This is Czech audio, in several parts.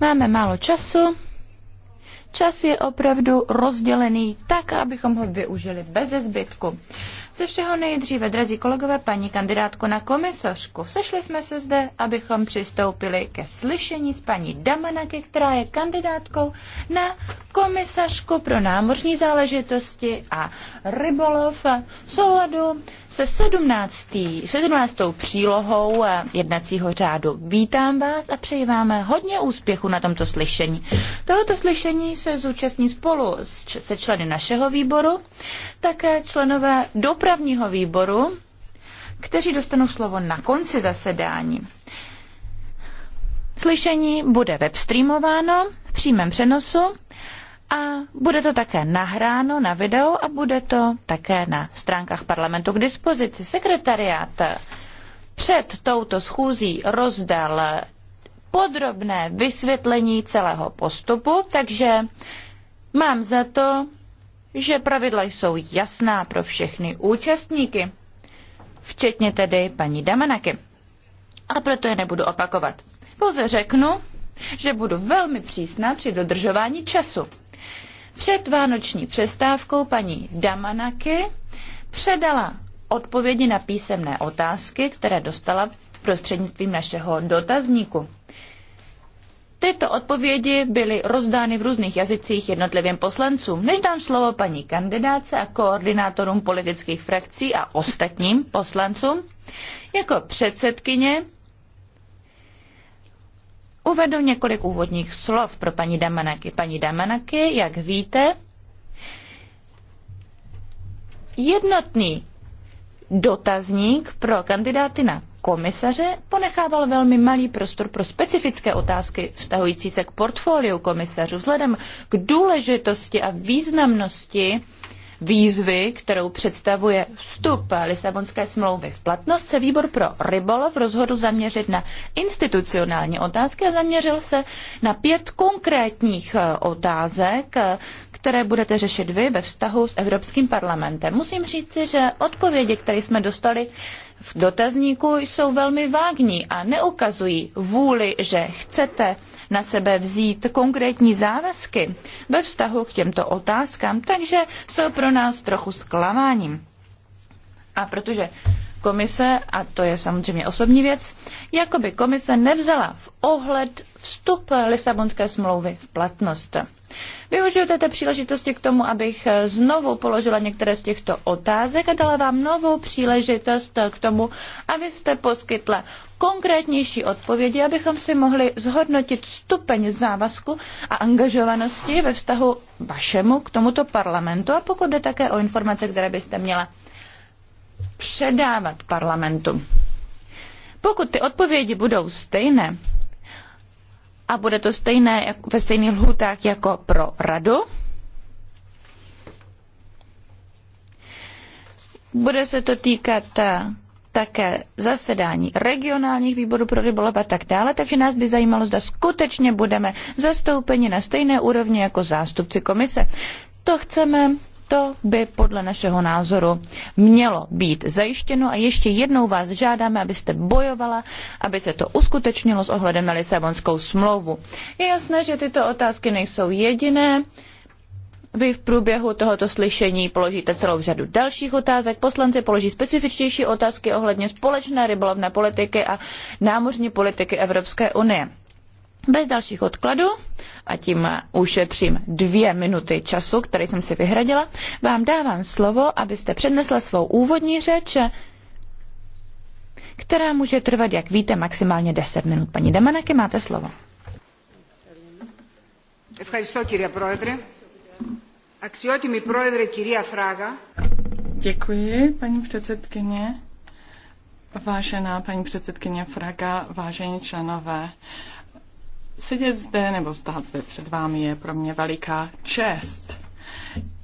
Máme málo času. Čas je opravdu rozdělený tak, abychom ho využili bez zbytku. Ze všeho nejdříve, drazí kolegové, paní kandidátku na komisařku, sešli jsme se zde, abychom přistoupili ke slyšení s paní Damanaky, která je kandidátkou na komisařku pro námořní záležitosti a rybolov v souladu se 17. 17. přílohou eh, jednacího řádu. Vítám vás a přeji vám hodně úspěchu na tomto slyšení. Tohoto slyšení se zúčastní spolu se členy našeho výboru, také členové do dopravního výboru, kteří dostanou slovo na konci zasedání. Slyšení bude webstreamováno v přímém přenosu a bude to také nahráno na video a bude to také na stránkách parlamentu k dispozici. Sekretariát před touto schůzí rozdal podrobné vysvětlení celého postupu, takže mám za to, že pravidla jsou jasná pro všechny účastníky, včetně tedy paní Damanaky. A proto je nebudu opakovat. Pouze řeknu, že budu velmi přísná při dodržování času. Před vánoční přestávkou paní Damanaky předala odpovědi na písemné otázky, které dostala prostřednictvím našeho dotazníku. Tyto odpovědi byly rozdány v různých jazycích jednotlivým poslancům. Než dám slovo paní kandidáce a koordinátorům politických frakcí a ostatním poslancům, jako předsedkyně uvedu několik úvodních slov pro paní Damanaky. Paní Damanaky, jak víte, jednotný dotazník pro kandidáty na komisaře ponechával velmi malý prostor pro specifické otázky vztahující se k portfoliu komisařů. Vzhledem k důležitosti a významnosti výzvy, kterou představuje vstup Lisabonské smlouvy v platnost, se výbor pro rybolov rozhodl zaměřit na institucionální otázky a zaměřil se na pět konkrétních eh, otázek, které budete řešit vy ve vztahu s Evropským parlamentem. Musím říci, že odpovědi, které jsme dostali v dotazníku, jsou velmi vágní a neukazují vůli, že chcete na sebe vzít konkrétní závazky ve vztahu k těmto otázkám, takže jsou pro nás trochu zklamáním. A protože komise, a to je samozřejmě osobní věc, jako by komise nevzala v ohled vstup Lisabonské smlouvy v platnost. Využiju této příležitosti k tomu, abych znovu položila některé z těchto otázek a dala vám novou příležitost k tomu, abyste poskytla konkrétnější odpovědi, abychom si mohli zhodnotit stupeň závazku a angažovanosti ve vztahu vašemu k tomuto parlamentu a pokud jde také o informace, které byste měla předávat parlamentu. Pokud ty odpovědi budou stejné a bude to stejné ve stejných lhůtách jako pro radu, bude se to týkat eh, také zasedání regionálních výborů pro rybolov a tak dále, takže nás by zajímalo, zda skutečně budeme zastoupeni na stejné úrovni jako zástupci komise. To chceme to by podle našeho názoru mělo být zajištěno a ještě jednou vás žádáme, abyste bojovala, aby se to uskutečnilo s ohledem na Lisabonskou smlouvu. Je jasné, že tyto otázky nejsou jediné. Vy v průběhu tohoto slyšení položíte celou řadu dalších otázek. Poslanci položí specifičtější otázky ohledně společné rybolovné politiky a námořní politiky Evropské unie. Bez dalších odkladů, a tím ušetřím dvě minuty času, který jsem si vyhradila, vám dávám slovo, abyste přednesla svou úvodní řeč, která může trvat, jak víte, maximálně 10 minut. Paní Demanaky, máte slovo. Děkuji, paní předsedkyně. Vážená paní předsedkyně Fraga, vážení členové, Sedět zde nebo stát zde před vámi je pro mě veliká čest.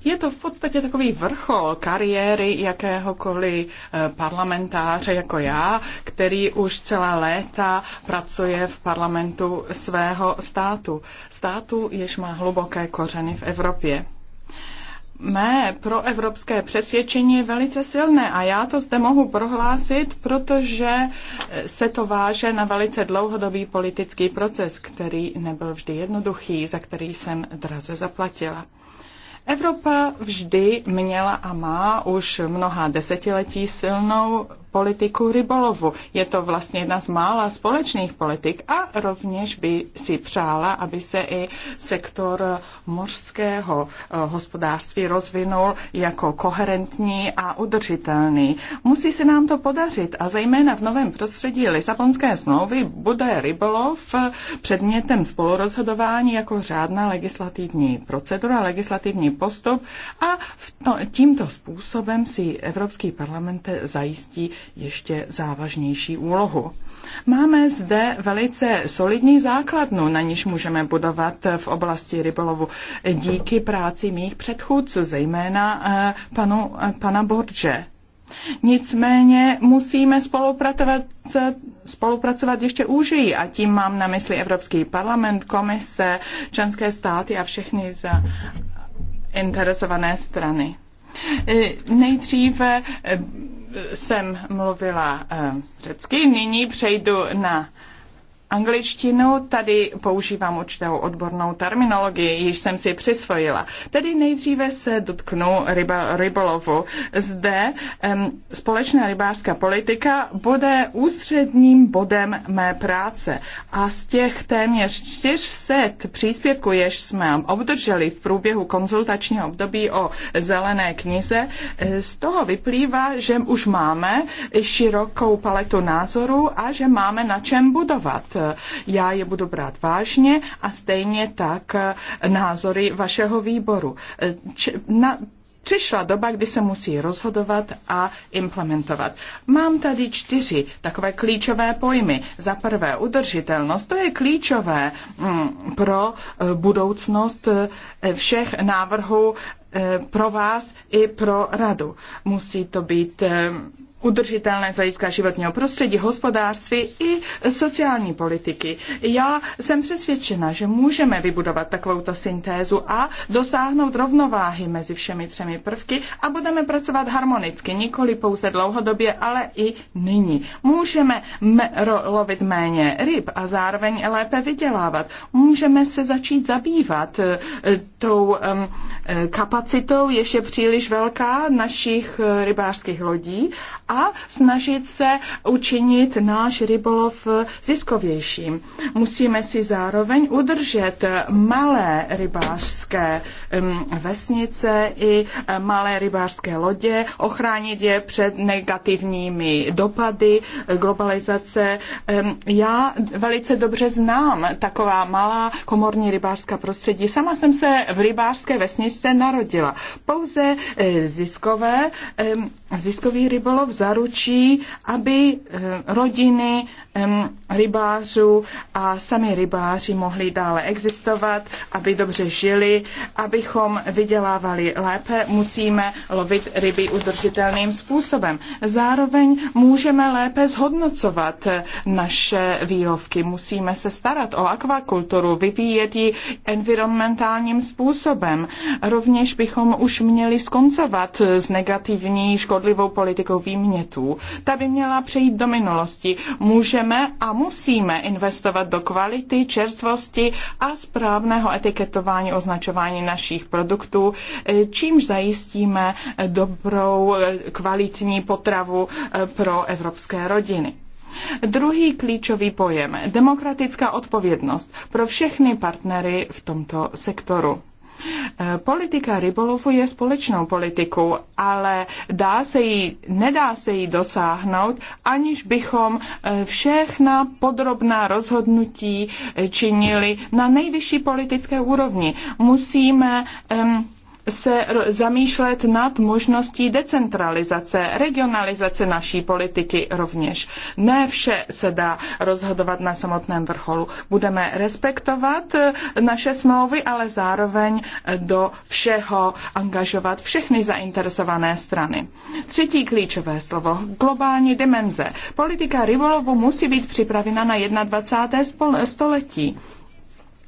Je to v podstatě takový vrchol kariéry jakéhokoliv eh, parlamentáře jako já, který už celá léta pracuje v parlamentu svého státu. Státu, jež má hluboké kořeny v Evropě mé proevropské přesvědčení je velice silné a já to zde mohu prohlásit, protože se to váže na velice dlouhodobý politický proces, který nebyl vždy jednoduchý, za který jsem draze zaplatila. Evropa vždy měla a má už mnoha desetiletí silnou politiku rybolovu. Je to vlastně jedna z mála společných politik a rovněž by si přála, aby se i sektor mořského eh, hospodářství rozvinul jako koherentní a udržitelný. Musí se nám to podařit a zejména v novém prostředí Lisabonské smlouvy bude rybolov eh, předmětem spolurozhodování jako řádná legislativní procedura, legislativní postup a v to, tímto způsobem si Evropský parlament zajistí ještě závažnější úlohu. Máme zde velice solidní základnu, na níž můžeme budovat v oblasti rybolovu díky práci mých předchůdců, zejména eh, panu, eh, pana Borže. Nicméně musíme spolupracovat, spolupracovat ještě úžeji a tím mám na mysli Evropský parlament, komise, členské státy a všechny zainteresované strany. Eh, nejdříve jsem mluvila eh, řecky, nyní přejdu na angličtinu, tady používám určitou odbornou terminologii, již jsem si přisvojila. Tedy nejdříve se dotknu ryba, rybolovu. Zde um, společná rybářská politika bude ústředním bodem mé práce a z těch téměř 400 příspěvků, jež jsme obdrželi v průběhu konzultačního období o zelené knize, z toho vyplývá, že už máme širokou paletu názorů a že máme na čem budovat já je budu brát vážně a stejně tak názory vašeho výboru. na, Přišla doba, kdy se musí rozhodovat a implementovat. Mám tady čtyři takové klíčové pojmy. Za prvé, udržitelnost, to je klíčové mm, pro eh, budoucnost eh, všech návrhů eh, pro vás i pro radu. Musí to být udržitelné z hlediska životního prostředí, hospodářství i sociální politiky. Já jsem přesvědčena, že můžeme vybudovat takovouto syntézu a dosáhnout rovnováhy mezi všemi třemi prvky a budeme pracovat harmonicky, nikoli pouze dlouhodobě, ale i nyní. Můžeme lovit méně ryb a zároveň lépe vydělávat. Můžeme se začít zabývat e, tou e, kapacitou, jež je příliš velká našich e, rybářských lodí a snažit se učinit náš rybolov ziskovějším. Musíme si zároveň udržet malé rybářské vesnice i eh, malé rybářské lodě, ochránit je před negativními dopady eh, globalizace. Já velice dobře znám taková malá komorní rybářská prostředí. Sama jsem se v rybářské vesnice narodila. Pouze eh, ziskové, ziskový rybolov zaručí, aby eh, rodiny rybářů a sami rybáři mohli dále existovat, aby dobře žili, abychom vydělávali lépe, musíme lovit ryby udržitelným způsobem. Zároveň můžeme lépe zhodnocovat naše výlovky, musíme se starat o akvakulturu, vyvíjet ji environmentálním způsobem. Rovněž bychom už měli skoncovat s negativní škodlivou politikou výmětů. Ta by měla přejít do minulosti. Můžeme můžeme a musíme investovat do kvality, čerstvosti a správného etiketování, označování našich produktů, eh, čímž zajistíme dobrou, eh, kvalitní potravu eh, pro evropské rodiny. Druhý klíčový pojem demokratická odpovědnost pro všechny partnery v tomto sektoru. Eh, politika rybolovu je společnou politikou, ale dá se jí, nedá se jí dosáhnout, aniž bychom eh, všechna podrobná rozhodnutí eh, činili na nejvyšší politické úrovni. Musíme um, se zamýšlet nad možností decentralizace, regionalizace naší politiky rovněž. Ne vše se dá rozhodovat na samotném vrcholu. Budeme respektovat eh, naše smlouvy, ale zároveň eh, do všeho angažovat všechny zainteresované strany. Třetí klíčové slovo, globální dimenze. Politika rybolovu musí být připravena na 21. století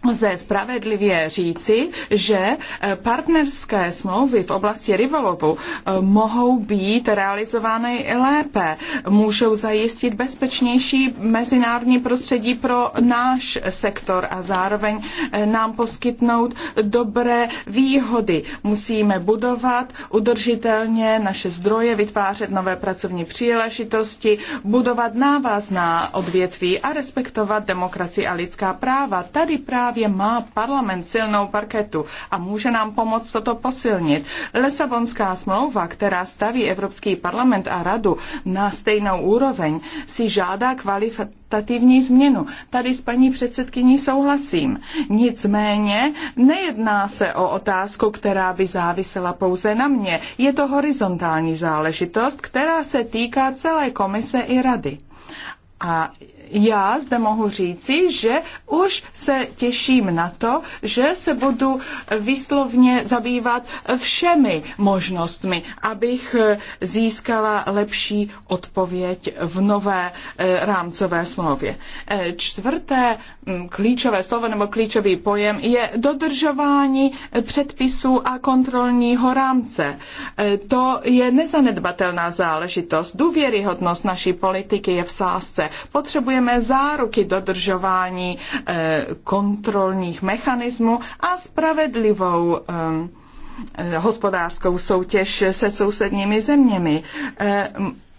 lze spravedlivě říci, že eh, partnerské smlouvy v oblasti rybolovu eh, mohou být realizovány lépe, můžou zajistit bezpečnější mezinárodní prostředí pro náš sektor a zároveň eh, nám poskytnout dobré výhody. Musíme budovat udržitelně naše zdroje, vytvářet nové pracovní příležitosti, budovat návazná odvětví a respektovat demokracii a lidská práva. Tady právě právě má parlament silnou parketu a může nám pomoct toto posilnit. Lesabonská smlouva, která staví Evropský parlament a radu na stejnou úroveň, si žádá kvalitativní změnu. Tady s paní předsedkyní souhlasím. Nicméně nejedná se o otázku, která by závisela pouze na mě. Je to horizontální záležitost, která se týká celé komise i rady. A já zde mohu říci, že už se těším na to, že se budu výslovně zabývat všemi možnostmi, abych získala lepší odpověď v nové eh, rámcové smlouvě. Eh, čtvrté hm, klíčové slovo nebo klíčový pojem je dodržování předpisů a kontrolního rámce. Eh, to je nezanedbatelná záležitost. Důvěryhodnost naší politiky je v sázce. Potřebujeme potřebujeme záruky dodržování eh, kontrolních mechanismů a spravedlivou eh, eh, hospodářskou soutěž se sousedními zeměmi.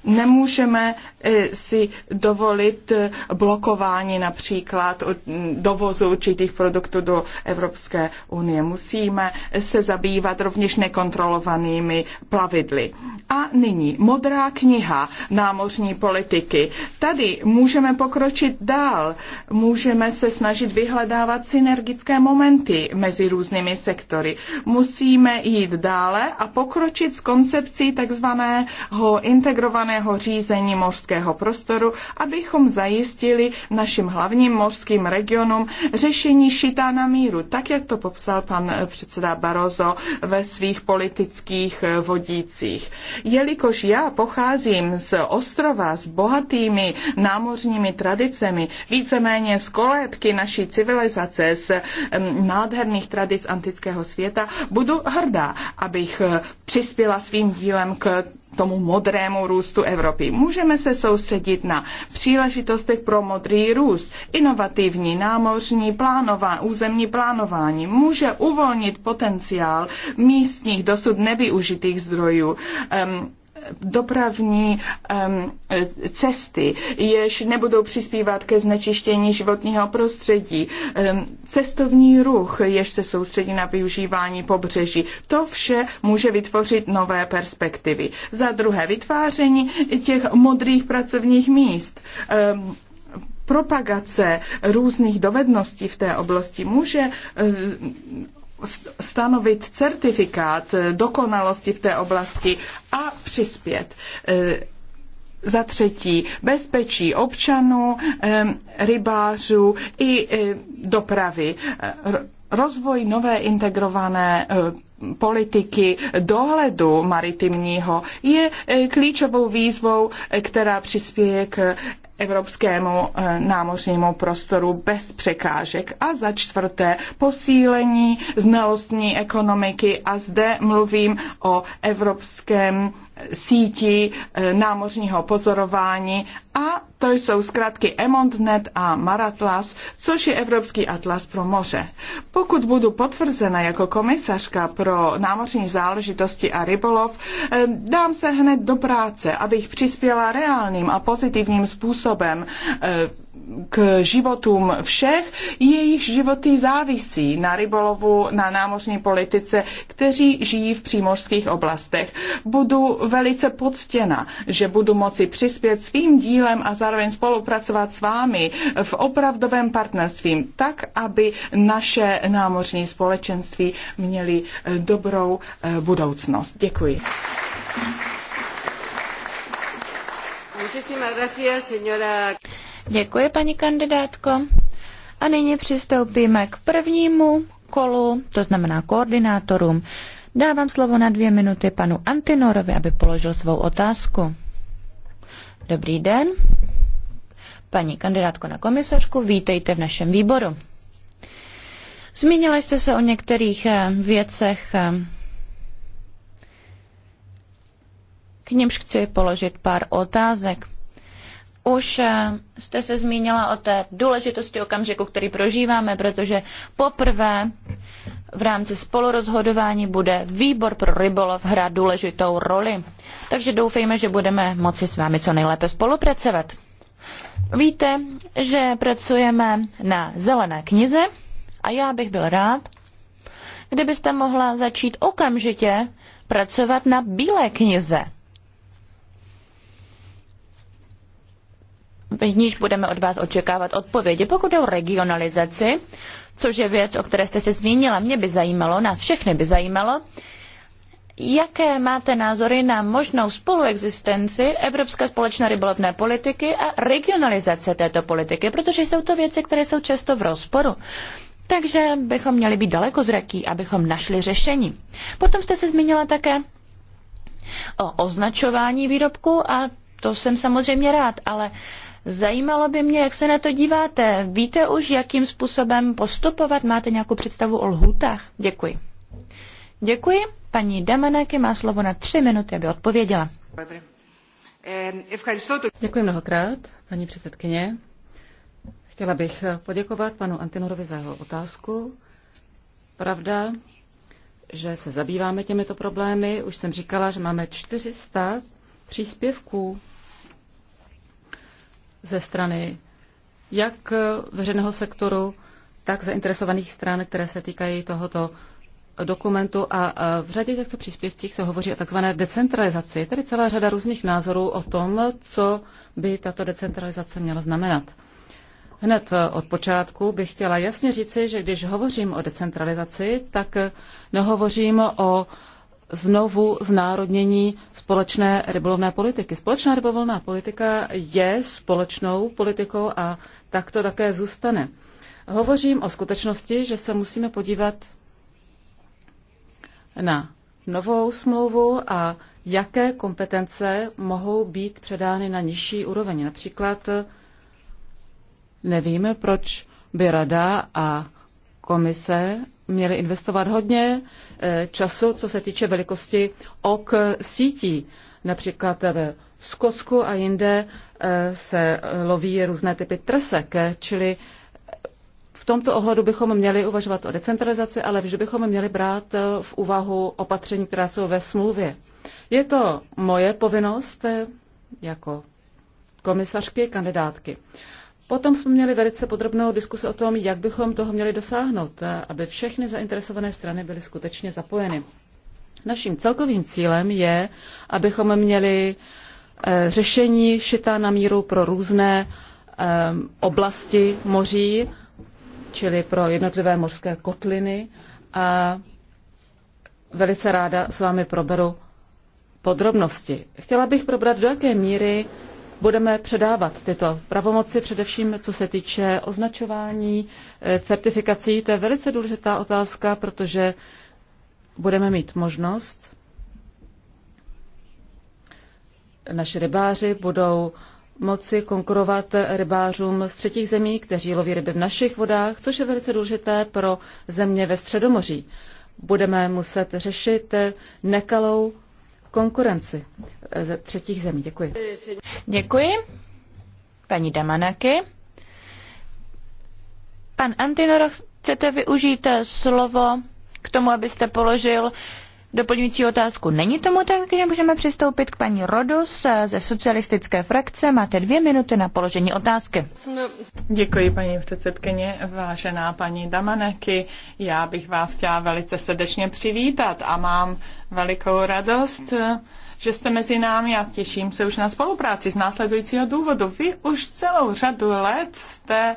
Nemůžeme eh, si dovolit eh, blokování například mm, dovozu určitých produktů do Evropské unie. Musíme eh, se zabývat rovněž nekontrolovanými plavidly. A nyní modrá kniha námořní politiky. Tady můžeme pokročit dál. Můžeme se snažit vyhledávat synergické momenty mezi různými sektory. Musíme jít dále a pokročit s koncepcí takzvaného integrovaného integrovaného řízení mořského prostoru, abychom zajistili našim hlavním mořským regionům řešení šitá na míru, tak jak to popsal pan předseda Barozo ve svých politických eh, vodících. Jelikož já pocházím z ostrova s bohatými námořními tradicemi, víceméně z kolébky naší civilizace, z eh, nádherných tradic antického světa, budu hrdá, abych eh, přispěla svým dílem k tomu modrému růstu Evropy. Můžeme se soustředit na příležitostech pro modrý růst, inovativní námořní plánování, územní plánování, může uvolnit potenciál místních dosud nevyužitých zdrojů. Um, dopravní um, cesty, jež nebudou přispívat ke znečištění životního prostředí, um, cestovní ruch, jež se soustředí na využívání pobřeží. To vše může vytvořit nové perspektivy. Za druhé, vytváření těch modrých pracovních míst. Um, propagace různých dovedností v té oblasti může eh, stanovit certifikát dokonalosti v té oblasti a přispět. E, za třetí, bezpečí občanů, e, rybářů i e, dopravy. Rozvoj nové integrované politiky dohledu maritimního je klíčovou výzvou, která přispěje k evropskému eh, námořnímu prostoru bez překážek. A za čtvrté, posílení znalostní ekonomiky a zde mluvím o evropském sítí eh, námořního pozorování a to jsou zkrátky EMONDNET a MARATLAS, což je Evropský atlas pro moře. Pokud budu potvrzena jako komisařka pro námořní záležitosti a rybolov, eh, dám se hned do práce, abych přispěla reálným a pozitivním způsobem eh, k životům všech, jejich životy závisí na rybolovu, na námořní politice, kteří žijí v přímořských oblastech. Budu velice poctěna, že budu moci přispět svým dílem a zároveň spolupracovat s vámi v opravdovém partnerství, tak, aby naše námořní společenství měli eh, dobrou eh, budoucnost. Děkuji. Muchísimas gracias, señora. Děkuji, paní kandidátko. A nyní přistoupíme k prvnímu kolu, to znamená koordinátorům. Dávám slovo na dvě minuty panu Antinorovi, aby položil svou otázku. Dobrý den. Paní kandidátko na komisařku, vítejte v našem výboru. Zmínila jste se o některých eh, věcech, eh, k nímž chci položit pár otázek. Už eh, jste se zmínila o té důležitosti okamžiku, který prožíváme, protože poprvé v rámci spolurozhodování bude výbor pro rybolov hrát důležitou roli. Takže doufejme, že budeme moci s vámi co nejlépe spolupracovat. Víte, že pracujeme na zelené knize a já bych byl rád, kdybyste mohla začít okamžitě pracovat na bílé knize v níž budeme od vás očekávat odpovědi. Pokud je o regionalizaci, což je věc, o které jste se zmínila, mě by zajímalo, nás všechny by zajímalo, Jaké máte názory na možnou spoluexistenci Evropské společné rybolovné politiky a regionalizace této politiky, protože jsou to věci, které jsou často v rozporu. Takže bychom měli být daleko zraký, abychom našli řešení. Potom jste se zmínila také o označování výrobku a to jsem samozřejmě rád, ale uh, Zajímalo by mě, jak se na to díváte. Víte už, jakým způsobem postupovat? Máte nějakou představu o lhůtách? Děkuji. Děkuji. Paní Damanáky má slovo na tři minuty, aby odpověděla. Děkuji mnohokrát, paní předsedkyně. Chtěla bych poděkovat panu Antinorovi za jeho otázku. Pravda, že se zabýváme těmito problémy. Už jsem říkala, že máme 400 příspěvků ze strany jak veřejného sektoru, tak zainteresovaných stran, které se týkají tohoto dokumentu a v řadě těchto příspěvcích se hovoří o takzvané decentralizaci. Je tady celá řada různých názorů o tom, co by tato decentralizace měla znamenat. Hned od počátku bych chtěla jasně říci, že když hovořím o decentralizaci, tak nehovořím o znovu znárodnění společné rybolovné politiky. Společná rybolovná politika je společnou politikou a tak to také zůstane. Hovořím o skutečnosti, že se musíme podívat na novou smlouvu a jaké kompetence mohou být předány na nižší úroveň. Například nevíme, proč by rada a komise měli investovat hodně eh, času, co se týče velikosti ok sítí. Například ve Skotsku a jinde eh, se loví různé typy trsek, čili v tomto ohledu bychom měli uvažovat o decentralizaci, ale vždy bychom měli brát eh, v úvahu opatření, která jsou ve smlouvě. Je to moje povinnost jako komisařky, kandidátky. Potom jsme měli velice podrobnou diskusi o tom, jak bychom toho měli dosáhnout, eh, aby všechny zainteresované strany byly skutečně zapojeny. Naším celkovým cílem je, abychom měli eh, řešení šitá na míru pro různé eh, oblasti moří, čili pro jednotlivé mořské kotliny a velice ráda s vámi proberu podrobnosti. Chtěla bych probrat, do jaké míry budeme předávat tyto pravomoci, především co se týče označování, eh, certifikací. To je velice důležitá otázka, protože budeme mít možnost, naši rybáři budou moci konkurovat rybářům z třetích zemí, kteří loví ryby v našich vodách, což je velice důležité pro země ve Středomoří. Budeme muset řešit nekalou konkurenci eh, ze třetích zemí. Děkuji. Děkuji. Paní Damanaky. Pan Antinor, chcete využít eh, slovo k tomu, abyste položil doplňující otázku. Není tomu tak, že můžeme přistoupit k paní Rodus ze socialistické frakce. Máte dvě minuty na položení otázky. Děkuji, paní předsedkyně. Vážená paní Damaneky, já bych vás chtěla velice srdečně přivítat a mám velikou radost, že jste mezi námi a těším se už na spolupráci z následujícího důvodu. Vy už celou řadu let jste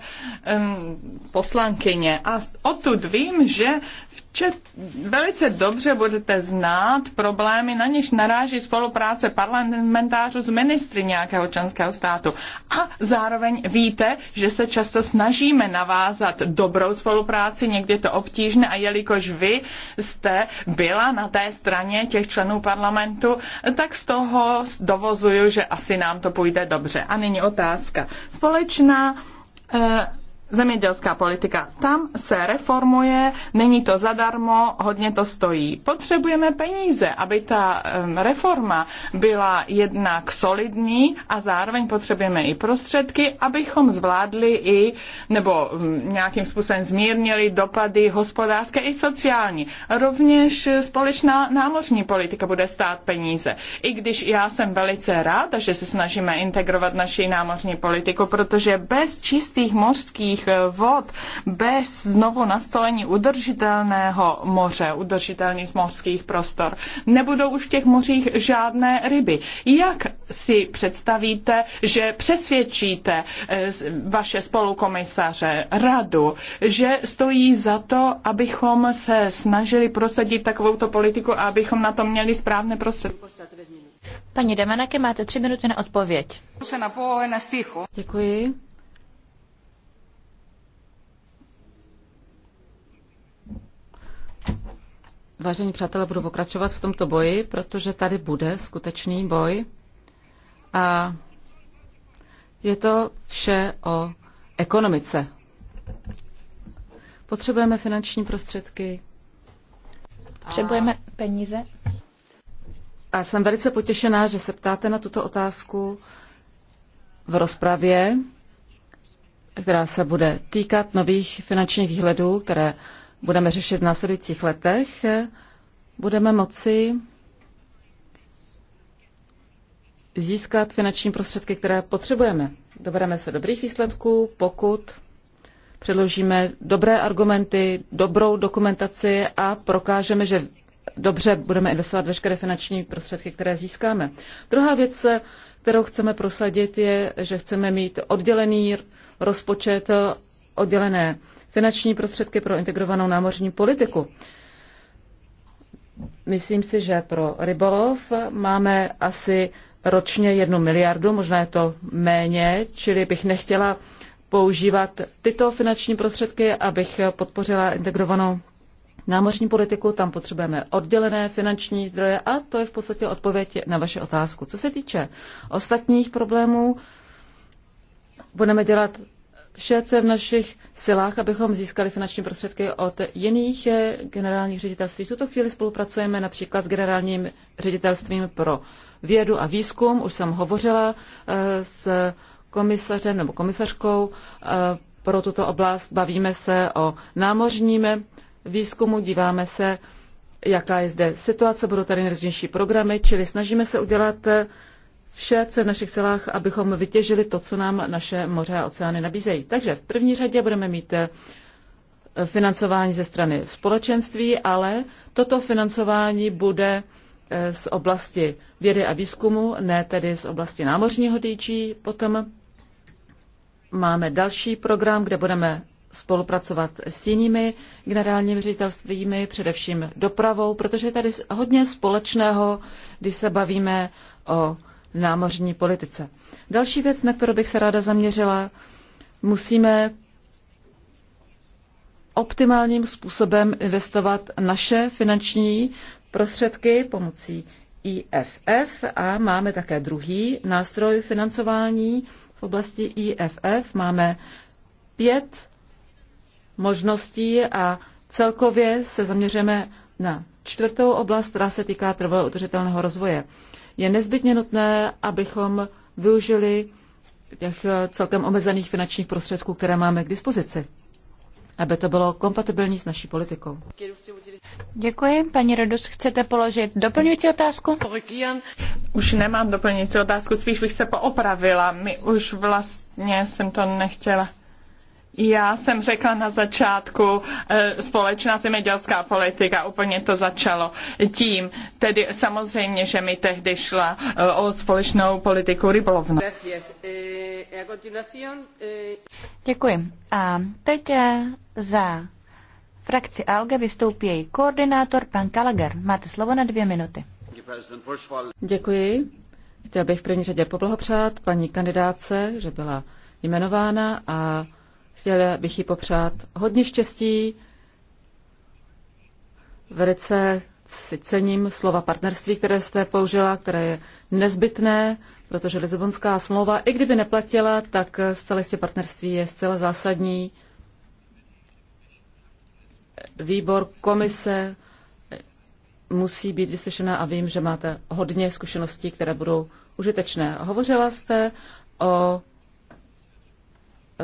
um, poslankyně a odtud vím, že v čet, velice dobře budete znát problémy, na něž naráží spolupráce parlamentářů s ministry nějakého členského státu. A zároveň víte, že se často snažíme navázat dobrou spolupráci, někdy to obtížné a jelikož vy jste byla na té straně těch členů parlamentu, tak z toho dovozuju, že asi nám to půjde dobře. A nyní otázka. Společná eh, zemědělská politika. Tam se reformuje, není to zadarmo, hodně to stojí. Potřebujeme peníze, aby ta reforma byla jednak solidní a zároveň potřebujeme i prostředky, abychom zvládli i nebo nějakým způsobem zmírnili dopady hospodářské i sociální. Rovněž společná námořní politika bude stát peníze. I když já jsem velice ráda, že se snažíme integrovat naši námořní politiku, protože bez čistých mořských světových eh, vod bez znovu nastolení udržitelného moře, udržitelných mořských prostor. Nebudou už v těch mořích žádné ryby. Jak si představíte, že přesvědčíte eh, vaše spolukomisaře, radu, že stojí za to, abychom se snažili prosadit takovouto politiku a abychom na to měli správné prostředky? Paní Demenaky, máte tři minuty na odpověď. Děkuji. Vážení přátelé, budu pokračovat v tomto boji, protože tady bude skutečný boj. A je to vše o ekonomice. Potřebujeme finanční prostředky. Potřebujeme peníze. A jsem velice potěšená, že se ptáte na tuto otázku v rozpravě, která se bude týkat nových finančních výhledů, které budeme řešit v následujících letech, budeme moci získat finanční prostředky, které potřebujeme. Dobereme se dobrých výsledků, pokud předložíme dobré argumenty, dobrou dokumentaci a prokážeme, že dobře budeme investovat veškeré finanční prostředky, které získáme. Druhá věc, kterou chceme prosadit, je, že chceme mít oddělený rozpočet, oddělené finanční prostředky pro integrovanou námořní politiku. Myslím si, že pro rybolov máme asi ročně jednu miliardu, možná je to méně, čili bych nechtěla používat tyto finanční prostředky, abych podpořila integrovanou námořní politiku. Tam potřebujeme oddělené finanční zdroje a to je v podstatě odpověď na vaši otázku. Co se týče ostatních problémů, budeme dělat vše, co je v našich silách, abychom získali finanční prostředky od jiných eh, generálních ředitelství. V tuto chvíli spolupracujeme například s generálním ředitelstvím pro vědu a výzkum. Už jsem hovořila eh, s komisařem nebo komisařkou eh, pro tuto oblast. Bavíme se o námořním výzkumu, díváme se, jaká je zde situace, budou tady nejrůznější programy, čili snažíme se udělat vše, co je v našich silách, abychom vytěžili to, co nám naše moře a oceány nabízejí. Takže v první řadě budeme mít eh, financování ze strany společenství, ale toto financování bude eh, z oblasti vědy a výzkumu, ne tedy z oblasti námořního dýčí. Potom máme další program, kde budeme spolupracovat s jinými generálními ředitelstvími, především dopravou, protože je tady hodně společného, když se bavíme o námořní politice. Další věc, na kterou bych se ráda zaměřila, musíme optimálním způsobem investovat naše finanční prostředky pomocí IFF a máme také druhý nástroj financování v oblasti IFF. Máme pět možností a celkově se zaměříme na čtvrtou oblast, která se týká trvalo udržitelného rozvoje je nezbytně nutné, abychom využili těch celkem omezených finančních prostředků, které máme k dispozici, aby to bylo kompatibilní s naší politikou. Děkuji. Paní Radus, chcete položit doplňující otázku? Už nemám doplňující otázku, spíš bych se poopravila. My už vlastně jsem to nechtěla já jsem řekla na začátku eh, společná zemědělská politika, úplně to začalo tím. Tedy samozřejmě, že mi tehdy šla eh, o společnou politiku rybolovnou. Eh, Děkuji. A teď za frakci ALGE vystoupí její koordinátor, pan Kalager. Máte slovo na dvě minuty. Děkuji. Chtěl bych v první řadě poblahopřát paní kandidáce, že byla jmenována a Chtěla bych jí popřát hodně štěstí. Velice si cením slova partnerství, které jste použila, které je nezbytné, protože Lisabonská smlouva, i kdyby neplatila, tak zcela jistě partnerství je zcela zásadní. Výbor, komise musí být vyslyšená a vím, že máte hodně zkušeností, které budou užitečné. Hovořila jste o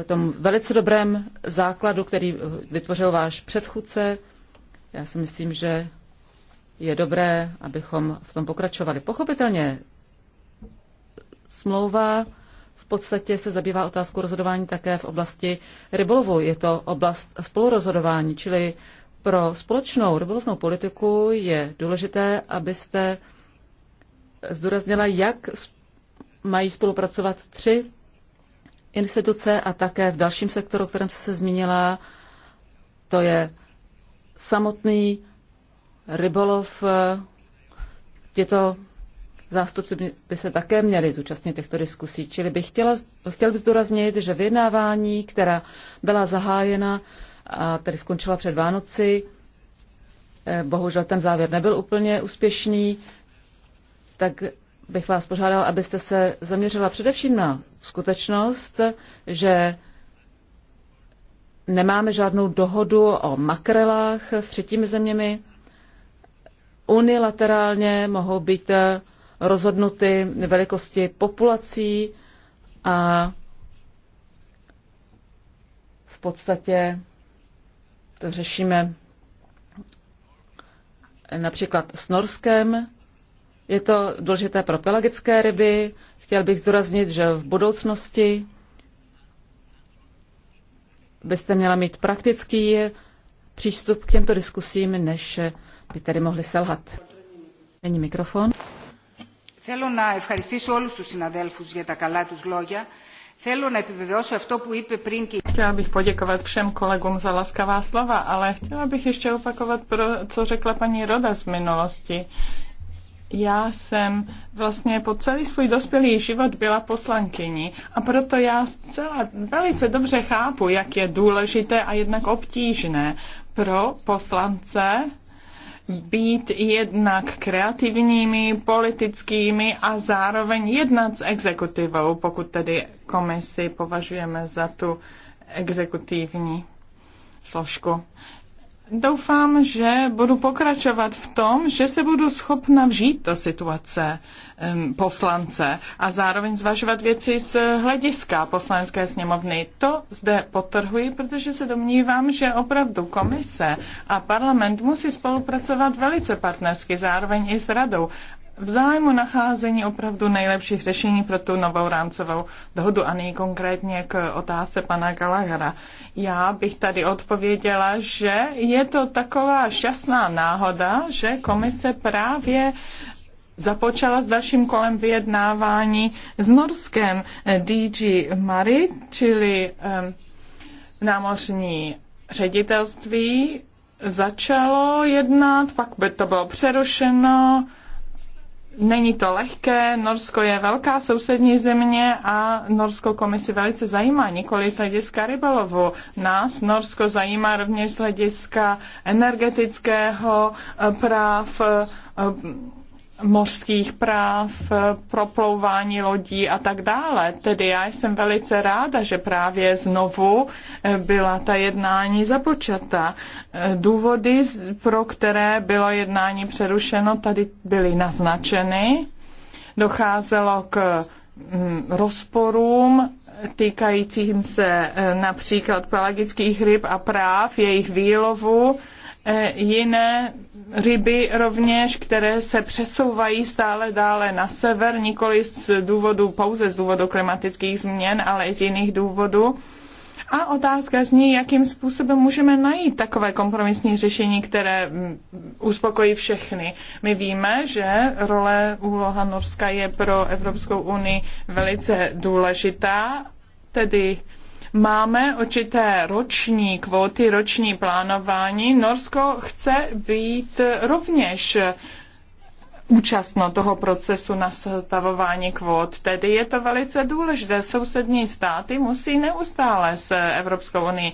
tom velice dobrém základu, který vytvořil váš předchůdce. Já si myslím, že je dobré, abychom v tom pokračovali. Pochopitelně smlouva v podstatě se zabývá otázkou rozhodování také v oblasti rybolovu. Je to oblast spolurozhodování, čili pro společnou rybolovnou politiku je důležité, abyste zdůraznila, jak mají spolupracovat tři instituce a také v dalším sektoru, o kterém se zmínila, to je samotný rybolov. Těto zástupci by se také měli zúčastnit těchto diskusí. Čili bych chtěla, chtěl bych zdůraznit, že vyjednávání, která byla zahájena a tedy skončila před Vánoci, eh, bohužel ten závěr nebyl úplně úspěšný, tak bych vás požádal, abyste se zaměřila především na skutečnost, že nemáme žádnou dohodu o makrelách s třetími zeměmi. Unilaterálně mohou být rozhodnuty velikosti populací a v podstatě to řešíme například s Norskem, je to důležité pro pelagické ryby. Chtěl bych zdůraznit, že v budoucnosti byste měla mít praktický přístup k těmto diskusím, než by tady mohli selhat. Není mikrofon. Θέλω να ευχαριστήσω όλους τους συναδέλφους για τα καλά τους λόγια. Θέλω να επιβεβαιώσω αυτό που είπε πριν και... Chtěla bych poděkovat všem kolegům za laskavá slova, ale chtěla bych ještě opakovat, pro, co řekla paní Roda z minulosti. Já jsem vlastně po celý svůj dospělý život byla poslankyní a proto já zcela velice dobře chápu, jak je důležité a jednak obtížné pro poslance být jednak kreativními, politickými a zároveň jednat s exekutivou, pokud tedy komisi považujeme za tu exekutivní složku. Doufám, že budu pokračovat v tom, že se budu schopna vžít do situace um, poslance a zároveň zvažovat věci z hlediska poslanské sněmovny. To zde potrhuji, protože se domnívám, že opravdu komise a parlament musí spolupracovat velice partnersky, zároveň i s radou v zájmu nacházení opravdu nejlepších řešení pro tu novou rámcovou dohodu a nejkonkrétně k otázce pana Galagara. Já bych tady odpověděla, že je to taková šťastná náhoda, že komise právě započala s dalším kolem vyjednávání s Norskem DG Mary, čili um, námořní ředitelství, začalo jednat, pak by to bylo přerušeno, Není to lehké, Norsko je velká sousední země a Norsko komisi velice zajímá, nikoli z hlediska rybolovu. Nás Norsko zajímá rovněž z hlediska energetického eh, práv eh, mořských práv, proplouvání lodí a tak dále. Tedy já jsem velice ráda, že právě znovu eh, byla ta jednání započata. Eh, důvody, pro které bylo jednání přerušeno, tady byly naznačeny. Docházelo k mm, rozporům týkajícím se eh, například pelagických ryb a práv, jejich výlovu, Eh, jiné ryby rovněž, které se přesouvají stále dále na sever, nikoli z důvodu pouze z důvodu klimatických změn, ale i z jiných důvodů. A otázka zní, jakým způsobem můžeme najít takové kompromisní řešení, které mm, uspokojí všechny. My víme, že role úloha Norska je pro Evropskou unii velice důležitá, tedy Máme určité roční kvóty, roční plánování. Norsko chce být rovněž účastno toho procesu nastavování kvót. Tedy je to velice důležité. Sousední státy musí neustále s Evropskou unii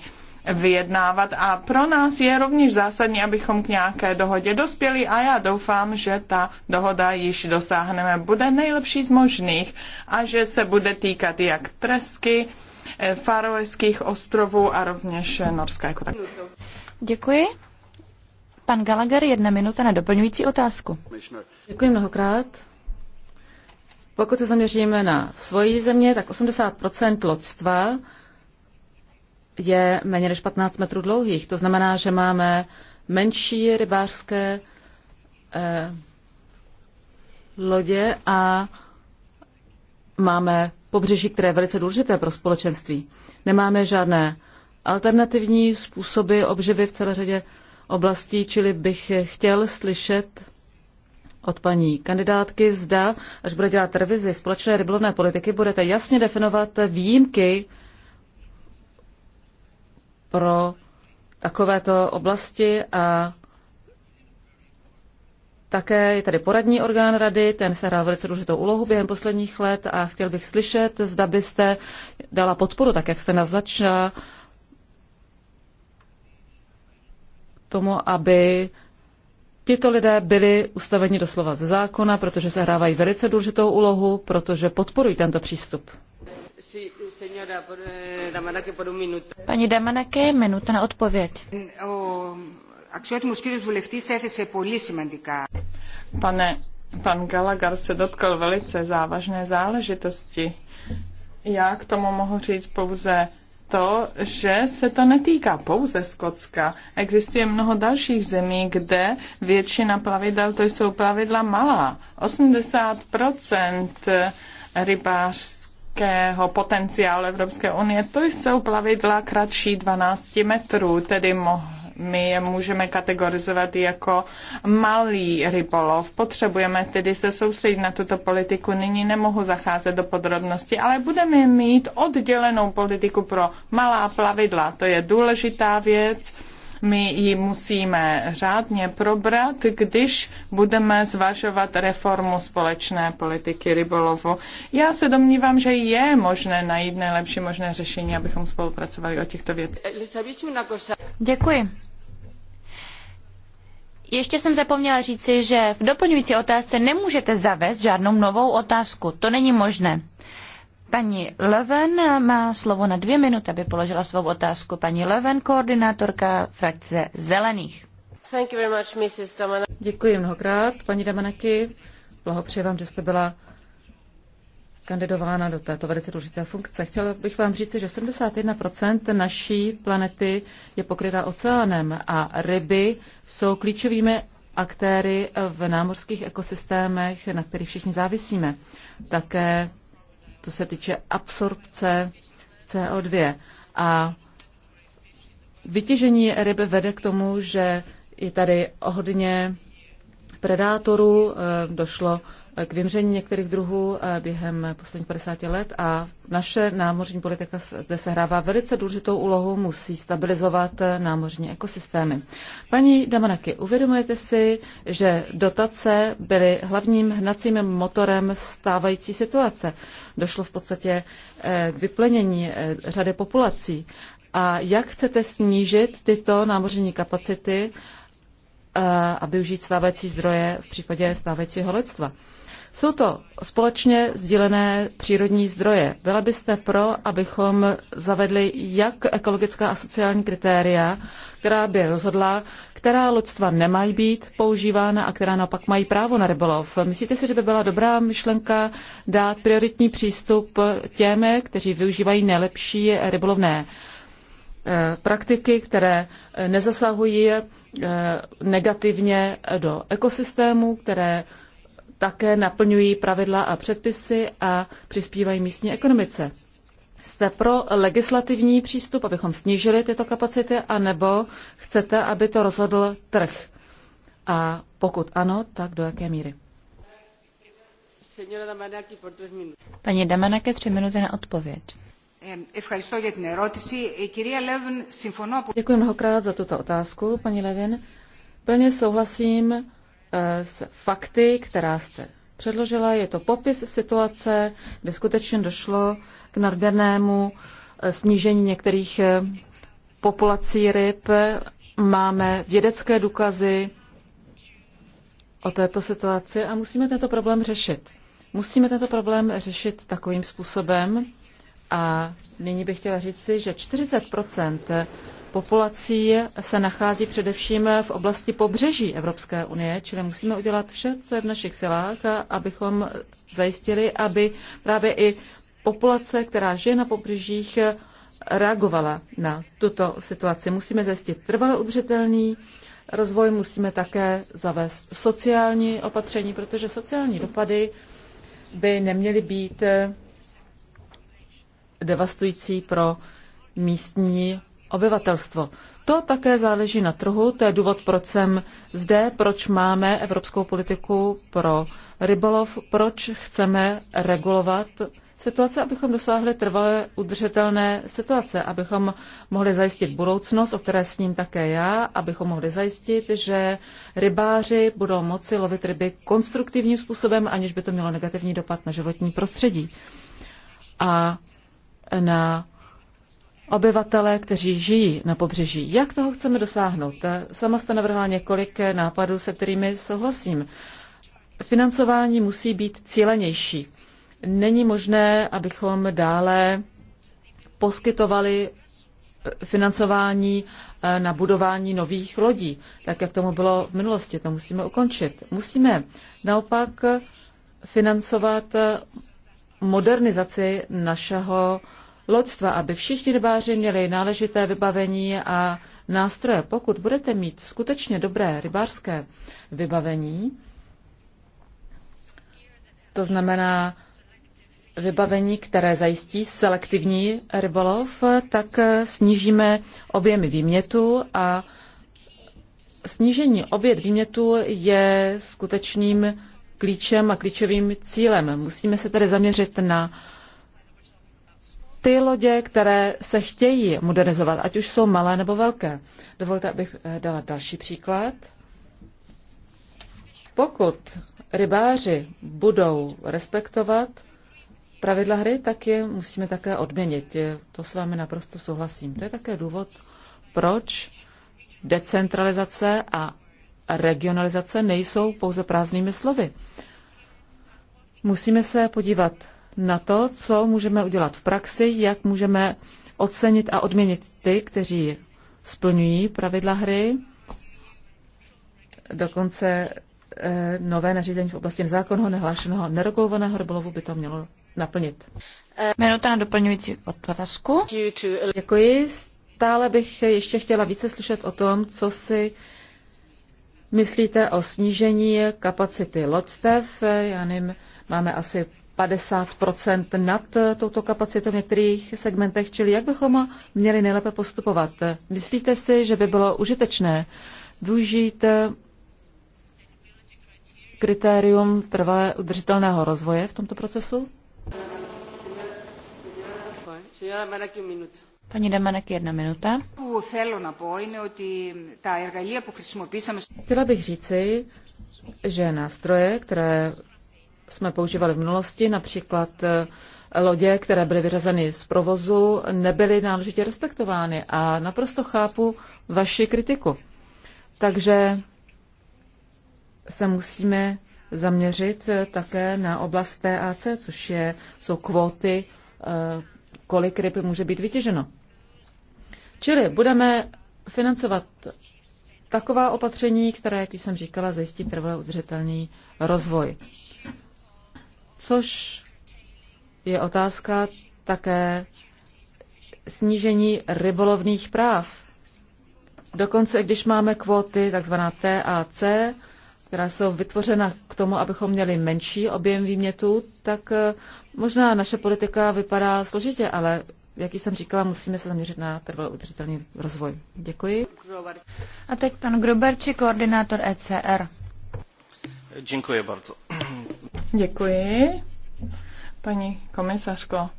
vyjednávat a pro nás je rovněž zásadní, abychom k nějaké dohodě dospěli a já doufám, že ta dohoda již dosáhneme. Bude nejlepší z možných a že se bude týkat jak tresky, Farojských ostrovů a rovněž Norska jako tak. Děkuji. Pan Gallagher, jedna minuta na doplňující otázku. Děkuji mnohokrát. Pokud se zaměříme na svoji země, tak 80 loďstva je méně než 15 metrů dlouhých. To znamená, že máme menší rybářské eh, lodě a máme pobřeží, které je velice důležité pro společenství. Nemáme žádné alternativní způsoby obživy v celé řadě oblastí, čili bych chtěl slyšet od paní kandidátky, zda, až bude dělat revizi společné rybolovné politiky, budete jasně definovat výjimky pro takovéto oblasti a také je tady poradní orgán rady, ten se hrál velice důležitou úlohu během posledních let a chtěl bych slyšet, zda byste dala podporu, tak jak jste naznačila, tomu, aby tito lidé byli ustaveni doslova ze zákona, protože se hrávají velice důležitou úlohu, protože podporují tento přístup. Eh, Paní Damanake, minuta na odpověď. Pane, pan Gallagher se dotkl velice závažné záležitosti. Já k tomu mohu říct pouze to, že se to netýká pouze Skotska. Existuje mnoho dalších zemí, kde většina plavidel, to jsou plavidla malá. 80% rybářského potenciálu Evropské unie, to jsou plavidla kratší 12 metrů, tedy mohou my je můžeme kategorizovat jako malý rybolov. Potřebujeme tedy se soustředit na tuto politiku. Nyní nemohu zacházet do podrobnosti, ale budeme mít oddělenou politiku pro malá plavidla. To je důležitá věc my ji musíme řádně probrat, když budeme zvažovat reformu společné politiky rybolovu. Já se domnívám, že je možné najít nejlepší možné řešení, abychom spolupracovali o těchto věcech. Děkuji ještě jsem zapomněla říci, že v doplňující otázce nemůžete zavést žádnou novou otázku. To není možné. Paní Leven má slovo na dvě minuty, aby položila svou otázku. Paní Leven, koordinátorka frakce Zelených. Děkuji mnohokrát, paní Damanaky. Blahopřeji vám, že jste byla kandidována do této velice důležité funkce. Chtěla bych vám říct, že 71% naší planety je pokrytá oceánem a ryby jsou klíčovými aktéry v námořských ekosystémech, na kterých všichni závisíme. Také co se týče absorpce CO2. A vytěžení ryby vede k tomu, že je tady hodně predátorů, eh, došlo k vymření některých druhů eh, během posledních 50 let a naše námořní politika zde sehrává velice důležitou úlohu, musí stabilizovat eh, námořní ekosystémy. Paní Damanaky, uvědomujete si, že dotace byly hlavním hnacím motorem stávající situace. Došlo v podstatě eh, k vyplnění řady populací. A jak chcete snížit tyto námořní kapacity a využít stávající zdroje v případě stávajícího lidstva? Jsou to společně sdílené přírodní zdroje. Byla byste pro, abychom zavedli jak ekologická a sociální kritéria, která by rozhodla, která loďstva nemají být používána a která naopak mají právo na rybolov. Myslíte si, že by byla dobrá myšlenka dát prioritní přístup těm, kteří využívají nejlepší rybolovné eh, praktiky, které nezasahují eh, negativně do ekosystému, které také naplňují pravidla a předpisy a přispívají místní ekonomice. Jste pro legislativní přístup, abychom snížili tyto kapacity, anebo chcete, aby to rozhodl trh? A pokud ano, tak do jaké míry? Paní Damanake, tři minuty na odpověď. Děkuji mnohokrát za tuto otázku, paní Levin. Plně souhlasím Eh, s fakty, která jste předložila. Je to popis situace, kde skutečně došlo k nadměrnému eh, snížení některých eh, populací ryb. Máme vědecké důkazy o této situaci a musíme tento problém řešit. Musíme tento problém řešit takovým způsobem, a nyní bych chtěla říci, že 40 populací se nachází především v oblasti pobřeží Evropské unie, čili musíme udělat vše, co je v našich silách, abychom zajistili, aby právě i populace, která žije na pobřežích, reagovala na tuto situaci. Musíme zajistit trvale udržitelný rozvoj, musíme také zavést sociální opatření, protože sociální dopady by neměly být devastující pro místní obyvatelstvo. To také záleží na trhu, to je důvod, proč jsem zde, proč máme evropskou politiku pro rybolov, proč chceme regulovat situace, abychom dosáhli trvalé udržitelné situace, abychom mohli zajistit budoucnost, o které s ním také já, abychom mohli zajistit, že rybáři budou moci lovit ryby konstruktivním způsobem, aniž by to mělo negativní dopad na životní prostředí a na obyvatele, kteří žijí na pobřeží. Jak toho chceme dosáhnout? Sama jste navrhla několik nápadů, se kterými souhlasím. Financování musí být cílenější. Není možné, abychom dále poskytovali financování eh, na budování nových lodí, tak jak tomu bylo v minulosti. To musíme ukončit. Musíme naopak financovat eh, modernizaci našeho lodstva, aby všichni rybáři měli náležité vybavení a nástroje. Pokud budete mít skutečně dobré rybářské vybavení, to znamená vybavení, které zajistí selektivní rybolov, tak snížíme objemy výmětu a snížení obět výmětu je skutečným klíčem a klíčovým cílem. Musíme se tedy zaměřit na ty lodě, které se chtějí modernizovat, ať už jsou malé nebo velké. Dovolte, abych eh, dala další příklad. Pokud rybáři budou respektovat pravidla hry, tak je musíme také odměnit. To s vámi naprosto souhlasím. To je také důvod, proč decentralizace a regionalizace nejsou pouze prázdnými slovy. Musíme se podívat na to, co můžeme udělat v praxi, jak můžeme ocenit a odměnit ty, kteří splňují pravidla hry. Dokonce eh, nové nařízení v oblasti nezákonného, nehlášeného, nerokovaného rybolovu by to mělo naplnit. Minuta na doplňující otázku. Děkuji. Stále bych ještě chtěla více slyšet o tom, co si myslíte o snížení kapacity loďstev. Já nevím, máme asi 50 nad touto kapacitou v některých segmentech, čili jak bychom měli nejlépe postupovat. Myslíte si, že by bylo užitečné využít kritérium trvalé udržitelného rozvoje v tomto procesu? Paní Damanek, jedna minuta. Chtěla bych říci, že nástroje, které jsme používali v minulosti, například eh, lodě, které byly vyřazeny z provozu, nebyly náležitě respektovány a naprosto chápu vaši kritiku. Takže se musíme zaměřit eh, také na oblast TAC, což je, jsou kvóty, eh, kolik ryb může být vytěženo. Čili budeme financovat taková opatření, která, jak jsem říkala, zajistí trvalý udržitelný rozvoj což je otázka také snížení rybolovných práv. Dokonce, když máme kvóty, takzvaná TAC, která jsou vytvořena k tomu, abychom měli menší objem výmětů, tak eh, možná naše politika vypadá složitě, ale jak jsem říkala, musíme se zaměřit na trvalý udržitelný rozvoj. Děkuji. A teď pan Groberči, koordinátor ECR. Děkuji bardzo. Děkuji. Paní komisařko,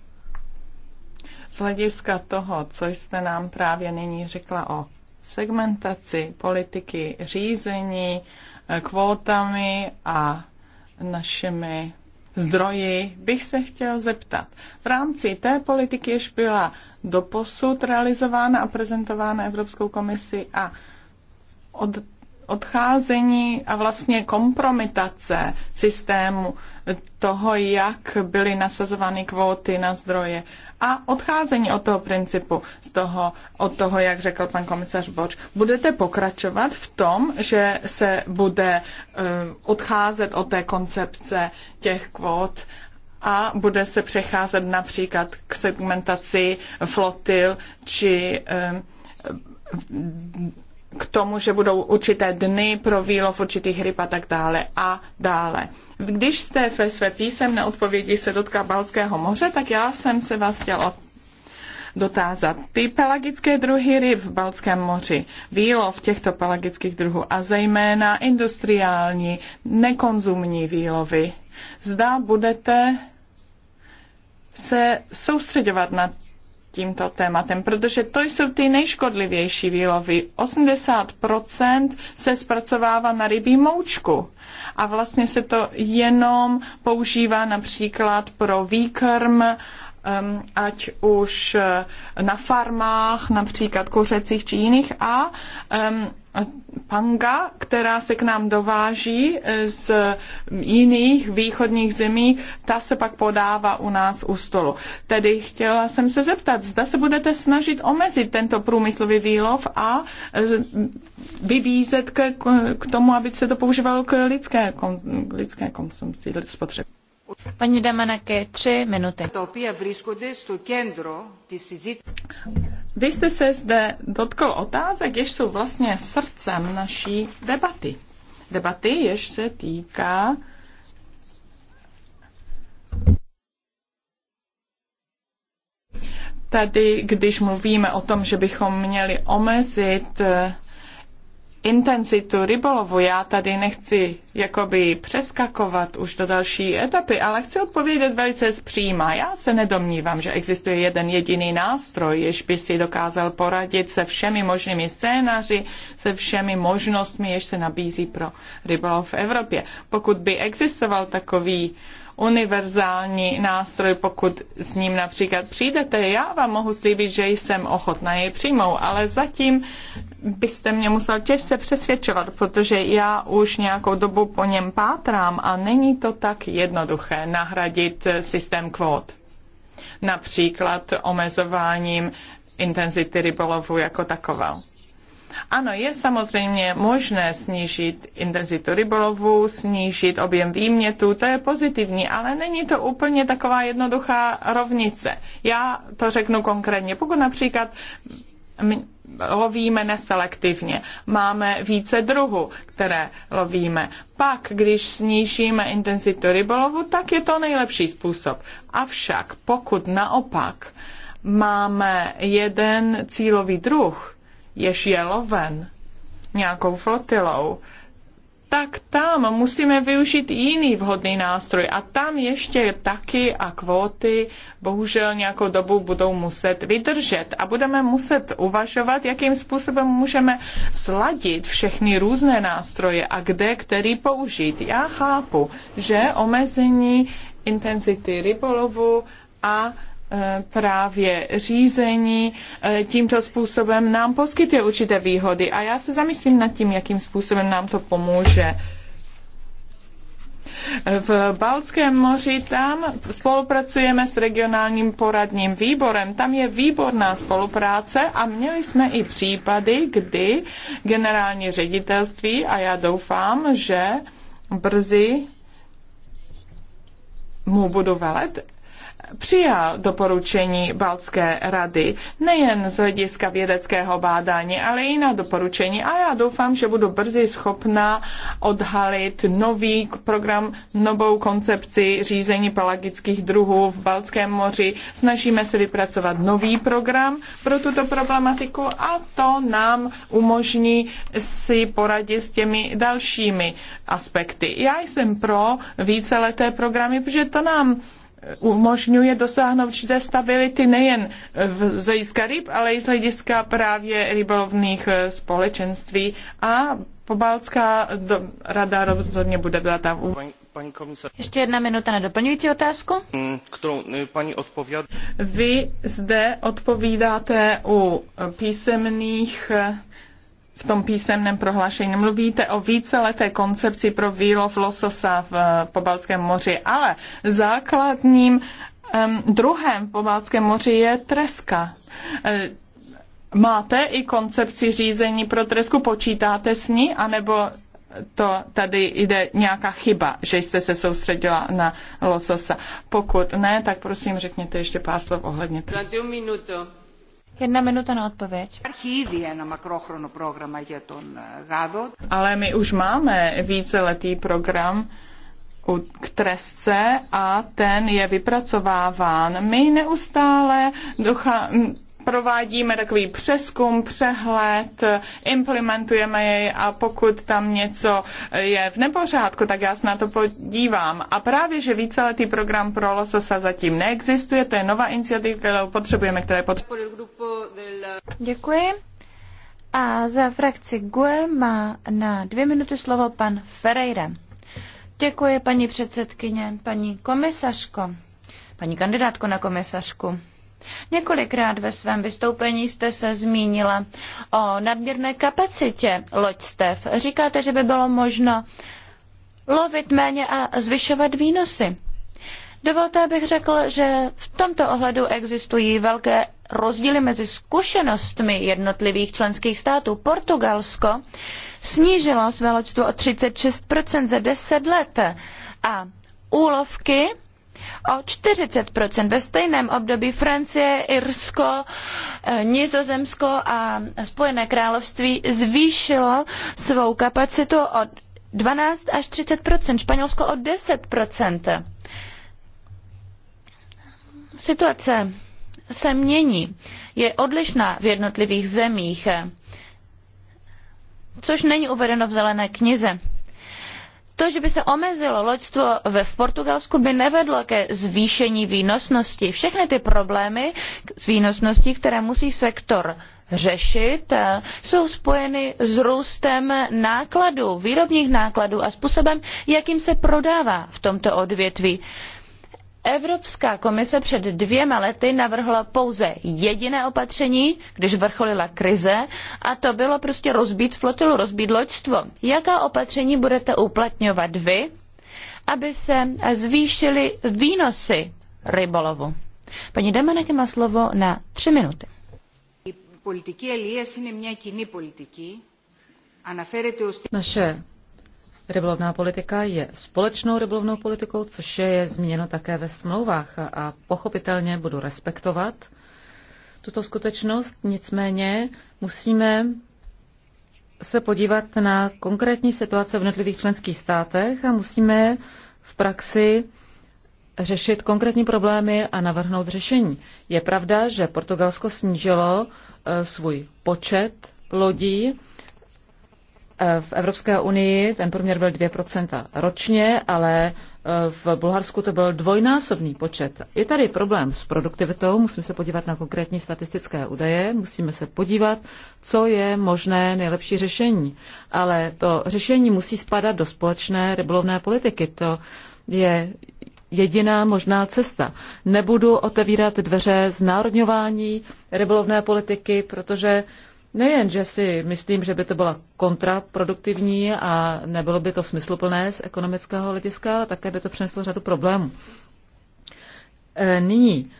z hlediska toho, co jste nám právě nyní řekla o segmentaci politiky řízení, eh, kvótami a našimi zdroji, bych se chtěl zeptat. V rámci té politiky, jež byla doposud realizována a prezentována Evropskou komisi a od odcházení a vlastně kompromitace systému toho, jak byly nasazovány kvóty na zdroje a odcházení od toho principu, z toho, od toho, jak řekl pan komisař Boč. Budete pokračovat v tom, že se bude eh, odcházet od té koncepce těch kvót a bude se přecházet například k segmentaci flotil či eh, k tomu, že budou určité dny pro výlov určitých ryb a tak dále a dále. Když jste ve své písemné odpovědi se dotká Balckého moře, tak já jsem se vás chtěla dotázat. Ty pelagické druhy ryb v Balckém moři, výlov těchto pelagických druhů a zejména industriální, nekonzumní výlovy, zda budete se soustředovat na tímto tématem, protože to jsou ty nejškodlivější výlovy. 80% se zpracovává na rybí moučku a vlastně se to jenom používá například pro výkrm, um, ať už na farmách, například kuřecích či jiných a um, panga, která se k nám dováží e, z jiných východních zemí, ta se pak podává u nás u stolu. Tedy chtěla jsem se zeptat, zda se budete snažit omezit tento průmyslový výlov a e, vybízet k, k tomu, aby se to používalo k lidské, k lidské konsumci, spotřebě. Paní Damanaky, tři minuty. Vy jste se zde dotkl otázek, jež jsou vlastně srdcem naší debaty. Debaty, jež se týká tady, když mluvíme o tom, že bychom měli omezit intenzitu rybolovu. Já tady nechci jakoby přeskakovat už do další etapy, ale chci odpovědět velice zpříma. Já se nedomnívám, že existuje jeden jediný nástroj, jež by si dokázal poradit se všemi možnými scénáři, se všemi možnostmi, jež se nabízí pro rybolov v Evropě. Pokud by existoval takový uh, univerzální nástroj, pokud s ním například přijdete. Já vám mohu slíbit, že jsem ochotná jej přijmout, ale zatím byste mě musel těžce přesvědčovat, protože já už nějakou dobu po něm pátrám a není to tak jednoduché nahradit systém kvót. Například omezováním intenzity rybolovu jako takového. Ano, je samozřejmě možné snížit intenzitu rybolovu, snížit objem výmětu, to je pozitivní, ale není to úplně taková jednoduchá rovnice. Já to řeknu konkrétně. Pokud například lovíme neselektivně, máme více druhů, které lovíme. Pak, když snížíme intenzitu rybolovu, tak je to nejlepší způsob. Avšak pokud naopak máme jeden cílový druh, jež je loven nějakou flotilou, tak tam musíme využít jiný vhodný nástroj a tam ještě taky a kvóty bohužel nějakou dobu budou muset vydržet a budeme muset uvažovat, jakým způsobem můžeme sladit všechny různé nástroje a kde který použít. Já chápu, že omezení intenzity rybolovu a Eh, právě řízení eh, tímto způsobem nám poskytuje určité výhody a já se zamyslím nad tím, jakým způsobem nám to pomůže. V Balckém moři tam spolupracujeme s regionálním poradním výborem. Tam je výborná spolupráce a měli jsme i případy, kdy generální ředitelství, a já doufám, že brzy mu budu velet, přijal doporučení Baltské rady, nejen z hlediska vědeckého bádání, ale i na doporučení. A já doufám, že budu brzy schopna odhalit nový program, novou koncepci řízení pelagických druhů v Baltském moři. Snažíme se vypracovat nový program pro tuto problematiku a to nám umožní si poradit s těmi dalšími aspekty. Já jsem pro víceleté programy, protože to nám umožňuje dosáhnout určité stability nejen v, z hlediska ryb, ale i z hlediska právě rybolovných eh, společenství a Pobalská rada rozhodně bude byla tam. Paní komisar... Ještě jedna minuta na doplňující otázku. Mm, kterou eh, paní odpovídá. Vy zde odpovídáte u eh, písemných v tom písemném prohlášení. Mluvíte o víceleté koncepci pro výlov lososa v eh, Pobaltském moři, ale základním um, druhem v Pobaltském moři je treska. Eh, máte i koncepci řízení pro tresku, počítáte s ní, anebo to tady jde nějaká chyba, že jste se soustředila na lososa. Pokud ne, tak prosím řekněte ještě pár slov ohledně. Na Jedna minuta na odpověď. Eh, Ale my už máme víceletý program k tresce a ten je vypracováván. My neustále docha- provádíme takový přeskum, přehled, implementujeme jej a pokud tam něco je v nepořádku, tak já se na to podívám. A právě, že víceletý program pro lososa zatím neexistuje, to je nová iniciativa, kterou potřebujeme, které potřebujeme. Děkuji. A za frakci GUE má na dvě minuty slovo pan Ferreira. Děkuji, paní předsedkyně, paní komisařko, paní kandidátko na komisařku. Několikrát ve svém vystoupení jste se zmínila o nadměrné kapacitě loďstev. Říkáte, že by bylo možno lovit méně a zvyšovat výnosy. Dovolte, abych řekl, že v tomto ohledu existují velké rozdíly mezi zkušenostmi jednotlivých členských států. Portugalsko snížilo své loďstvo o 36% za 10 let a úlovky o 40%. Ve stejném období Francie, Irsko, eh, Nizozemsko a Spojené království zvýšilo svou kapacitu o 12 až 30%, Španělsko o 10%. Situace se mění, je odlišná v jednotlivých zemích, což není uvedeno v zelené knize. To, že by se omezilo loďstvo ve v Portugalsku, by nevedlo ke zvýšení výnosnosti. Všechny ty problémy s výnosností, které musí sektor řešit, eh, jsou spojeny s růstem nákladů, výrobních nákladů a způsobem, jakým se prodává v tomto odvětví. Evropská komise před dvěma lety navrhla pouze jediné opatření, když vrcholila krize, a to bylo prostě rozbít flotilu, rozbít loďstvo. Jaká opatření budete uplatňovat vy, aby se zvýšily výnosy rybolovu? Paní Demenek má slovo na tři minuty. Naše Rybolovná politika je společnou rybolovnou politikou, což je zmíněno také ve smlouvách a pochopitelně budu respektovat tuto skutečnost. Nicméně musíme se podívat na konkrétní situace v jednotlivých členských státech a musíme v praxi řešit konkrétní problémy a navrhnout řešení. Je pravda, že Portugalsko snížilo eh, svůj počet lodí, Eh, v Evropské unii ten průměr byl 2% ročně, ale eh, v Bulharsku to byl dvojnásobný počet. Je tady problém s produktivitou, musíme se podívat na konkrétní statistické údaje, musíme se podívat, co je možné nejlepší řešení. Ale to řešení musí spadat do společné rybolovné politiky. To je jediná možná cesta. Nebudu otevírat dveře znárodňování rybolovné politiky, protože Nejen, že si myslím, že by to byla kontraproduktivní a nebylo by to smysluplné z ekonomického hlediska, ale také by to přineslo řadu problémů. E, nyní,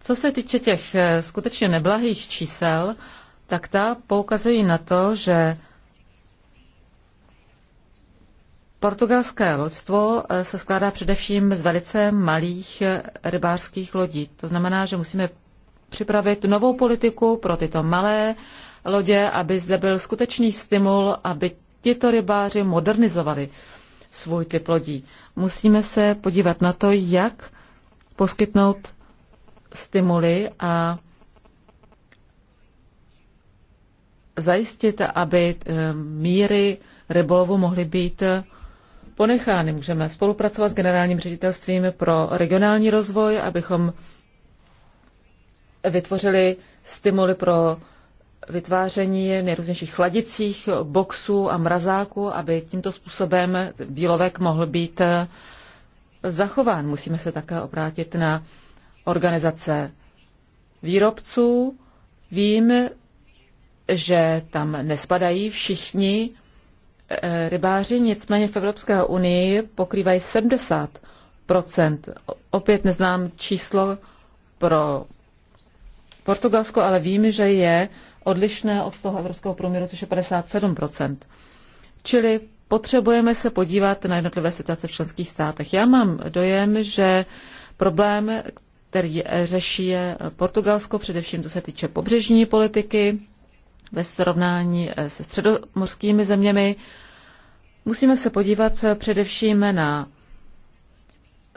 co se týče těch e, skutečně neblahých čísel, tak ta poukazují na to, že Portugalské loďstvo e, se skládá především z velice malých rybářských lodí. To znamená, že musíme připravit novou politiku pro tyto malé lodě, aby zde byl skutečný stimul, aby tito rybáři modernizovali svůj typ lodí. Musíme se podívat na to, jak poskytnout stimuly a zajistit, aby eh, míry rybolovu mohly být eh, ponechány. Můžeme spolupracovat s generálním ředitelstvím pro regionální rozvoj, abychom vytvořili stimuly pro vytváření nejrůznějších chladicích, boxů a mrazáků, aby tímto způsobem výlovek mohl být eh, zachován. Musíme se také obrátit na organizace výrobců. Vím, že tam nespadají všichni eh, rybáři, nicméně v Evropské unii pokrývají 70 Opět neznám číslo pro Portugalsko, ale vím, že je odlišné od toho evropského průměru, což je 57 Čili potřebujeme se podívat na jednotlivé situace v členských státech. Já mám dojem, že problém, který řeší Portugalsko, především to se týče pobřežní politiky, ve srovnání se středomorskými zeměmi, musíme se podívat především na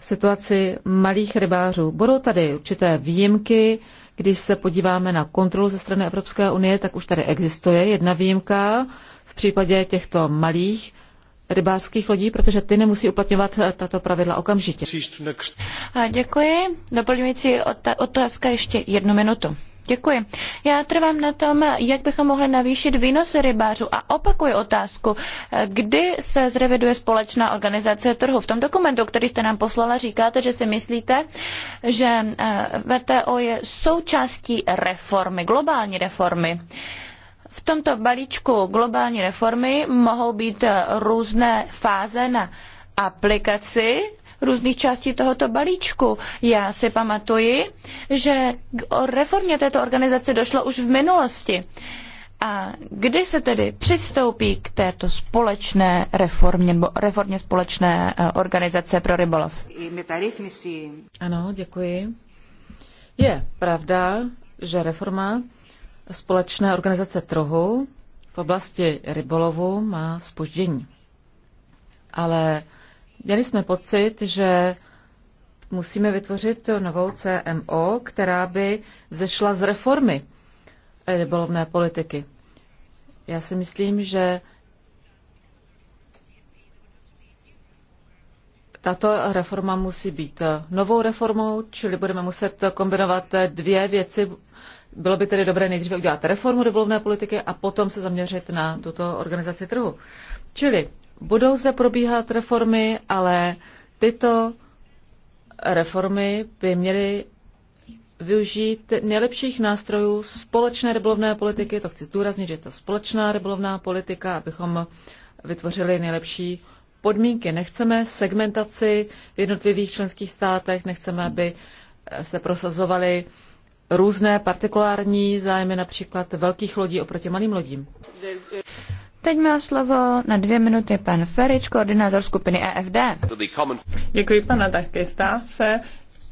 situaci malých rybářů. Budou tady určité výjimky, když se podíváme na kontrolu ze strany Evropské unie, tak už tady existuje jedna výjimka v případě těchto malých rybářských lodí, protože ty nemusí uplatňovat eh, tato pravidla okamžitě. A děkuji. Doplňující otázka ještě jednu minutu. Děkuji. Já trvám na tom, jak bychom mohli navýšit výnosy rybářů a opakuji otázku, kdy se zreviduje společná organizace trhu. V tom dokumentu, který jste nám poslala, říkáte, že si myslíte, že eh, VTO je součástí reformy, globální reformy. V tomto balíčku globální reformy mohou být eh, různé fáze na aplikaci různých částí tohoto balíčku. Já si pamatuji, že o reformě této organizace došlo už v minulosti. A kdy se tedy přistoupí k této společné reformě, nebo reformě společné eh, organizace pro rybolov? Ano, děkuji. Je pravda, že reforma společné organizace trhu v oblasti rybolovu má spoždění. Ale měli jsme pocit, že musíme vytvořit novou CMO, která by vzešla z reformy rybolovné politiky. Já si myslím, že tato reforma musí být novou reformou, čili budeme muset kombinovat dvě věci. Bylo by tedy dobré nejdříve udělat reformu rybolovné politiky a potom se zaměřit na tuto organizaci trhu. Čili Budou zde probíhat reformy, ale tyto reformy by měly využít nejlepších nástrojů společné rybolovné politiky. To chci zdůraznit, že je to společná rybolovná politika, abychom vytvořili nejlepší podmínky. Nechceme segmentaci v jednotlivých členských státech, nechceme, aby se prosazovaly různé partikulární zájmy, například velkých lodí oproti malým lodím. Teď má slovo na dvě minuty pan Ferič, koordinátor skupiny EFD. Děkuji, pana, také se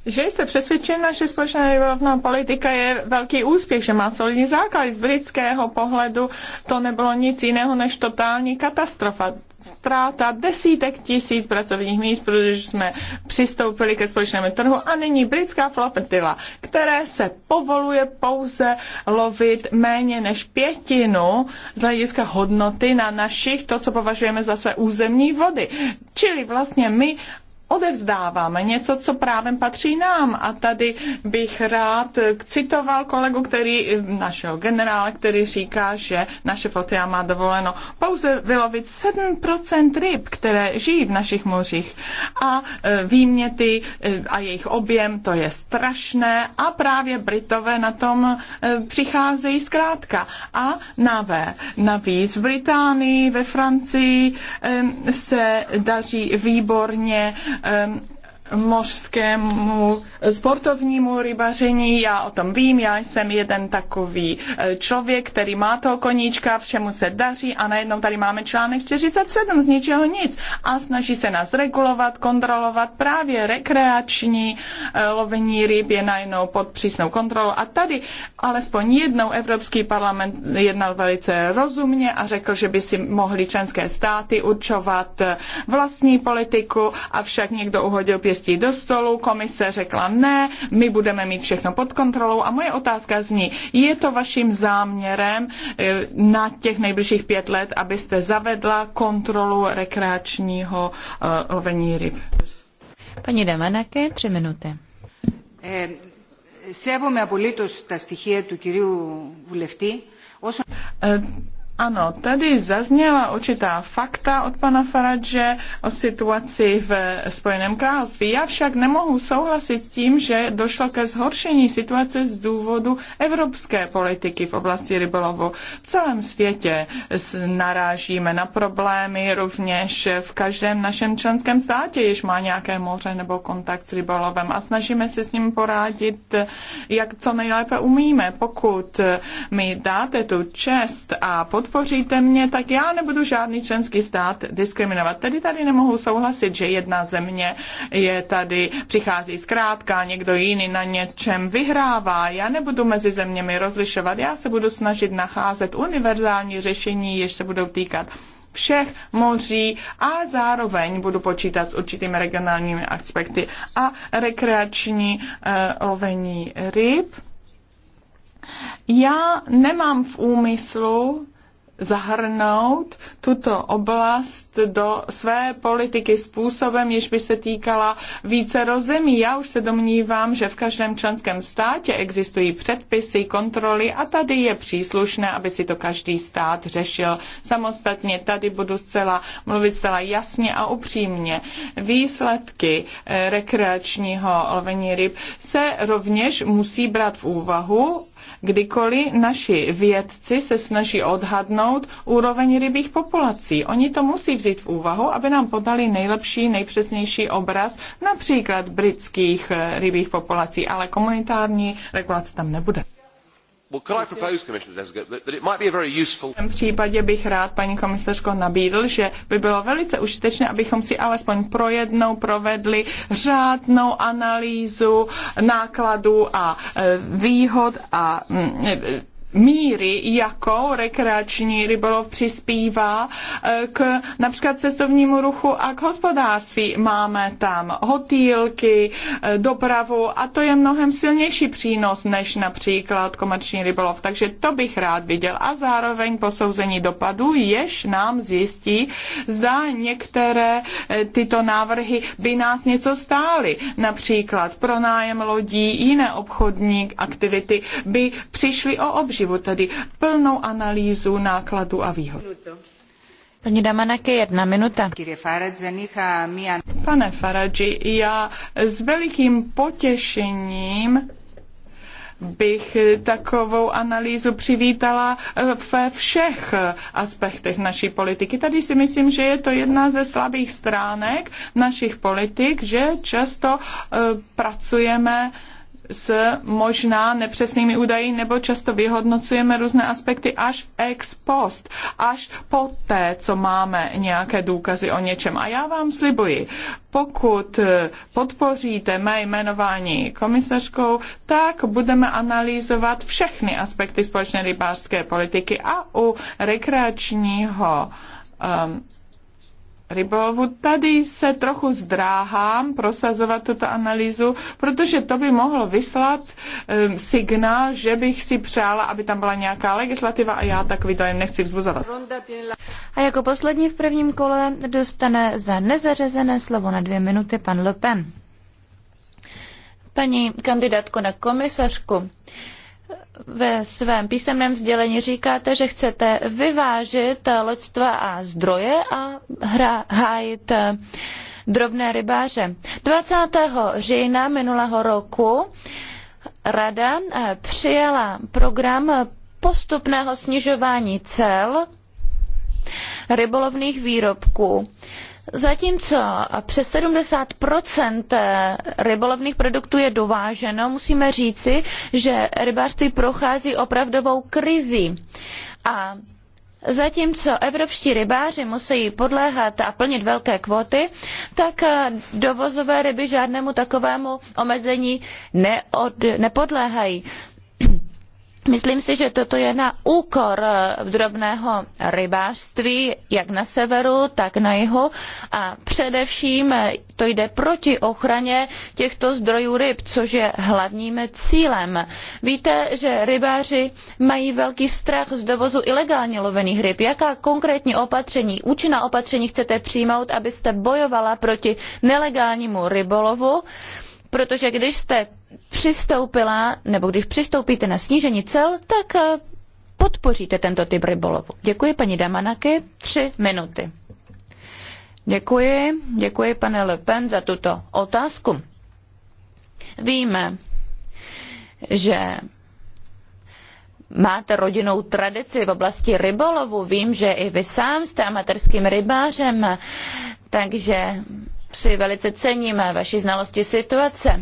že jste přesvědčena, že společná rybolovná politika je velký úspěch, že má solidní základ. Z britského pohledu to nebylo nic jiného než totální katastrofa. Ztráta desítek tisíc pracovních míst, protože jsme přistoupili ke společnému trhu a nyní britská flotila, které se povoluje pouze lovit méně než pětinu z hlediska hodnoty na našich, to, co považujeme za své územní vody. Čili vlastně my odevzdáváme, něco, co právem patří nám. A tady bych rád citoval kolegu, který, našeho generála, který říká, že naše flotila má dovoleno pouze vylovit 7% ryb, které žijí v našich mořích. A e, výměty e, a jejich objem, to je strašné a právě Britové na tom e, přicházejí zkrátka. A navé, navíc v Británii, ve Francii se daří výborně um, mořskému sportovnímu rybaření. Já o tom vím, já jsem jeden takový e, člověk, který má toho koníčka, všemu se daří a najednou tady máme článek 47 z ničeho nic a snaží se nás regulovat, kontrolovat právě rekreační e, lovení ryb je najednou pod přísnou kontrolou a tady alespoň jednou Evropský parlament jednal velice rozumně a řekl, že by si mohli členské státy určovat e, vlastní politiku, avšak někdo uhodil pěst šesti do stolu, komise řekla ne, my budeme mít všechno pod kontrolou a moje otázka zní, je to vaším záměrem eh, na těch nejbližších pět let, abyste zavedla kontrolu rekreačního eh, lovení ryb? Paní Demeneky, tři minuty. Σέβομαι απολύτως τα στοιχεία του κυρίου βουλευτή. Ano, tady zazněla určitá fakta od pana Faradže o situaci v Spojeném království. Já však nemohu souhlasit s tím, že došlo ke zhoršení situace z důvodu evropské politiky v oblasti rybolovu. V celém světě narážíme na problémy, rovněž v každém našem členském státě, jež má nějaké moře nebo kontakt s rybolovem a snažíme se s ním porádit, jak co nejlépe umíme. Pokud mi dáte tu čest a pod podpoříte mě, tak já nebudu žádný členský stát diskriminovat. Tedy tady nemohu souhlasit, že jedna země je tady, přichází zkrátka, někdo jiný na něčem vyhrává. Já nebudu mezi zeměmi rozlišovat, já se budu snažit nacházet univerzální řešení, jež se budou týkat všech moří a zároveň budu počítat s určitými regionálními aspekty a rekreační uh, lovení ryb. Já nemám v úmyslu zahrnout tuto oblast do své politiky způsobem, jež by se týkala více rozemí. Já už se domnívám, že v každém členském státě existují předpisy, kontroly a tady je příslušné, aby si to každý stát řešil samostatně. Tady budu zcela mluvit zcela jasně a upřímně. Výsledky eh, rekreačního lovení ryb se rovněž musí brát v úvahu kdykoliv naši vědci se snaží odhadnout úroveň rybích populací. Oni to musí vzít v úvahu, aby nám podali nejlepší, nejpřesnější obraz například britských eh, rybích populací, ale komunitární regulace tam nebude. V případě bych rád, paní komisařko, nabídl, že by bylo velice užitečné, abychom si alespoň pro jednou provedli řádnou analýzu nákladů a e, výhod a mm, e, míry, jako rekreační rybolov přispívá e, k například cestovnímu ruchu a k hospodářství. Máme tam hotýlky, e, dopravu a to je mnohem silnější přínos než například komerční rybolov. Takže to bych rád viděl a zároveň posouzení dopadů, jež nám zjistí, zda některé e, tyto návrhy by nás něco stály. Například pronájem lodí, jiné obchodní aktivity by přišly o obživu život, tedy plnou analýzu nákladu a výhod. jedna minuta. Pane Faradži, já s velikým potěšením bych takovou analýzu přivítala eh, ve všech aspektech naší politiky. Tady si myslím, že je to jedna ze slabých stránek našich politik, že často eh, pracujeme s možná nepřesnými údaji, nebo často vyhodnocujeme různé aspekty až ex post, až po té, co máme nějaké důkazy o něčem. A já vám slibuji, pokud podpoříte mé jmenování komisařkou, tak budeme analyzovat všechny aspekty společné rybářské politiky a u rekreačního um, rybolovu. Tady se trochu zdráhám prosazovat tuto analýzu, protože to by mohlo vyslat um, signál, že bych si přála, aby tam byla nějaká legislativa a já takový dojem nechci vzbuzovat. A jako poslední v prvním kole dostane za nezařazené slovo na dvě minuty pan Le Pen. Paní kandidátko na komisařku, ve svém písemném sdělení říkáte, že chcete vyvážit loďstva a zdroje a hra, hájit eh, drobné rybáře. 20. října minulého roku Rada eh, přijela program postupného snižování cel rybolovných výrobků. Zatímco přes 70 eh, rybolovných produktů je dováženo, musíme říci, že rybářství prochází opravdovou krizí. A Zatímco evropští rybáři musí podléhat a plnit velké kvóty, tak eh, dovozové ryby žádnému takovému omezení neod, nepodléhají. Myslím si, že toto je na úkor eh, drobného rybářství, jak na severu, tak na jihu. A především eh, to jde proti ochraně těchto zdrojů ryb, což je hlavním cílem. Víte, že rybáři mají velký strach z dovozu ilegálně lovených ryb. Jaká konkrétní opatření, účinná opatření chcete přijmout, abyste bojovala proti nelegálnímu rybolovu? protože když jste přistoupila, nebo když přistoupíte na snížení cel, tak eh, podpoříte tento typ rybolovu. Děkuji paní Damanaky, tři minuty. Děkuji, děkuji pane Le Pen za tuto otázku. Víme, že máte rodinnou tradici v oblasti rybolovu. Vím, že i vy sám jste amatérským rybářem, takže si velice ceníme vaší znalosti situace.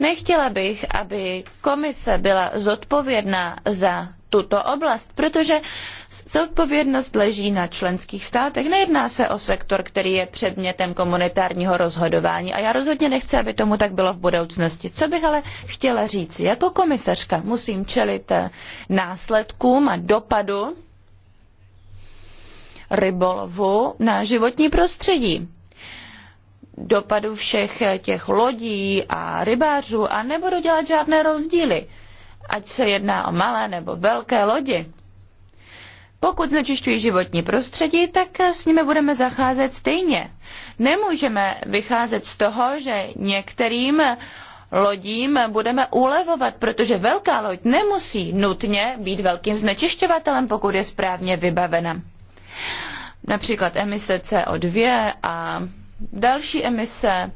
Nechtěla bych, aby komise byla zodpovědná za tuto oblast, protože zodpovědnost leží na členských státech. Nejedná se o sektor, který je předmětem komunitárního rozhodování a já rozhodně nechci, aby tomu tak bylo v budoucnosti. Co bych ale chtěla říct? Jako komisařka musím čelit eh, následkům a dopadu rybolovu na životní prostředí dopadu všech těch lodí a rybářů a nebudu dělat žádné rozdíly, ať se jedná o malé nebo velké lodi. Pokud znečišťují životní prostředí, tak s nimi budeme zacházet stejně. Nemůžeme vycházet z toho, že některým lodím budeme ulevovat, protože velká loď nemusí nutně být velkým znečišťovatelem, pokud je správně vybavena. Například emise CO2 a další emise,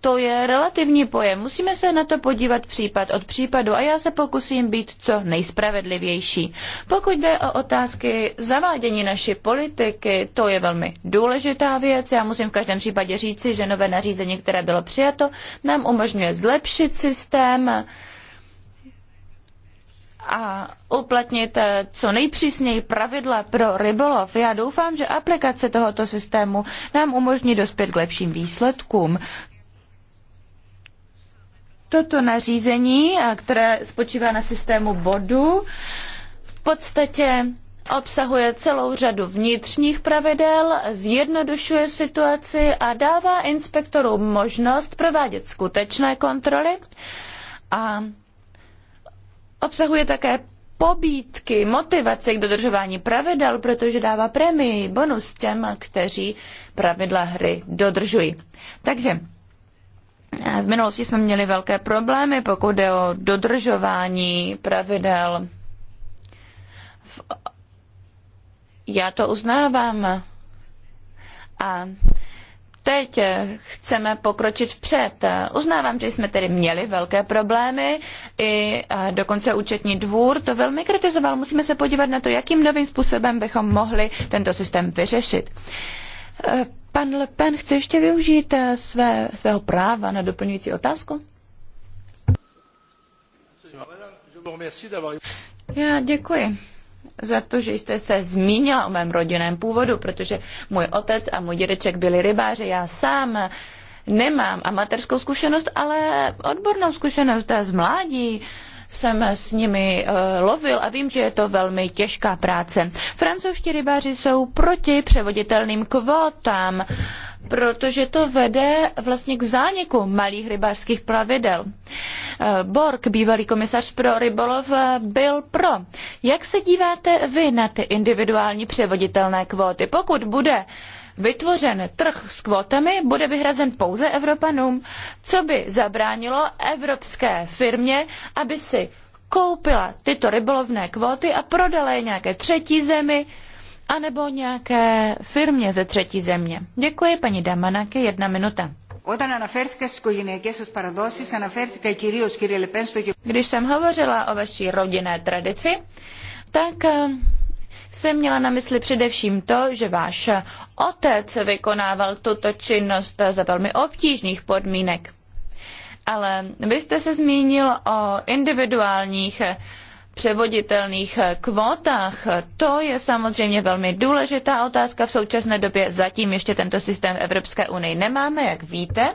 to je relativní pojem. Musíme se na to podívat případ od případu a já se pokusím být co nejspravedlivější. Pokud jde o otázky zavádění naší politiky, to je velmi důležitá věc. Já musím v každém případě říci, že nové nařízení, které bylo přijato, nám umožňuje zlepšit systém a uplatnit eh, co nejpřísněji pravidla pro rybolov. Já doufám, že aplikace tohoto systému nám umožní dospět k lepším výsledkům. Toto nařízení, eh, které spočívá na systému bodu, v podstatě obsahuje celou řadu vnitřních pravidel, zjednodušuje situaci a dává inspektorům možnost provádět skutečné kontroly a Obsahuje také pobídky, motivace k dodržování pravidel, protože dává prémii, bonus těm, kteří pravidla hry dodržují. Takže eh, v minulosti jsme měli velké problémy, pokud jde o dodržování pravidel. Já to uznávám. A teď chceme pokročit vpřed. Uznávám, že jsme tedy měli velké problémy, i dokonce účetní dvůr to velmi kritizoval. Musíme se podívat na to, jakým novým způsobem bychom mohli tento systém vyřešit. Eh, pan Le Pen chce ještě využít eh, své, svého práva na doplňující otázku? Já děkuji za to, že jste se zmínila o mém rodinném původu, protože můj otec a můj dědeček byli rybáři, já sám nemám amatérskou zkušenost, ale odbornou zkušenost z mládí jsem s nimi eh, lovil a vím, že je to velmi těžká práce. Francouzští rybáři jsou proti převoditelným kvótám, protože to vede vlastně k zániku malých rybářských plavidel. Eh, Borg, bývalý komisař pro rybolov, eh, byl pro. Jak se díváte vy na ty individuální převoditelné kvóty? Pokud bude vytvořen trh s kvotami, bude vyhrazen pouze Evropanům, co by zabránilo evropské firmě, aby si koupila tyto rybolovné kvóty a prodala je nějaké třetí zemi anebo nějaké firmě ze třetí země. Děkuji, paní Damanaky, jedna minuta. Když jsem hovořila o vaší rodinné tradici, tak eh, jsem měla na mysli především to, že váš otec vykonával tuto činnost za velmi obtížných podmínek. Ale vy jste se zmínil o individuálních převoditelných kvótách. To je samozřejmě velmi důležitá otázka v současné době. Zatím ještě tento systém Evropské unii nemáme, jak víte,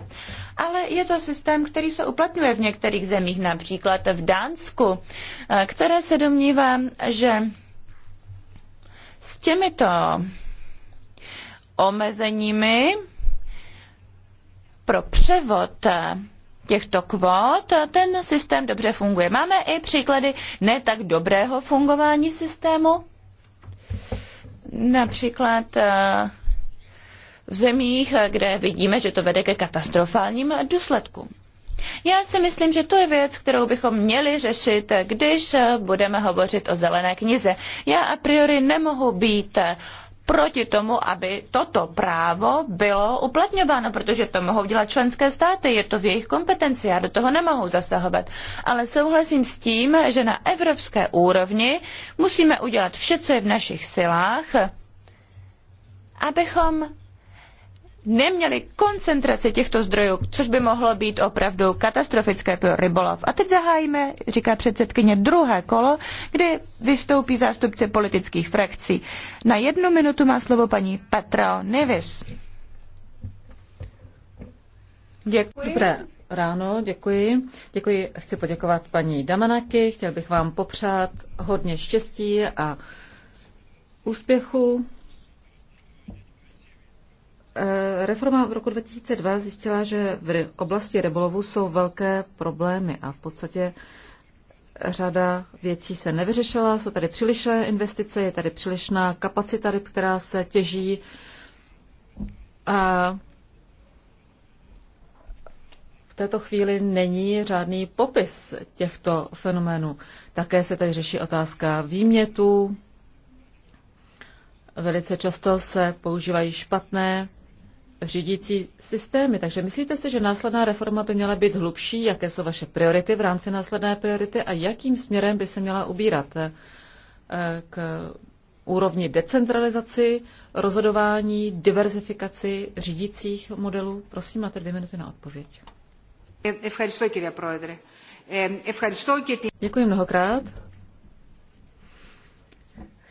ale je to systém, který se uplatňuje v některých zemích, například v Dánsku, eh, které se domnívám, že s těmito omezeními pro převod těchto kvót ten systém dobře funguje. Máme i příklady ne tak dobrého fungování systému. Například eh, v zemích, eh, kde vidíme, že to vede ke katastrofálním důsledkům. Já si myslím, že to je věc, kterou bychom měli řešit, když eh, budeme hovořit o zelené knize. Já a priori nemohu být eh, proti tomu, aby toto právo bylo uplatňováno, protože to mohou dělat členské státy, je to v jejich kompetenci, já do toho nemohu zasahovat. Ale souhlasím s tím, že na evropské úrovni musíme udělat vše, co je v našich silách, abychom neměli koncentraci těchto zdrojů, což by mohlo být opravdu katastrofické pro rybolov. A teď zahájíme, říká předsedkyně, druhé kolo, kdy vystoupí zástupci politických frakcí. Na jednu minutu má slovo paní Petra Nevis. Děkuji. Dobré ráno, děkuji. Děkuji, chci poděkovat paní Damanaky, chtěl bych vám popřát hodně štěstí a úspěchu Eh, reforma v roku 2002 zjistila, že v oblasti rybolovu jsou velké problémy a v podstatě řada věcí se nevyřešila. Jsou tady přílišné investice, je tady přílišná kapacita ryb, která se těží. A v této chvíli není řádný popis těchto fenoménů. Také se tady řeší otázka výmětu. Velice často se používají špatné řídící systémy. Takže myslíte si, že následná reforma by měla být hlubší? Jaké jsou vaše priority v rámci následné priority a jakým směrem by se měla ubírat eh, k úrovni decentralizaci, rozhodování, diverzifikaci řídících modelů? Prosím, máte dvě minuty na odpověď. Eh, Děkuji mnohokrát.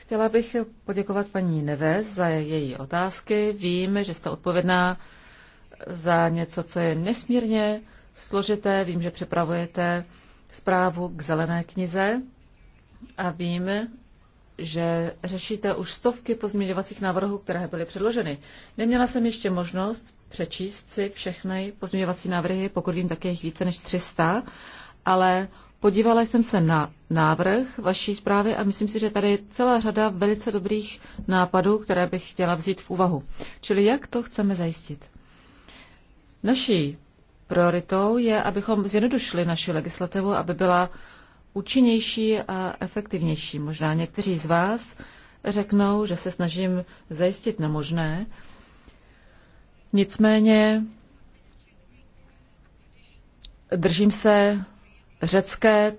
Chtěla bych poděkovat paní Neves za její otázky. Vím, že jste odpovědná za něco, co je nesmírně složité. Vím, že připravujete zprávu k zelené knize a vím, že řešíte už stovky pozměňovacích návrhů, které byly předloženy. Neměla jsem ještě možnost přečíst si všechny pozměňovací návrhy, pokud vím, je jich více než 300, ale Podívala jsem se na návrh vaší zprávy a myslím si, že tady je celá řada velice dobrých nápadů, které bych chtěla vzít v úvahu. Čili jak to chceme zajistit? Naší prioritou je, abychom zjednodušili naši legislativu, aby byla účinnější a efektivnější. Možná někteří z vás řeknou, že se snažím zajistit nemožné. Nicméně držím se řecké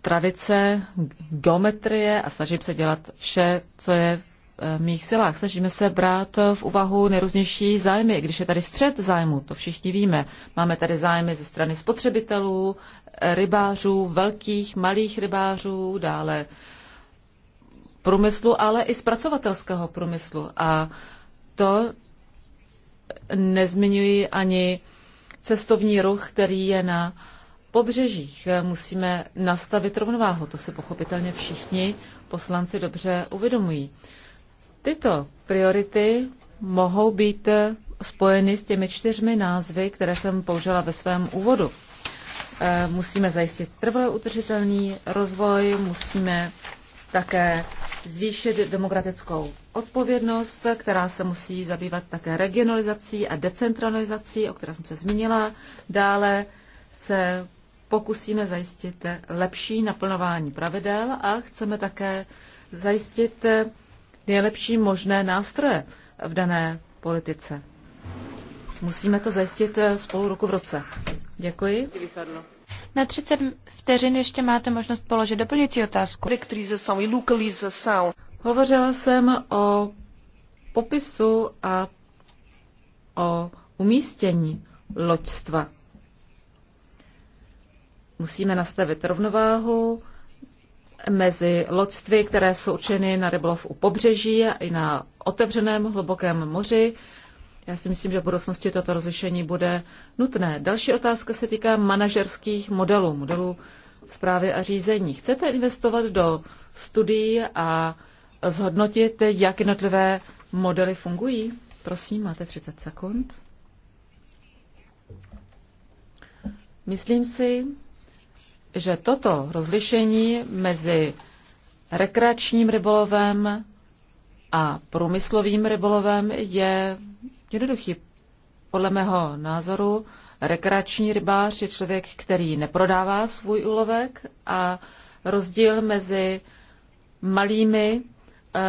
tradice, geometrie a snažím se dělat vše, co je v eh, mých silách. Snažíme se brát v úvahu nejrůznější zájmy, když je tady střed zájmu, to všichni víme. Máme tady zájmy ze strany spotřebitelů, rybářů, velkých, malých rybářů, dále průmyslu, ale i zpracovatelského průmyslu. A to nezmiňuji ani cestovní ruch, který je na pobřežích eh, musíme nastavit rovnováhu. To si pochopitelně všichni poslanci dobře uvědomují. Tyto priority mohou být eh, spojeny s těmi čtyřmi názvy, které jsem použila ve svém úvodu. Eh, musíme zajistit trvalý udržitelný rozvoj, musíme také zvýšit demokratickou odpovědnost, která se musí zabývat také regionalizací a decentralizací, o které jsem se zmínila. Dále se pokusíme zajistit lepší naplnování pravidel a chceme také zajistit nejlepší možné nástroje v dané politice. Musíme to zajistit spolu ruku v roce. Děkuji. Na 30 vteřin ještě máte možnost položit doplňující otázku. Hovořila jsem o popisu a o umístění loďstva. Musíme nastavit rovnováhu mezi loďstvy, které jsou učeny na rybolov u pobřeží a i na otevřeném hlubokém moři. Já si myslím, že v budoucnosti toto rozlišení bude nutné. Další otázka se týká manažerských modelů, modelů zprávy a řízení. Chcete investovat do studií a zhodnotit, jak jednotlivé modely fungují? Prosím, máte 30 sekund. Myslím si, že toto rozlišení mezi rekreačním rybolovem a průmyslovým rybolovem je jednoduchý. Podle mého názoru rekreační rybář je člověk, který neprodává svůj úlovek a rozdíl mezi malými eh,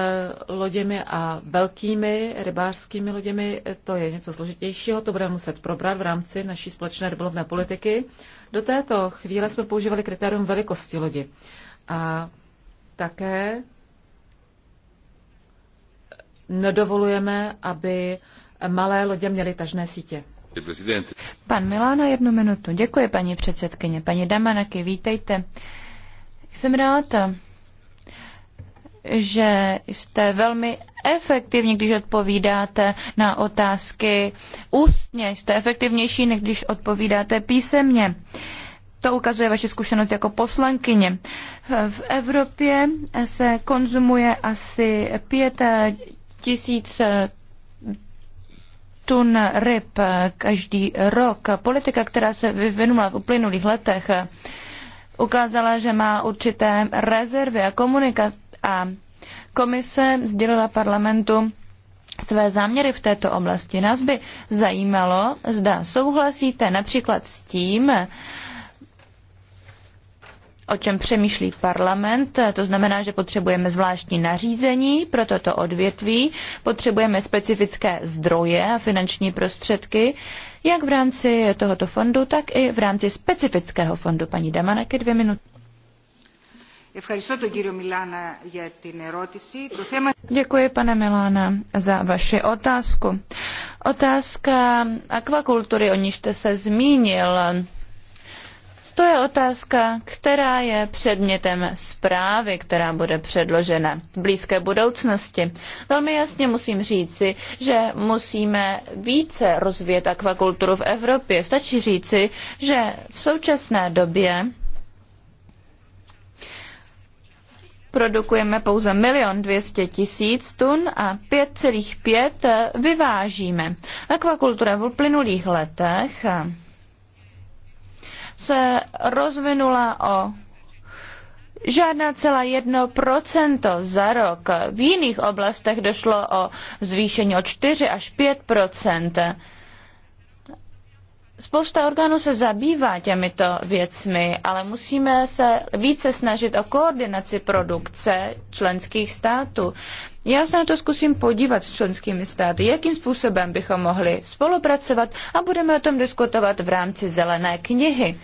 loděmi a velkými rybářskými loděmi, eh, to je něco složitějšího, to budeme muset probrat v rámci naší společné rybolovné politiky. Do této chvíle jsme používali kritérium velikosti lodi. A také nedovolujeme, aby malé lodě měly tažné sítě. Pan Milána, jednu minutu. Děkuji, paní předsedkyně. Paní Damanaky, vítejte. Jsem ráda, že jste velmi efektivní, když odpovídáte na otázky ústně. Jste efektivnější, než když odpovídáte písemně. To ukazuje vaše zkušenost jako poslankyně. V Evropě se konzumuje asi pět tisíc tun ryb každý rok. Politika, která se vyvinula v uplynulých letech, ukázala, že má určité rezervy a komunikace a Komise sdělila parlamentu své záměry v této oblasti. Nás by zajímalo, zda souhlasíte například s tím, o čem přemýšlí parlament. To znamená, že potřebujeme zvláštní nařízení pro toto odvětví, potřebujeme specifické zdroje a finanční prostředky, jak v rámci tohoto fondu, tak i v rámci specifického fondu. Paní Damanake, dvě minuty. Děkuji, pane Milána, za vaši otázku. Otázka akvakultury, o níž jste se zmínil, to je otázka, která je předmětem zprávy, která bude předložena v blízké budoucnosti. Velmi jasně musím říci, že musíme více rozvíjet akvakulturu v Evropě. Stačí říci, že v současné době produkujeme pouze milion dvěstě tisíc tun a 5,5 eh, vyvážíme. Akvakultura v uplynulých letech eh, se rozvinula o žádná celá jedno procento za rok. V jiných oblastech došlo o zvýšení o 4 až 5 Spousta orgánů se zabývá těmito věcmi, ale musíme se více snažit o koordinaci produkce členských států. Já se na to zkusím podívat s členskými státy, jakým způsobem bychom mohli spolupracovat a budeme o tom diskutovat v rámci zelené knihy.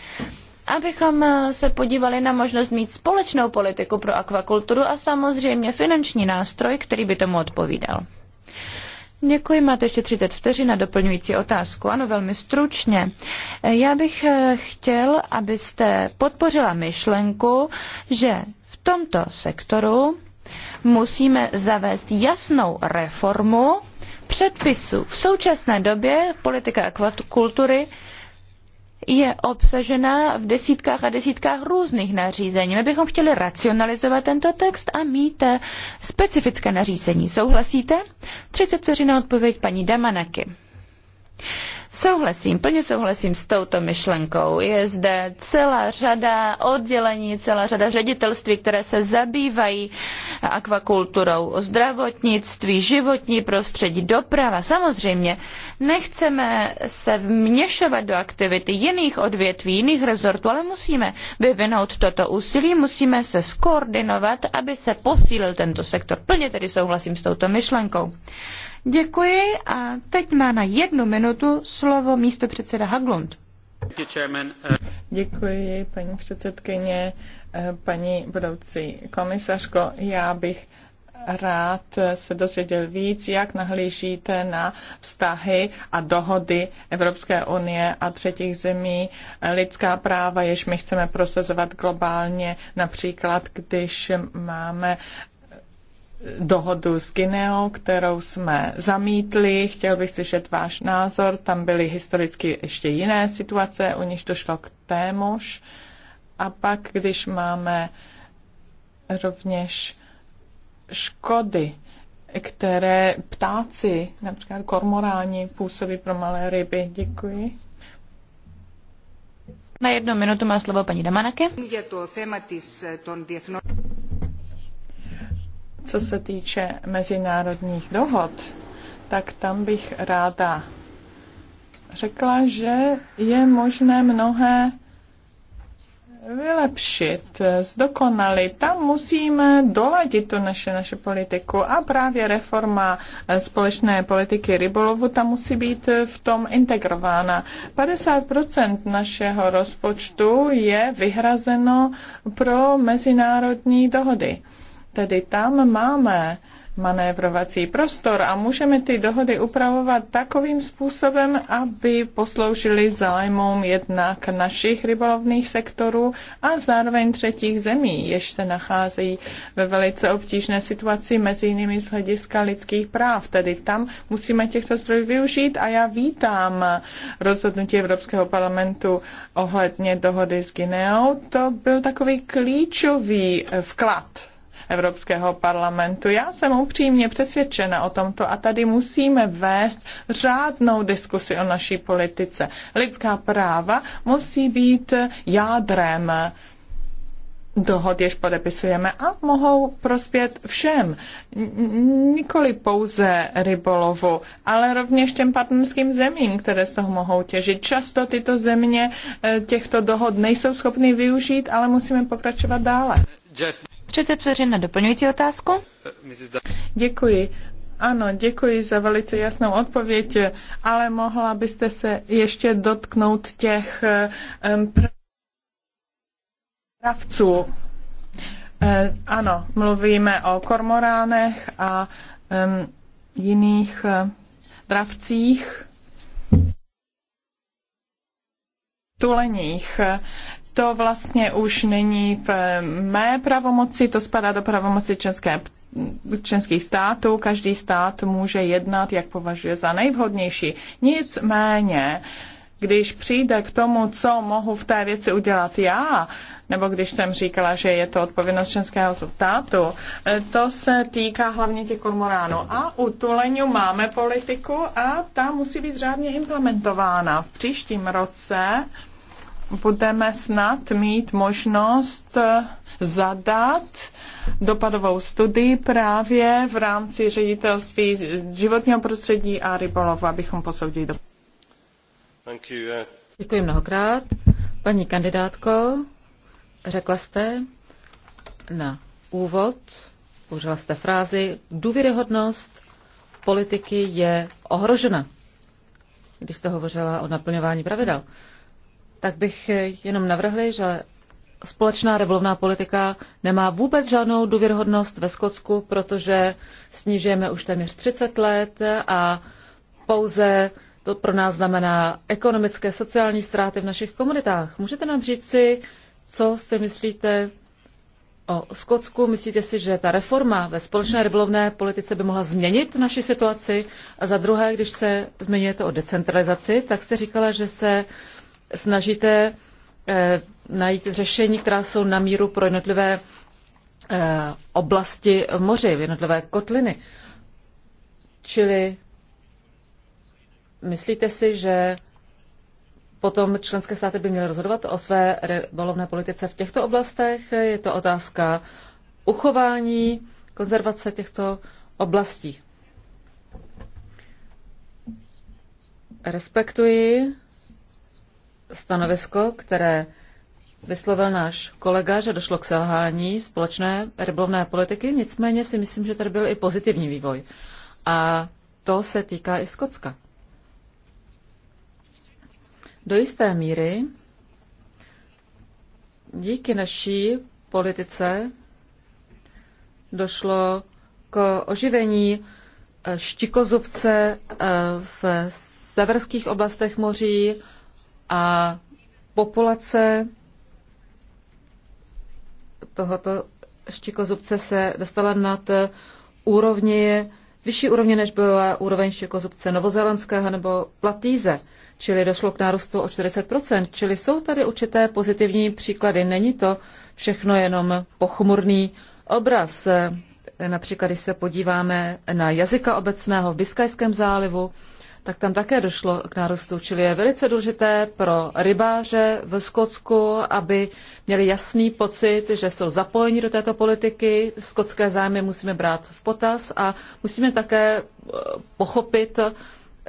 Abychom se podívali na možnost mít společnou politiku pro akvakulturu a samozřejmě finanční nástroj, který by tomu odpovídal. Děkuji, máte ještě 30 vteřin na doplňující otázku. Ano, velmi stručně. Já bych eh, chtěl, abyste podpořila myšlenku, že v tomto sektoru musíme zavést jasnou reformu předpisů. V současné době politika akvakultury je obsažena v desítkách a desítkách různých nařízení. My bychom chtěli racionalizovat tento text a mít eh, specifické nařízení. Souhlasíte? 30 vteřin odpověď paní Damanaky. Souhlasím, plně souhlasím s touto myšlenkou. Je zde celá řada oddělení, celá řada ředitelství, které se zabývají akvakulturou, zdravotnictví, životní prostředí, doprava. Samozřejmě nechceme se vměšovat do aktivity jiných odvětví, jiných rezortů, ale musíme vyvinout toto úsilí, musíme se skoordinovat, aby se posílil tento sektor. Plně tedy souhlasím s touto myšlenkou. Děkuji a teď má na jednu minutu slovo místo předseda Haglund. Děkuji, paní předsedkyně, paní budoucí komisařko. Já bych rád se dozvěděl víc, jak nahlížíte na vztahy a dohody Evropské unie a třetích zemí, lidská práva, jež my chceme prosazovat globálně, například když máme dohodu s Gineou, kterou jsme zamítli. Chtěl bych slyšet váš názor. Tam byly historicky ještě jiné situace, u nich došlo k témuž. A pak, když máme rovněž škody, které ptáci, například kormoráni, působí pro malé ryby. Děkuji. Na jednu minutu má slovo paní Damanake. Co se týče mezinárodních dohod, tak tam bych ráda řekla, že je možné mnohé vylepšit, zdokonalit. Tam musíme doladit tu naše, naše politiku a právě reforma společné politiky rybolovu tam musí být v tom integrována. 50% našeho rozpočtu je vyhrazeno pro mezinárodní dohody. Tedy tam máme manévrovací prostor a můžeme ty dohody upravovat takovým způsobem, aby posloužily zájmům jednak našich rybolovných sektorů a zároveň třetích zemí, jež se nacházejí ve velice obtížné situaci mezi jinými z hlediska lidských práv. Tedy tam musíme těchto zdrojů využít a já vítám rozhodnutí Evropského parlamentu ohledně dohody s Gineou. To byl takový klíčový vklad Evropského parlamentu. Já jsem upřímně přesvědčena o tomto a tady musíme vést řádnou diskusi o naší politice. Lidská práva musí být jádrem dohod, jež podepisujeme a mohou prospět všem. Nikoli pouze rybolovu, ale rovněž těm partnerským zemím, které z toho mohou těžit. Často tyto země eh, těchto dohod nejsou schopny využít, ale musíme pokračovat dále. Just... Přece vteřina doplňující otázku. Děkuji. Ano, děkuji za velice jasnou odpověď, ale mohla byste se ještě dotknout těch um, pravců. E, ano, mluvíme o kormoránech a um, jiných uh, dravcích tuleních to vlastně už není v mé pravomoci, to spadá do pravomoci české členských států. Každý stát může jednat, jak považuje za nejvhodnější. Nicméně, když přijde k tomu, co mohu v té věci udělat já, nebo když jsem říkala, že je to odpovědnost členského státu, to se týká hlavně těch kormoránů. A u Tuleniu máme politiku a ta musí být řádně implementována. V příštím roce budeme snad mít možnost eh, zadat dopadovou studii právě v rámci ředitelství životního prostředí a rybolovu, abychom posoudili eh. Děkuji mnohokrát. Paní kandidátko, řekla jste na úvod, použila jste frázi, důvěryhodnost politiky je ohrožena, když jste hovořila o naplňování pravidel tak bych jenom navrhli, že společná rybolovná politika nemá vůbec žádnou důvěrhodnost ve Skotsku, protože snižujeme už téměř 30 let a pouze to pro nás znamená ekonomické, sociální ztráty v našich komunitách. Můžete nám říct si, co si myslíte o Skotsku? Myslíte si, že ta reforma ve společné rybolovné politice by mohla změnit naši situaci? A za druhé, když se zmiňujete o decentralizaci, tak jste říkala, že se snažíte eh, najít řešení, která jsou na míru pro jednotlivé eh, oblasti moře, jednotlivé kotliny. Čili myslíte si, že potom členské státy by měly rozhodovat o své rybolovné politice v těchto oblastech? Je to otázka uchování, konzervace těchto oblastí. Respektuji stanovisko, které vyslovil náš kolega, že došlo k selhání společné rybovné politiky, nicméně si myslím, že tady byl i pozitivní vývoj. A to se týká i Skocka. Do jisté míry díky naší politice došlo k oživení eh, štikozubce eh, v severských oblastech moří, a populace tohoto štěkozubce se dostala nad úrovně, vyšší úrovně, než byla úroveň štěkozubce novozélandského nebo platíze, čili došlo k nárůstu o 40%, čili jsou tady určité pozitivní příklady. Není to všechno jenom pochmurný obraz. Například, když se podíváme na jazyka obecného v Biskajském zálivu, tak tam také došlo k nárostu. Čili je velice důležité pro rybáře v Skotsku, aby měli jasný pocit, že jsou zapojeni do této politiky. Skotské zájmy musíme brát v potaz a musíme také eh, pochopit,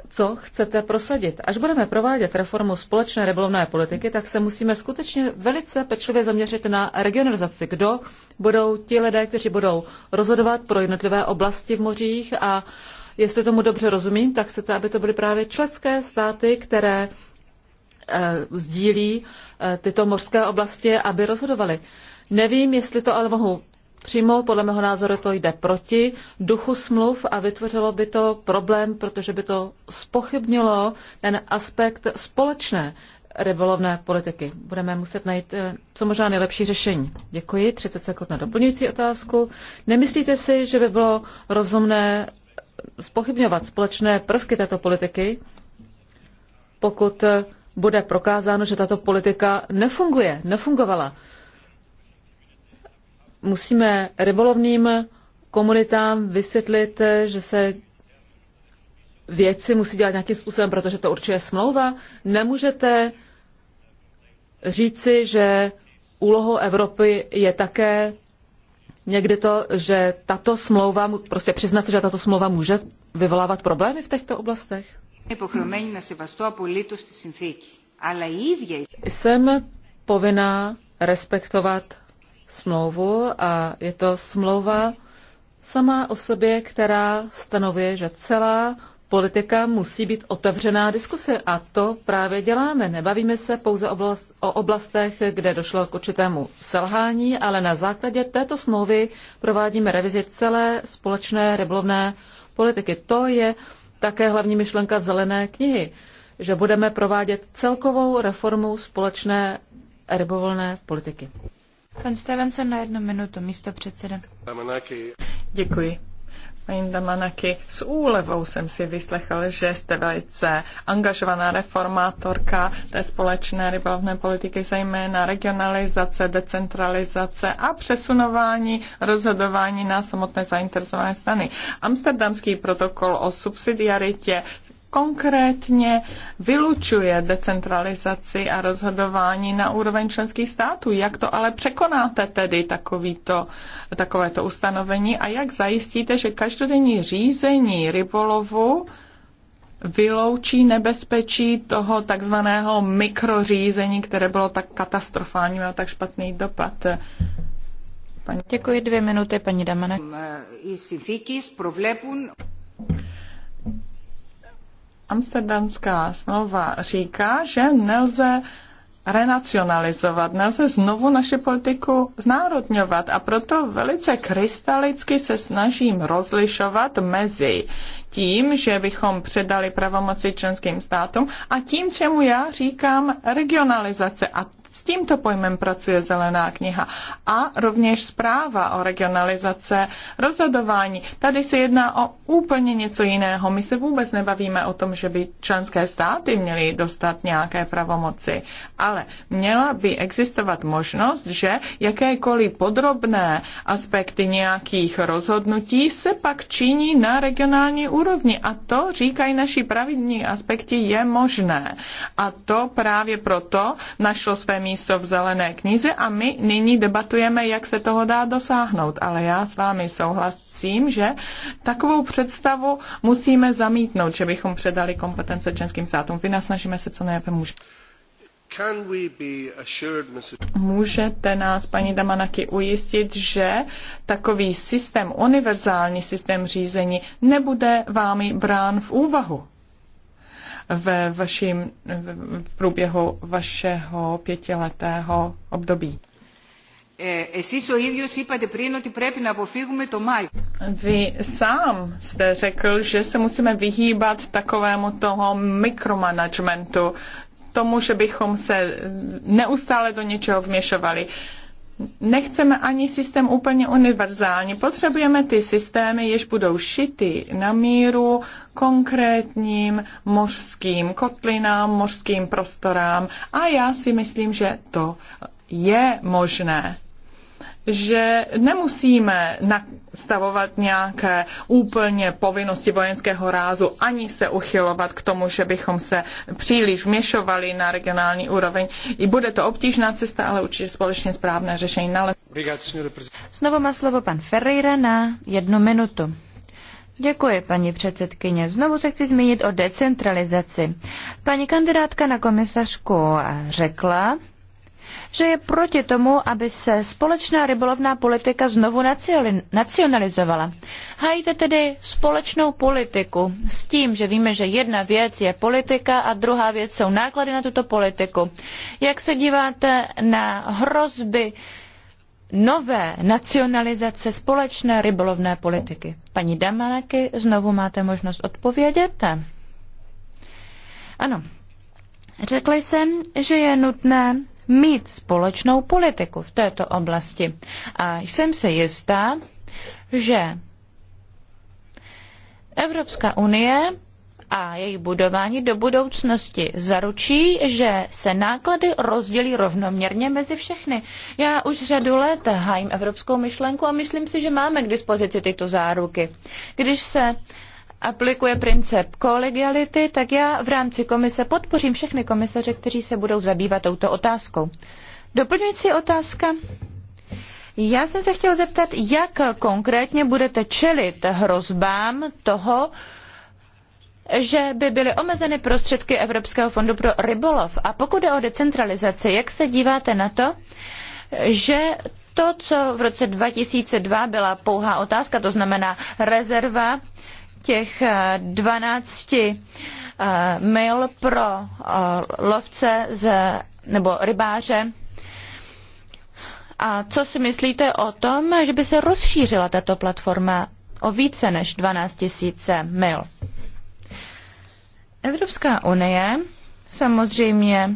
co chcete prosadit. Až budeme provádět reformu společné rybolovné politiky, tak se musíme skutečně velice pečlivě zaměřit na regionalizaci. Kdo budou ti lidé, kteří budou rozhodovat pro jednotlivé oblasti v mořích a uh, Jestli tomu dobře rozumím, tak chcete, aby to byly právě členské státy, které eh, sdílí eh, tyto mořské oblasti, aby rozhodovaly. Nevím, jestli to ale mohu přímo, Podle mého názoru to jde proti duchu smluv a vytvořilo by to problém, protože by to spochybnilo ten aspekt společné rybolovné politiky. Budeme muset najít eh, co možná nejlepší řešení. Děkuji. 30 sekund na doplňující otázku. Nemyslíte si, že by bylo rozumné spochybňovat společné prvky této politiky, pokud bude prokázáno, že tato politika nefunguje, nefungovala. Musíme rybolovným komunitám vysvětlit, že se věci musí dělat nějakým způsobem, protože to určuje smlouva. Nemůžete říci, že úlohou Evropy je také někdy to, že tato smlouva, prostě přiznat se, že tato smlouva může vyvolávat problémy v těchto oblastech? Jsem povinná respektovat smlouvu a je to smlouva sama o sobě, která stanovuje, že celá politika musí být otevřená diskuse a to právě děláme. Nebavíme se pouze oblast, o oblastech, kde došlo k určitému selhání, ale na základě této smlouvy provádíme revizi celé společné rybolovné politiky. To je také hlavní myšlenka zelené knihy, že budeme provádět celkovou reformu společné rybovolné politiky. Pan Stevenson na jednu minutu, místo předseda. Děkuji. Paní Damanaky, s úlevou jsem si vyslechal, že jste velice angažovaná reformátorka té společné rybolovné politiky, zejména regionalizace, decentralizace a přesunování rozhodování na samotné zainteresované strany. Amsterdamský protokol o subsidiaritě konkrétně vylučuje decentralizaci a rozhodování na úroveň členských států. Jak to ale překonáte tedy takovýto, takovéto ustanovení a jak zajistíte, že každodenní řízení rybolovu vyloučí nebezpečí toho takzvaného mikrořízení, které bylo tak katastrofální, mělo tak špatný dopad. Paní... Děkuji dvě minuty, paní Damane. Amsterdamská smlouva říká, že nelze renacionalizovat, nelze znovu naši politiku znárodňovat a proto velice krystalicky se snažím rozlišovat mezi tím, že bychom předali pravomoci členským státům a tím, čemu já říkám regionalizace. A s tímto pojmem pracuje Zelená kniha a rovněž zpráva o regionalizace rozhodování. Tady se jedná o úplně něco jiného. My se vůbec nebavíme o tom, že by členské státy měly dostat nějaké pravomoci, ale měla by existovat možnost, že jakékoliv podrobné aspekty nějakých rozhodnutí se pak činí na regionální úrovni a to, říkají naši pravidní aspekty, je možné. A to právě proto našlo své místo v zelené knize a my nyní debatujeme, jak se toho dá dosáhnout. Ale já s vámi souhlasím, že takovou představu musíme zamítnout, že bychom předali kompetence členským státům. Vy snažíme se co nejlépe můžeme. Můžete nás, paní Damanaki, ujistit, že takový systém, univerzální systém řízení, nebude vámi brán v úvahu? ve vašim, v průběhu vašeho pětiletého období. Vy sám jste řekl, že se musíme vyhýbat takovému toho mikromanagementu, tomu, že bychom se neustále do něčeho vměšovali nechceme ani systém úplně univerzální. Potřebujeme ty systémy, jež budou šity na míru konkrétním mořským kotlinám, mořským prostorám a já si myslím, že to je možné že nemusíme nastavovat nějaké úplně povinnosti vojenského rázu, ani se uchylovat k tomu, že bychom se příliš vměšovali na regionální úroveň. I bude to obtížná cesta, ale určitě společně správné řešení nalézt. Znovu má slovo pan Ferreira na jednu minutu. Děkuji, paní předsedkyně. Znovu se chci zmínit o decentralizaci. Paní kandidátka na komisařku řekla, že je proti tomu, aby se společná rybolovná politika znovu nacionalizovala. Hájíte tedy společnou politiku s tím, že víme, že jedna věc je politika a druhá věc jsou náklady na tuto politiku. Jak se díváte na hrozby nové nacionalizace společné rybolovné politiky? Paní Damanaky, znovu máte možnost odpovědět. Ano, Řekla jsem, že je nutné mít společnou politiku v této oblasti. A jsem se jistá, že Evropská unie a její budování do budoucnosti zaručí, že se náklady rozdělí rovnoměrně mezi všechny. Já už řadu let hájím evropskou myšlenku a myslím si, že máme k dispozici tyto záruky. Když se aplikuje princip kolegiality, tak já v rámci komise podpořím všechny komisaře, kteří se budou zabývat touto otázkou. Doplňující otázka. Já jsem se chtěl zeptat, jak konkrétně budete čelit hrozbám toho, že by byly omezeny prostředky Evropského fondu pro rybolov. A pokud je o decentralizaci, jak se díváte na to, že to, co v roce 2002 byla pouhá otázka, to znamená rezerva těch 12 eh, eh, mil pro eh, lovce z, nebo rybáře. A co si myslíte o tom, že by se rozšířila tato platforma o více než 12 000 mil? Evropská unie samozřejmě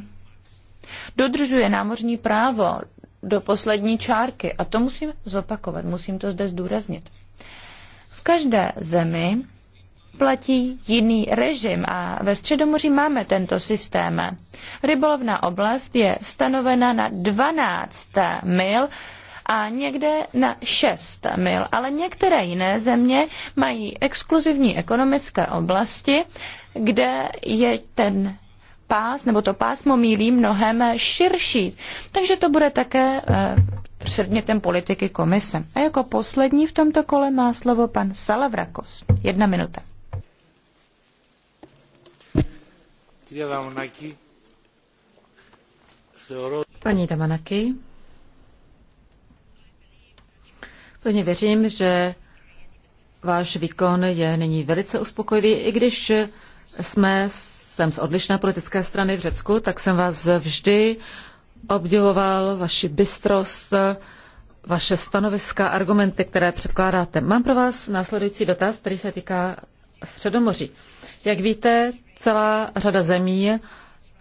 dodržuje námořní právo do poslední čárky a to musím zopakovat, musím to zde zdůraznit. V každé zemi platí jiný režim a ve Středomoří máme tento systém. Rybolovná oblast je stanovena na 12 mil a někde na 6 mil, ale některé jiné země mají exkluzivní ekonomické oblasti, kde je ten pás nebo to pásmo mílí mnohem širší. Takže to bude také eh, předmětem politiky komise. A jako poslední v tomto kole má slovo pan Salavrakos. Jedna minuta. Paní Damanaki, plně věřím, že váš výkon je nyní velice uspokojivý, i když jsme, jsem z odlišné politické strany v Řecku, tak jsem vás vždy obdivoval, vaši bystrost, vaše stanoviska, argumenty, které předkládáte. Mám pro vás následující dotaz, který se týká Středomoří. Jak víte, celá řada zemí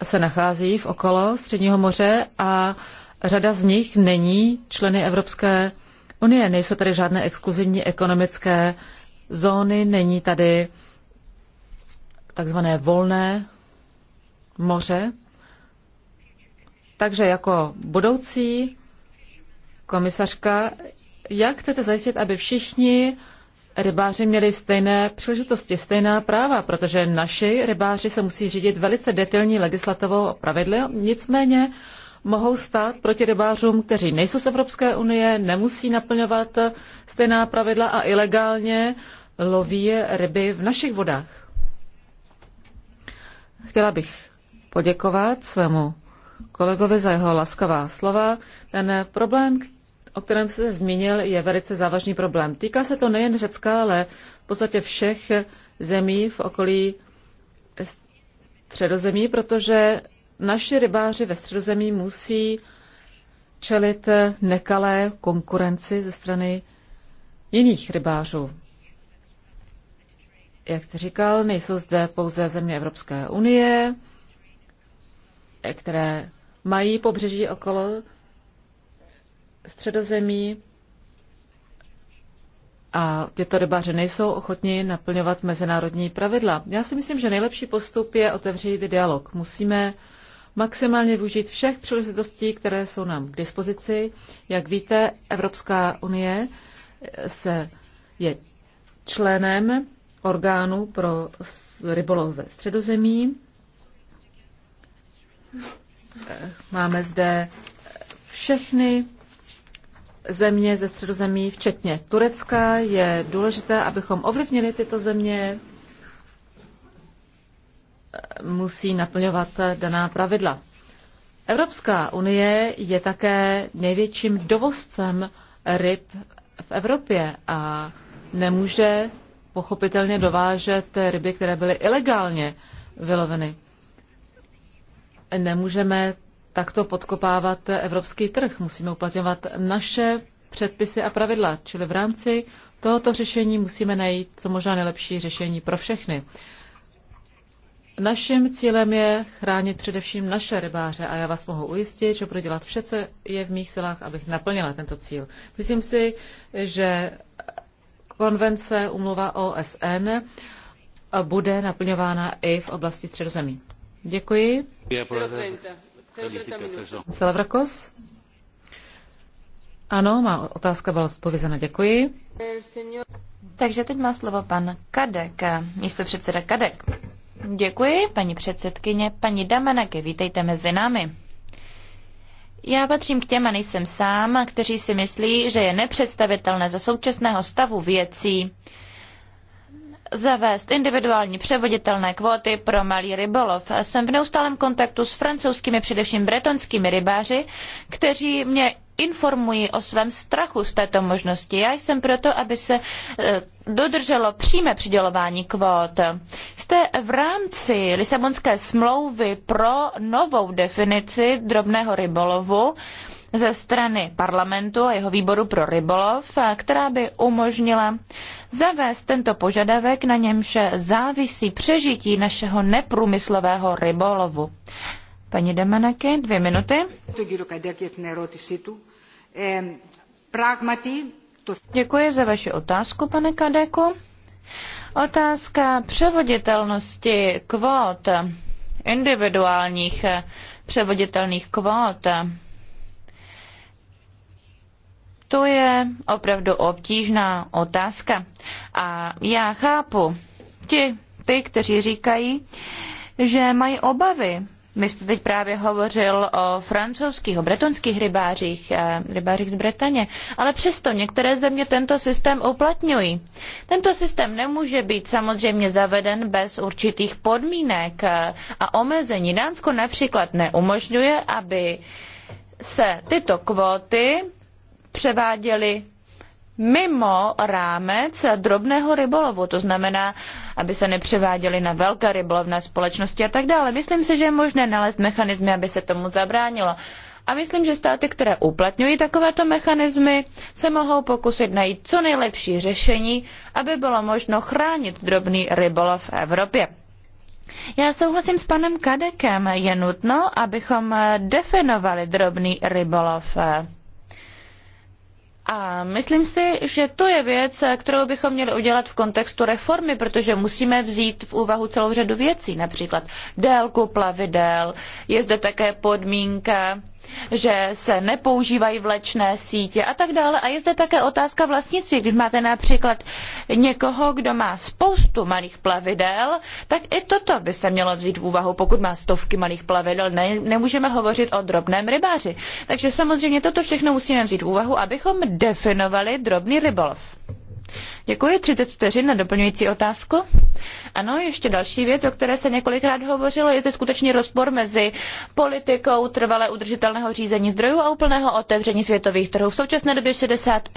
se nachází v okolo Středního moře a řada z nich není členy Evropské unie. Nejsou tady žádné exkluzivní ekonomické zóny, není tady takzvané volné moře. Takže jako budoucí komisařka, jak chcete zajistit, aby všichni rybáři měli stejné příležitosti, stejná práva, protože naši rybáři se musí řídit velice detailní legislativou a pravidly, nicméně mohou stát proti rybářům, kteří nejsou z Evropské unie, nemusí naplňovat stejná pravidla a ilegálně loví ryby v našich vodách. Chtěla bych poděkovat svému kolegovi za jeho laskavá slova. Ten problém, o kterém se zmínil, je velice závažný problém. Týká se to nejen Řecka, ale v podstatě všech zemí v okolí středozemí, protože naši rybáři ve středozemí musí čelit nekalé konkurenci ze strany jiných rybářů. Jak jste říkal, nejsou zde pouze země Evropské unie, které mají pobřeží okolo středozemí a tyto rybáři nejsou ochotní naplňovat mezinárodní pravidla. Já si myslím, že nejlepší postup je otevřít dialog. Musíme maximálně využít všech příležitostí, které jsou nám k dispozici. Jak víte, Evropská unie se je členem orgánu pro rybolov ve středozemí. Máme zde všechny země ze středozemí, včetně Turecka. Je důležité, abychom ovlivnili tyto země, musí naplňovat daná pravidla. Evropská unie je také největším dovozcem ryb v Evropě a nemůže pochopitelně dovážet ryby, které byly ilegálně vyloveny. Nemůžeme takto podkopávat evropský trh. Musíme uplatňovat naše předpisy a pravidla, čili v rámci tohoto řešení musíme najít co možná nejlepší řešení pro všechny. Naším cílem je chránit především naše rybáře a já vás mohu ujistit, že budu dělat vše, co je v mých silách, abych naplnila tento cíl. Myslím si, že konvence umluva OSN bude naplňována i v oblasti středozemí. Děkuji. Salavrakos? Ano, má otázka byla odpovězena, děkuji. Takže teď má slovo pan Kadek, místo předseda Kadek. Děkuji, paní předsedkyně, paní Damanake, vítejte mezi námi. Já patřím k těm a nejsem sám, kteří si myslí, že je nepředstavitelné za současného stavu věcí, zavést individuální převoditelné kvóty pro malý rybolov. Jsem v neustálém kontaktu s francouzskými, především bretonskými rybáři, kteří mě informují o svém strachu z této možnosti. Já jsem proto, aby se eh, dodrželo přímé přidělování kvót. Jste v rámci Lisabonské smlouvy pro novou definici drobného rybolovu, ze strany parlamentu a jeho výboru pro rybolov, eh, která by umožnila zavést tento požadavek, na němž závisí přežití našeho neprůmyslového rybolovu. Paní Demanaky, dvě minuty. Děkuji za vaši otázku, pane Kadeku. Otázka převoditelnosti kvót, individuálních eh, převoditelných kvót to je opravdu obtížná otázka. A já chápu ti, ty, kteří říkají, že mají obavy. My jste teď právě hovořil o francouzských, o bretonských rybářích, eh, rybářích z Bretaně, ale přesto některé země tento systém uplatňují. Tento systém nemůže být samozřejmě zaveden bez určitých podmínek eh, a omezení. Dánsko například neumožňuje, aby se tyto kvóty převáděly mimo rámec drobného rybolovu, to znamená, aby se nepřeváděly na velké rybolovné společnosti a tak dále. Myslím si, že je možné nalézt mechanizmy, aby se tomu zabránilo. A myslím, že státy, které uplatňují takovéto mechanismy, se mohou pokusit najít co nejlepší řešení, aby bylo možno chránit drobný rybolov v Evropě. Já souhlasím s panem Kadekem. Je nutno, abychom definovali drobný rybolov a myslím si, že to je věc, kterou bychom měli udělat v kontextu reformy, protože musíme vzít v úvahu celou řadu věcí, například délku plavidel, je zde také podmínka že se nepoužívají vlečné sítě a tak dále. A je zde také otázka vlastnictví. Když máte například někoho, kdo má spoustu malých plavidel, tak i toto by se mělo vzít v úvahu. Pokud má stovky malých plavidel, ne, nemůžeme hovořit o drobném rybáři. Takže samozřejmě toto všechno musíme vzít v úvahu, abychom definovali drobný rybolov. Děkuji. 30 vteřin na doplňující otázku. Ano, ještě další věc, o které se několikrát hovořilo, je zde skutečný rozpor mezi politikou trvale udržitelného řízení zdrojů a úplného otevření světových trhů. V současné době 60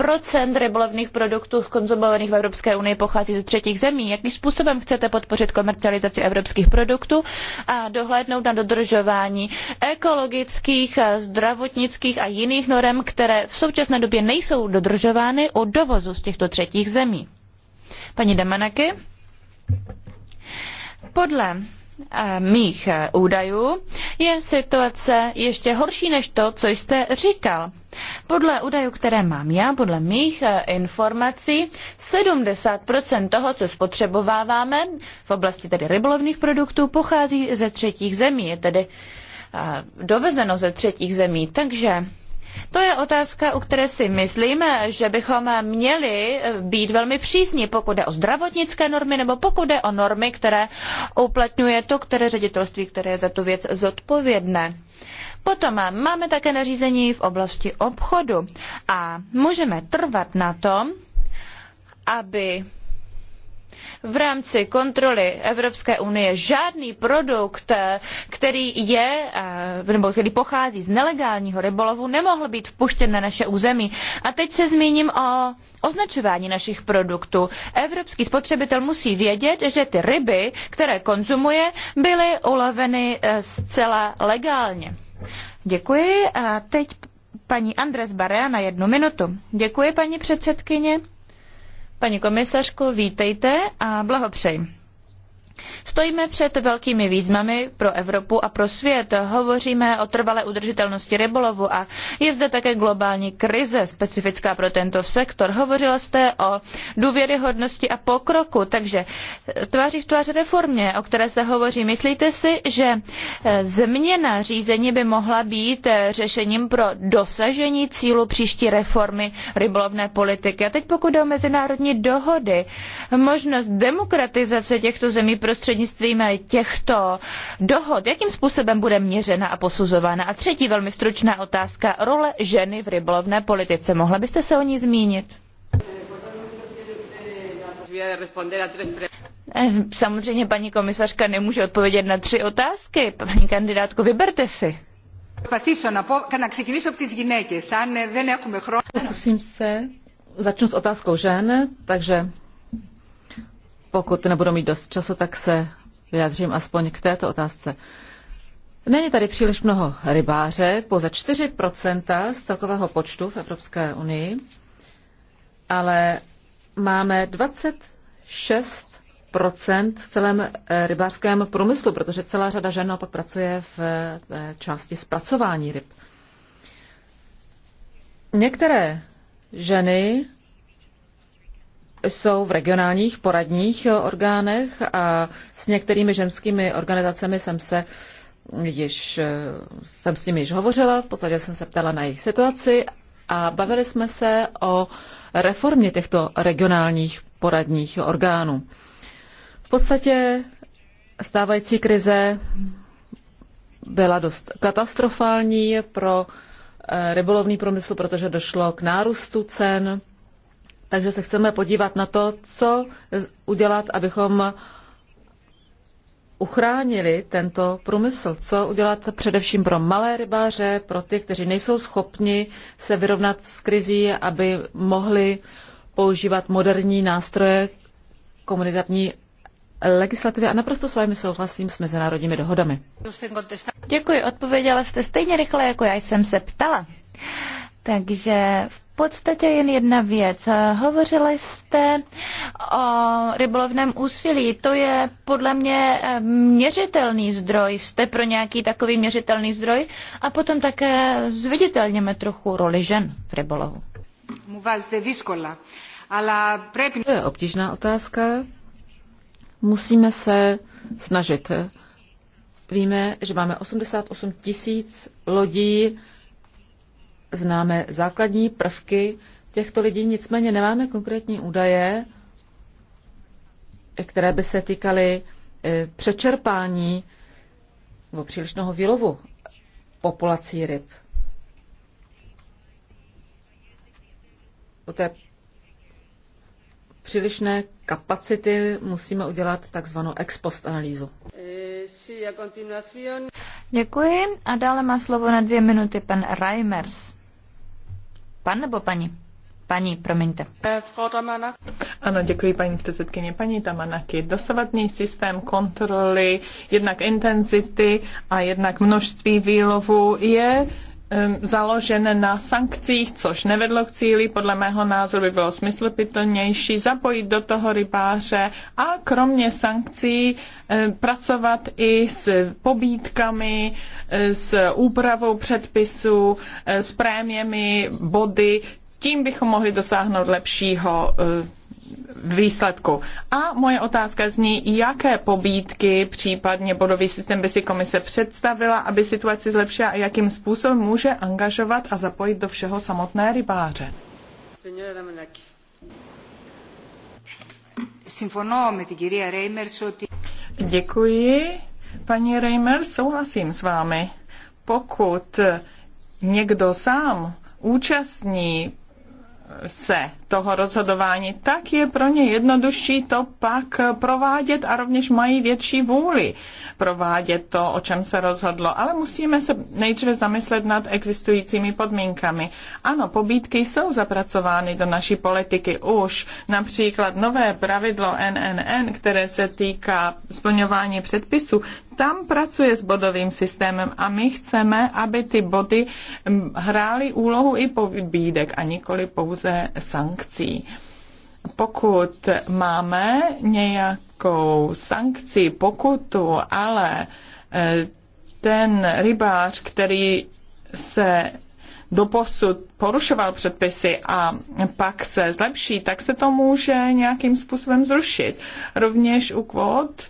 rybolovných produktů konzumovaných v Evropské unii pochází ze třetích zemí. Jakým způsobem chcete podpořit komercializaci evropských produktů a dohlédnout na dodržování ekologických, zdravotnických a jiných norem, které v současné době nejsou dodržovány u dovozu z těchto třetích zemí? Paní Damanaky, podle eh, mých eh, údajů je situace ještě horší než to, co jste říkal. Podle údajů, které mám já, podle mých eh, informací, 70% toho, co spotřebováváme v oblasti tedy rybolovných produktů, pochází ze třetích zemí, je tedy dovezeno ze třetích zemí. Takže to je otázka, u které si myslím, že bychom měli být velmi přísní, pokud jde o zdravotnické normy nebo pokud jde o normy, které uplatňuje to, které ředitelství, které je za tu věc zodpovědné. Potom máme také nařízení v oblasti obchodu a můžeme trvat na tom, aby v rámci kontroly Evropské unie žádný produkt, eh, který je, eh, nebo který pochází z nelegálního rybolovu, nemohl být vpuštěn na naše území. A teď se zmíním o označování našich produktů. Evropský spotřebitel musí vědět, že ty ryby, které konzumuje, byly uloveny eh, zcela legálně. Děkuji a teď paní Andres Barea na jednu minutu. Děkuji, paní předsedkyně. Paní komisařko, vítejte a blahopřeji. Stojíme před velkými výzvami pro Evropu a pro svět. Hovoříme o trvalé udržitelnosti rybolovu a je zde také globální krize specifická pro tento sektor. Hovořila jste o důvěryhodnosti a pokroku, takže tváří v tvář reformě, o které se hovoří, myslíte si, že eh, změna řízení by mohla být eh, řešením pro dosažení cílu příští reformy rybolovné politiky? A teď pokud jde o mezinárodní dohody, možnost demokratizace těchto zemí prostřednictvím těchto dohod, jakým způsobem bude měřena a posuzována? A třetí velmi stručná otázka, role ženy v rybolovné politice. Mohla byste se o ní zmínit? Eh, samozřejmě paní komisařka nemůže odpovědět na tři otázky. Paní kandidátko, vyberte si. Pokusím se, začnu s otázkou žen, takže pokud nebudu mít dost času, tak se vyjádřím aspoň k této otázce. Není tady příliš mnoho rybářek, pouze 4% z celkového počtu v Evropské unii, ale máme 26 v celém eh, rybářském průmyslu, protože celá řada žen opak pracuje v eh, části zpracování ryb. Některé ženy jsou v regionálních poradních orgánech a s některými ženskými organizacemi jsem se již, jsem s nimi již hovořila, v podstatě jsem se ptala na jejich situaci a bavili jsme se o reformě těchto regionálních poradních orgánů. V podstatě stávající krize byla dost katastrofální pro eh, rybolovný průmysl, protože došlo k nárůstu cen takže se chceme podívat na to, co udělat, abychom uchránili tento průmysl. Co udělat především pro malé rybáře, pro ty, kteří nejsou schopni se vyrovnat s krizí, aby mohli používat moderní nástroje komunitární legislativy a naprosto s vámi souhlasím s mezinárodními dohodami. Děkuji, odpověděla jste stejně rychle, jako já jsem se ptala. Takže v podstatě jen jedna věc. Hovořili jste o rybolovném úsilí. To je podle mě eh, měřitelný zdroj. Jste pro nějaký takový měřitelný zdroj? A potom také zviditelněme trochu roli žen v rybolovu. To je obtížná otázka. Musíme se snažit. Víme, že máme 88 tisíc lodí známe základní prvky těchto lidí, nicméně nemáme konkrétní údaje, které by se týkaly eh, přečerpání nebo přílišného výlovu populací ryb. U té přílišné kapacity musíme udělat takzvanou ex post analýzu. Eh, Děkuji a dále má slovo na dvě minuty pan Reimers. Pan nebo paní? Paní, promiňte. Ano, děkuji paní předsedkyně. Paní Tamanaky, dosavadní systém kontroly jednak intenzity a jednak množství výlovu je Um, založen na sankcích, což nevedlo k cíli. Podle mého názoru by bylo smysluplnější zapojit do toho rybáře a kromě sankcí um, pracovat i s pobídkami, um, s úpravou předpisů, s prémiemi, body. Tím bychom mohli dosáhnout lepšího výsledku. A moje otázka zní, jaké pobídky, případně bodový systém by si komise představila, aby situaci zlepšila a jakým způsobem může angažovat a zapojit do všeho samotné rybáře. Děkuji. Paní Reimer, souhlasím s vámi. Pokud někdo sám účastní se toho rozhodování, tak je pro ně jednodušší to pak provádět a rovněž mají větší vůli provádět to, o čem se rozhodlo. Ale musíme se nejdříve zamyslet nad existujícími podmínkami. Ano, pobídky jsou zapracovány do naší politiky už. Například nové pravidlo NNN, které se týká splňování předpisů, tam pracuje s bodovým systémem a my chceme, aby ty body mm, hrály úlohu i pobídek a nikoli pouze sankcí. Pokud máme nějakou sankci, pokutu, ale e, ten rybář, který se doposud porušoval předpisy a pak se zlepší, tak se to může nějakým způsobem zrušit. Rovněž u kvót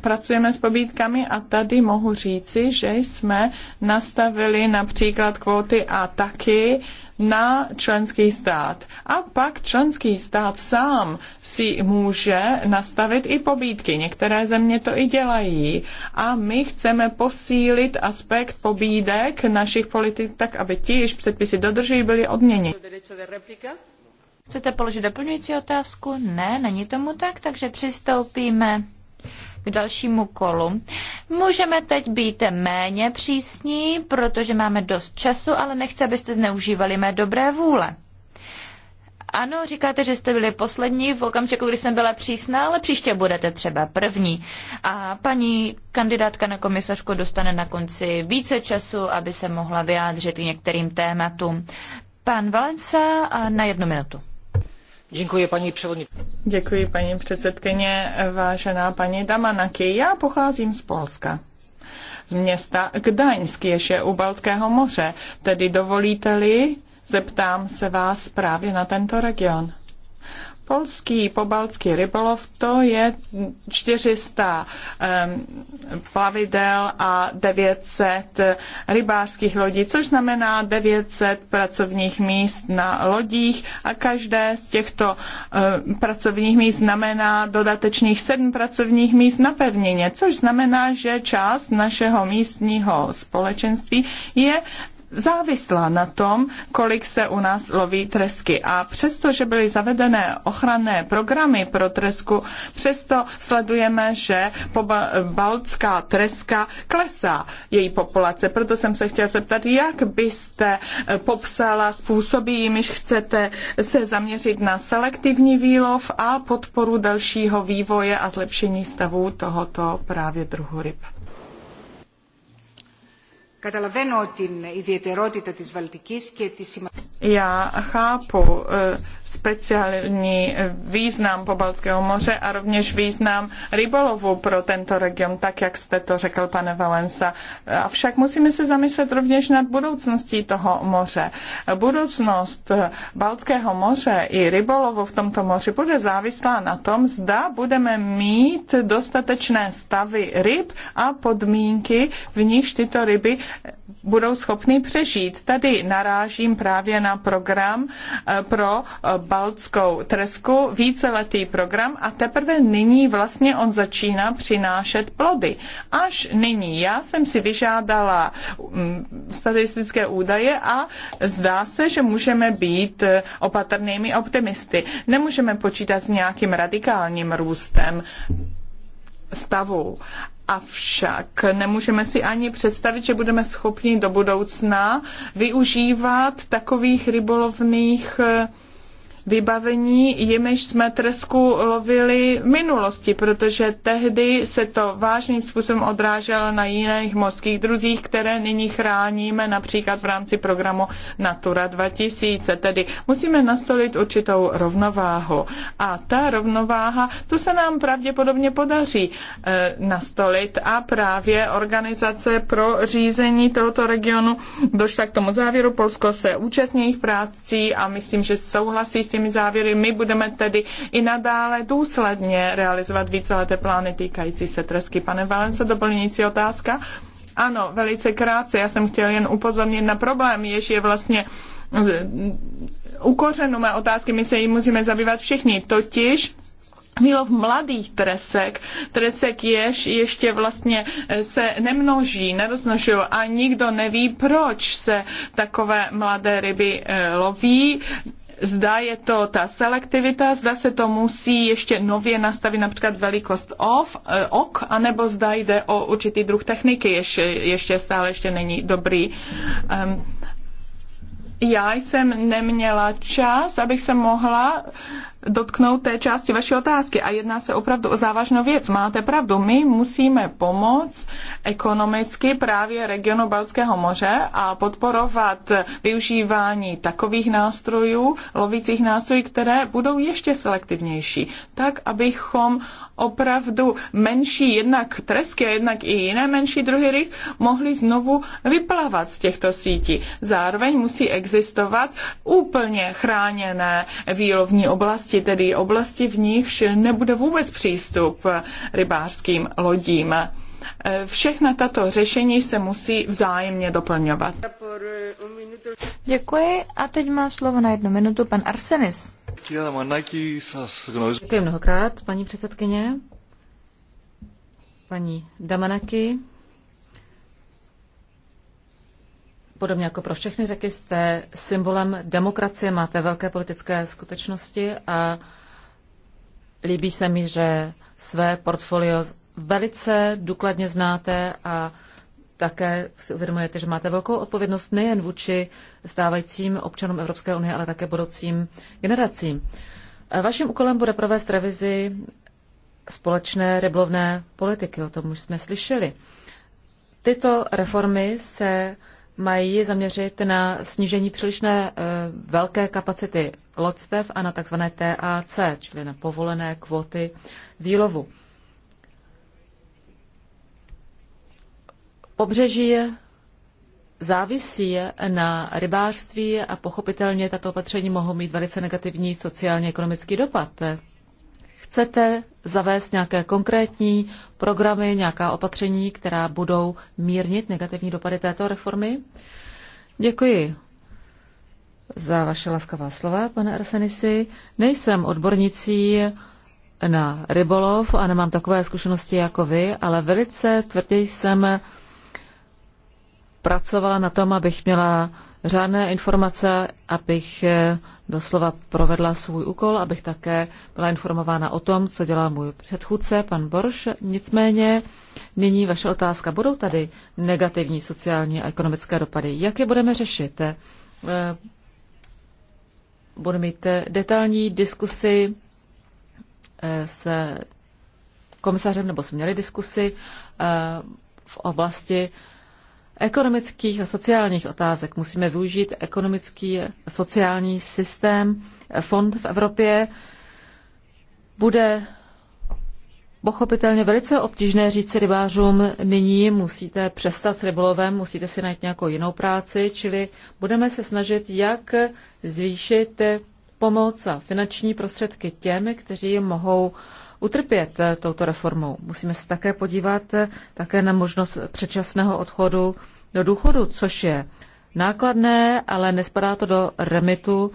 pracujeme s pobídkami a tady mohu říci, že jsme nastavili například kvóty a taky na členský stát. A pak členský stát sám si může nastavit i pobídky. Některé země to i dělají. A my chceme posílit aspekt pobídek našich politik tak, aby ti, již předpisy dodrží byli odměněni. Chcete položit doplňující otázku? Ne, není tomu tak, takže přistoupíme k dalšímu kolu. Můžeme teď být méně přísní, protože máme dost času, ale nechci, abyste zneužívali mé dobré vůle. Ano, říkáte, že jste byli poslední v okamžiku, kdy jsem byla přísná, ale příště budete třeba první. A paní kandidátka na komisařku dostane na konci více času, aby se mohla vyjádřit k některým tématům. Pan Valenca na jednu minutu. Děkuji paní předsedkyně. Děkuji paní předsedkyně, vážená paní Damanaky. Já pocházím z Polska z města Gdaňsk, jež je u Baltského moře. Tedy dovolíte-li, zeptám se vás právě na tento region. Polský pobaltský rybolov to je 400 um, plavidel a 900 rybářských lodí, což znamená 900 pracovních míst na lodích a každé z těchto um, pracovních míst znamená dodatečných 7 pracovních míst na pevnině, což znamená, že část našeho místního společenství je závislá na tom, kolik se u nás loví tresky. A přesto, že byly zavedené ochranné programy pro tresku, přesto sledujeme, že baltská treska klesá její populace. Proto jsem se chtěla zeptat, jak byste eh, popsala způsoby, jimiž chcete se zaměřit na selektivní výlov a podporu dalšího vývoje a zlepšení stavu tohoto právě druhu ryb. Καταλαβαίνω την ιδιαιτερότητα της Βαλτικής και τη σημασία. Já chápu speciální význam Pobaltského moře a rovněž význam rybolovu pro tento region, tak jak jste to řekl, pane Valensa. Avšak musíme se zamyslet rovněž nad budoucností toho moře. Budoucnost Baltského moře i rybolovu v tomto moři bude závislá na tom, zda budeme mít dostatečné stavy ryb a podmínky, v nichž tyto ryby budou schopny přežít. Tady narážím právě na program eh, pro eh, baltskou tresku, víceletý program a teprve nyní vlastně on začíná přinášet plody. Až nyní. Já jsem si vyžádala mm, statistické údaje a zdá se, že můžeme být eh, opatrnými optimisty. Nemůžeme počítat s nějakým radikálním růstem stavu. Avšak nemůžeme si ani představit, že budeme schopni do budoucna využívat takových rybolovných eh, vybavení, jimiž jsme tresku lovili v minulosti, protože tehdy se to vážným způsobem odráželo na jiných mořských druzích, které nyní chráníme například v rámci programu Natura 2000. Tedy musíme nastolit určitou rovnováhu. A ta rovnováha, tu se nám pravděpodobně podaří e, nastolit a právě organizace pro řízení tohoto regionu došla k tomu závěru. Polsko se účastní jejich práci a myslím, že souhlasí s tím těmi závěry. My budeme tedy i nadále důsledně realizovat víceleté plány týkající se tresky. Pane Valenco, doplňující otázka? Ano, velice krátce. Já jsem chtěl jen upozornit na problém, jež je vlastně u kořenu mé otázky, my se jí musíme zabývat všichni, totiž výlov mladých tresek, tresek jež ještě vlastně se nemnoží, nerozmnožují a nikdo neví, proč se takové mladé ryby eh, loví Zda je to ta selektivita, zda se to musí ještě nově nastavit například velikost of, eh, ok, anebo zda jde o určitý druh techniky, ještě, ještě stále ještě není dobrý. Um, já jsem neměla čas, abych se mohla dotknout té části vaší otázky a jedná se opravdu o závažnou věc. Máte pravdu, my musíme pomoct ekonomicky právě regionu Balckého moře a podporovat využívání takových nástrojů, lovících nástrojů, které budou ještě selektivnější, tak abychom opravdu menší jednak tresky a jednak i jiné menší druhy ryb mohli znovu vyplavat z těchto sítí. Zároveň musí existovat úplně chráněné výlovní oblasti, části, tedy oblasti, v nichž nebude vůbec přístup rybářským lodím. Všechna tato řešení se musí vzájemně doplňovat. Děkuji a teď má slovo na jednu minutu pan Arsenis. Děkuji mnohokrát, paní předsedkyně. Paní Damanaki, podobně jako pro všechny řeky, jste symbolem demokracie, máte velké politické skutečnosti a líbí se mi, že své portfolio velice důkladně znáte a také si uvědomujete, že máte velkou odpovědnost nejen vůči stávajícím občanům Evropské unie, ale také budoucím generacím. Vaším úkolem bude provést revizi společné ryblovné politiky, o tom už jsme slyšeli. Tyto reformy se mají zaměřit na snížení přílišné eh, velké kapacity lodstev a na tzv. TAC, čili na povolené kvóty výlovu. Pobřeží závisí na rybářství a pochopitelně tato opatření mohou mít velice negativní sociálně-ekonomický dopad chcete zavést nějaké konkrétní programy, nějaká opatření, která budou mírnit negativní dopady této reformy? Děkuji za vaše laskavá slova, pane Arsenisi. Nejsem odbornicí na rybolov a nemám takové zkušenosti jako vy, ale velice tvrdě jsem pracovala na tom, abych měla řádné informace, abych eh, doslova provedla svůj úkol, abych také byla informována o tom, co dělal můj předchůdce, pan Borš. Nicméně nyní vaše otázka. Budou tady negativní sociální a ekonomické dopady? Jak je budeme řešit? Eh, budeme mít eh, detailní diskusy s komisařem, nebo jsme měli diskusy v oblasti ekonomických a sociálních otázek. Musíme využít ekonomický a sociální systém. Fond v Evropě bude pochopitelně velice obtížné říct rybářům, nyní musíte přestat s rybolovem, musíte si najít nějakou jinou práci, čili budeme se snažit, jak zvýšit pomoc a finanční prostředky těm, kteří mohou utrpět eh, touto reformou. Musíme se také podívat eh, také na možnost předčasného odchodu do důchodu, což je nákladné, ale nespadá to do remitu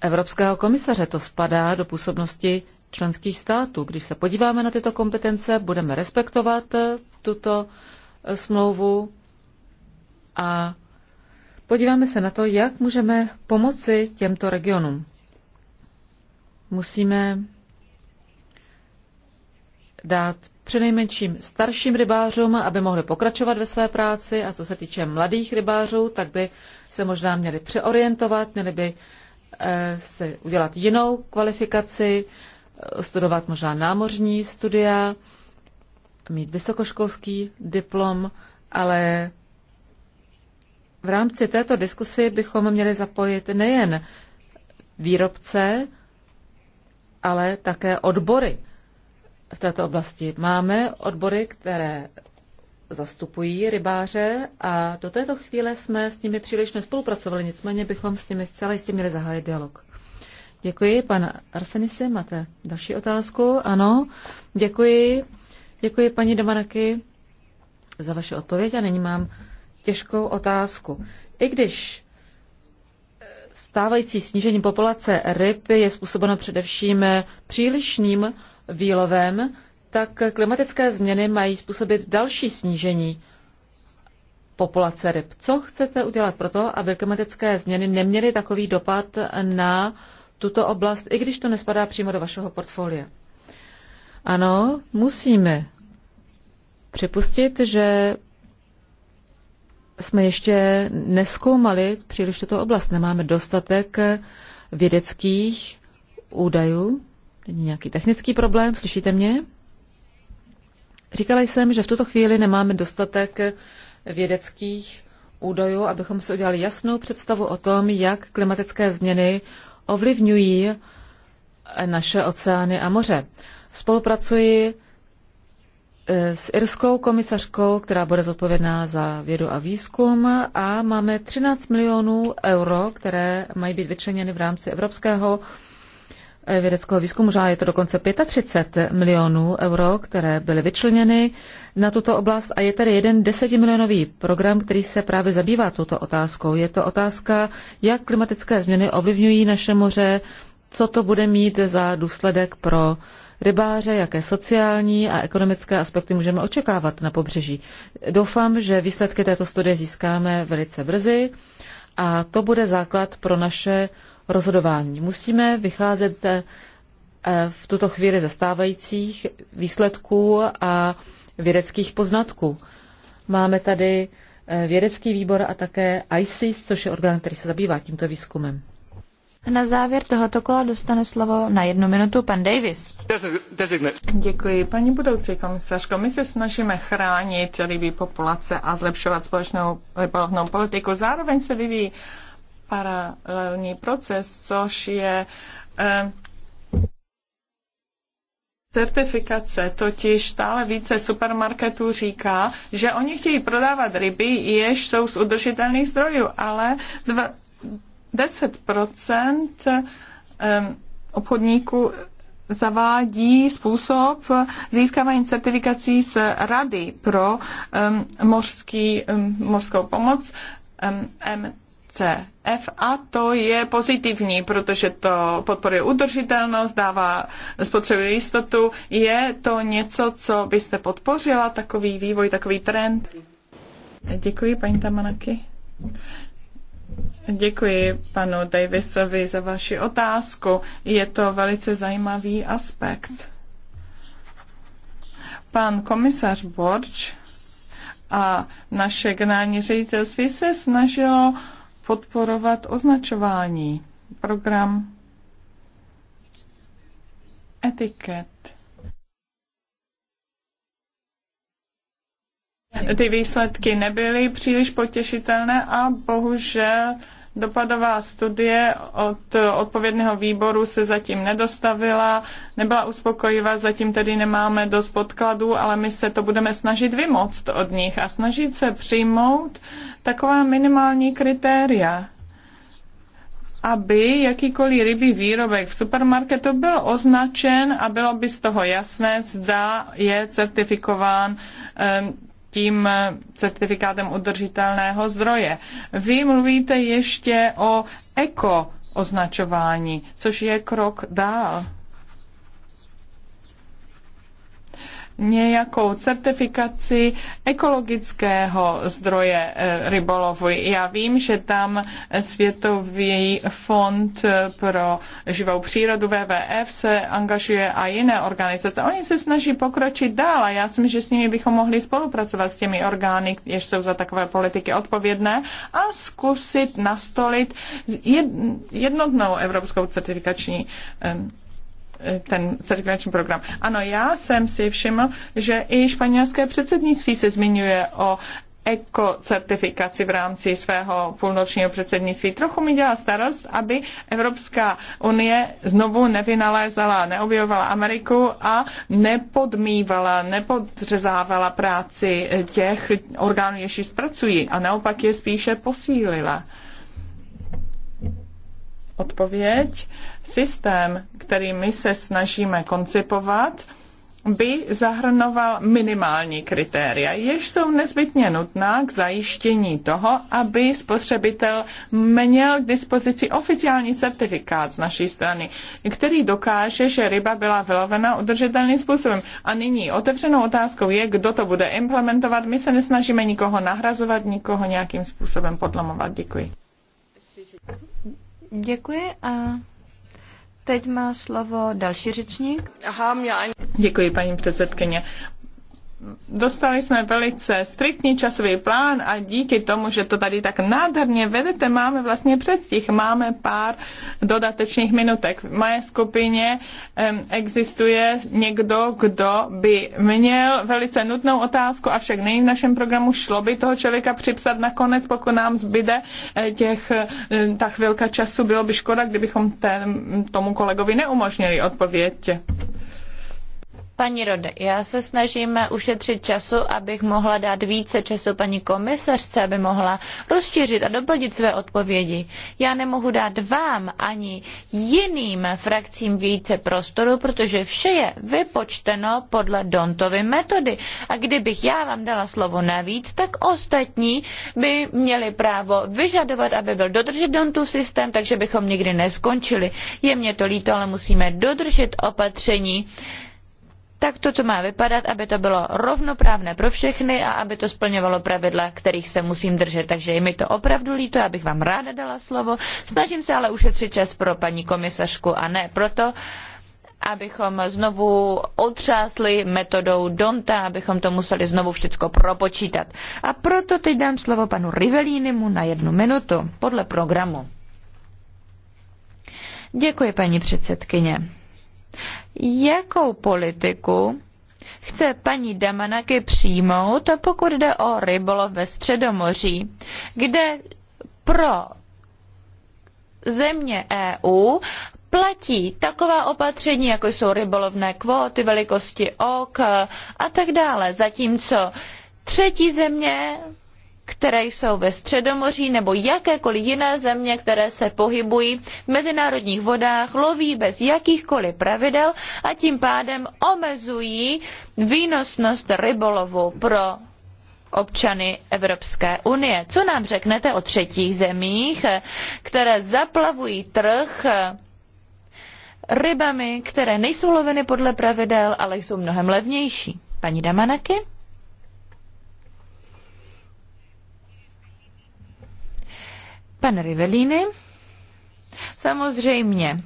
Evropského komisaře. To spadá do působnosti členských států. Když se podíváme na tyto kompetence, budeme respektovat eh, tuto smlouvu a podíváme se na to, jak můžeme pomoci těmto regionům. Musíme dát přinejmenším starším rybářům, aby mohli pokračovat ve své práci a co se týče mladých rybářů, tak by se možná měli přeorientovat, měli by eh, se udělat jinou kvalifikaci, eh, studovat možná námořní studia, mít vysokoškolský diplom, ale v rámci této diskusy bychom měli zapojit nejen výrobce, ale také odbory v této oblasti. Máme odbory, které zastupují rybáře a do této chvíle jsme s nimi příliš nespolupracovali, nicméně bychom s nimi zcela jistě měli zahájit dialog. Děkuji, pan Arsenisi, máte další otázku? Ano, děkuji. Děkuji, paní Domanaky, za vaše odpověď a nyní mám těžkou otázku. I když eh, stávající snížení populace ryb je způsobeno především přílišným výlovem, tak klimatické změny mají způsobit další snížení populace ryb. Co chcete udělat pro to, aby klimatické změny neměly takový dopad na tuto oblast, i když to nespadá přímo do vašeho portfolia? Ano, musíme připustit, že jsme ještě neskoumali příliš tuto oblast. Nemáme dostatek vědeckých údajů Není nějaký technický problém, slyšíte mě? Říkala jsem, že v tuto chvíli nemáme dostatek vědeckých údajů, abychom si udělali jasnou představu o tom, jak klimatické změny ovlivňují naše oceány a moře. Spolupracuji eh, s irskou komisařkou, která bude zodpovědná za vědu a výzkum a máme 13 milionů euro, které mají být vyčleněny v rámci Evropského Eh, vědeckého výzkumu, možná je to dokonce 35 milionů euro, které byly vyčleněny na tuto oblast a je tady jeden desetimilionový program, který se právě zabývá tuto otázkou. Je to otázka, jak klimatické změny ovlivňují naše moře, co to bude mít za důsledek pro rybáře, jaké sociální a ekonomické aspekty můžeme očekávat na pobřeží. Doufám, že výsledky této studie získáme velice brzy a to bude základ pro naše rozhodování. Musíme vycházet eh, v tuto chvíli ze stávajících výsledků a vědeckých poznatků. Máme tady eh, vědecký výbor a také ICIS, což je orgán, který se zabývá tímto výzkumem. Na závěr tohoto kola dostane slovo na jednu minutu pan Davis. Děkuji. Paní budoucí komisařko, my se snažíme chránit rybí populace a zlepšovat společnou rybolovnou politiku. Zároveň se vyvíjí paralelní proces, což je eh, certifikace, totiž stále více supermarketů říká, že oni chtějí prodávat ryby, jež jsou z udržitelných zdrojů, ale 10% eh, obchodníků zavádí způsob získávání certifikací z Rady pro eh, mořský, mořskou pomoc, um, CF a to je pozitivní, protože to podporuje udržitelnost, dává spotřebu jistotu. Je to něco, co byste podpořila, takový vývoj, takový trend? Děkuji, paní Tamanaki. Děkuji panu Davisovi za vaši otázku. Je to velice zajímavý aspekt. Pan komisař Borč a naše generální ředitelství se snažilo podporovat označování, program etiket. Ty výsledky nebyly příliš potěšitelné a bohužel dopadová studie od odpovědného výboru se zatím nedostavila, nebyla uspokojivá, zatím tedy nemáme dost podkladů, ale my se to budeme snažit vymoct od nich a snažit se přijmout taková minimální kritéria, aby jakýkoliv rybí výrobek v supermarketu byl označen a bylo by z toho jasné, zda je certifikován eh, tím eh, certifikátem udržitelného zdroje. Vy mluvíte ještě o eko označování, což je krok dál. nějakou certifikaci ekologického zdroje eh, rybolovu. Já vím, že tam Světový fond eh, pro živou přírodu WWF se angažuje a jiné organizace. Oni se snaží pokročit dál a já si myslím, že s nimi bychom mohli spolupracovat s těmi orgány, jež jsou za takové politiky odpovědné a zkusit nastolit jednotnou evropskou certifikační eh, Eh, ten certifikační program. Ano, já jsem si všiml, že i španělské předsednictví se zmiňuje o ekocertifikaci v rámci svého půlnočního předsednictví. Trochu mi dělá starost, aby Evropská unie znovu nevynalézala, neobjevovala Ameriku a nepodmývala, nepodřezávala práci těch orgánů, jež zpracují a naopak je spíše posílila. Odpověď. Systém, který my se snažíme koncipovat, by zahrnoval minimální kritéria, jež jsou nezbytně nutná k zajištění toho, aby spotřebitel měl k dispozici oficiální certifikát z naší strany, který dokáže, že ryba byla vylovena udržitelným způsobem. A nyní otevřenou otázkou je, kdo to bude implementovat. My se nesnažíme nikoho nahrazovat, nikoho nějakým způsobem podlamovat. Děkuji. Děkuji a teď má slovo další řečník. Děkuji, paní předsedkyně dostali jsme velice striktní časový plán a díky tomu, že to tady tak nádherně vedete, máme vlastně předstih, máme pár dodatečných minutek. V mé skupině existuje někdo, kdo by měl velice nutnou otázku, avšak není v našem programu, šlo by toho člověka připsat nakonec, pokud nám zbyde eh, těch, eh, ta chvilka času, bylo by škoda, kdybychom ten, tomu kolegovi neumožnili odpověď. Paní Rode, já se snažím ušetřit času, abych mohla dát více času paní komisařce, aby mohla rozšířit a doplnit své odpovědi. Já nemohu dát vám ani jiným frakcím více prostoru, protože vše je vypočteno podle Dontovy metody. A kdybych já vám dala slovo navíc, tak ostatní by měli právo vyžadovat, aby byl dodržet Dontův systém, takže bychom nikdy neskončili. Je mě to líto, ale musíme dodržet opatření Takto to, to má vypadat, aby to bylo rovnoprávné pro všechny a aby to splňovalo pravidla, kterých se musím držet. Takže je mi to opravdu líto, abych vám ráda dala slovo. Snažím se ale ušetřit čas pro paní komisařku a ne proto, abychom znovu otřásli metodou Donta, abychom to museli znovu všechno propočítat. A proto teď dám slovo panu Rivelínimu na jednu minutu podle programu. Děkuji, paní předsedkyně. Jakou politiku chce paní Damanaky přijmout, pokud jde o rybolov ve Středomoří, kde pro země EU platí taková opatření, jako jsou rybolovné kvóty, velikosti ok a tak dále, zatímco třetí země které jsou ve Středomoří nebo jakékoliv jiné země, které se pohybují v mezinárodních vodách, loví bez jakýchkoliv pravidel a tím pádem omezují výnosnost rybolovu pro občany Evropské unie. Co nám řeknete o třetích zemích, které zaplavují trh rybami, které nejsou loveny podle pravidel, ale jsou mnohem levnější? Paní Damanaky? Pan Rivelini. Samozřejmě,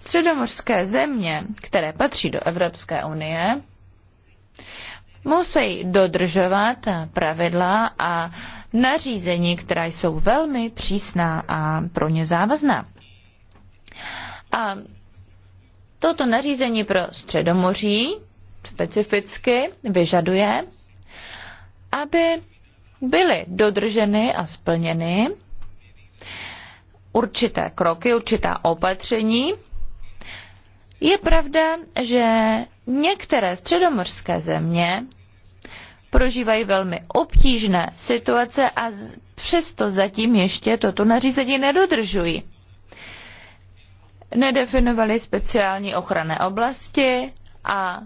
středomořské země, které patří do Evropské unie, musí dodržovat pravidla a nařízení, která jsou velmi přísná a pro ně závazná. A toto nařízení pro středomoří specificky vyžaduje, aby byly dodrženy a splněny určité kroky, určitá opatření. Je pravda, že některé středomořské země prožívají velmi obtížné situace a přesto zatím ještě toto nařízení nedodržují. Nedefinovali speciální ochranné oblasti a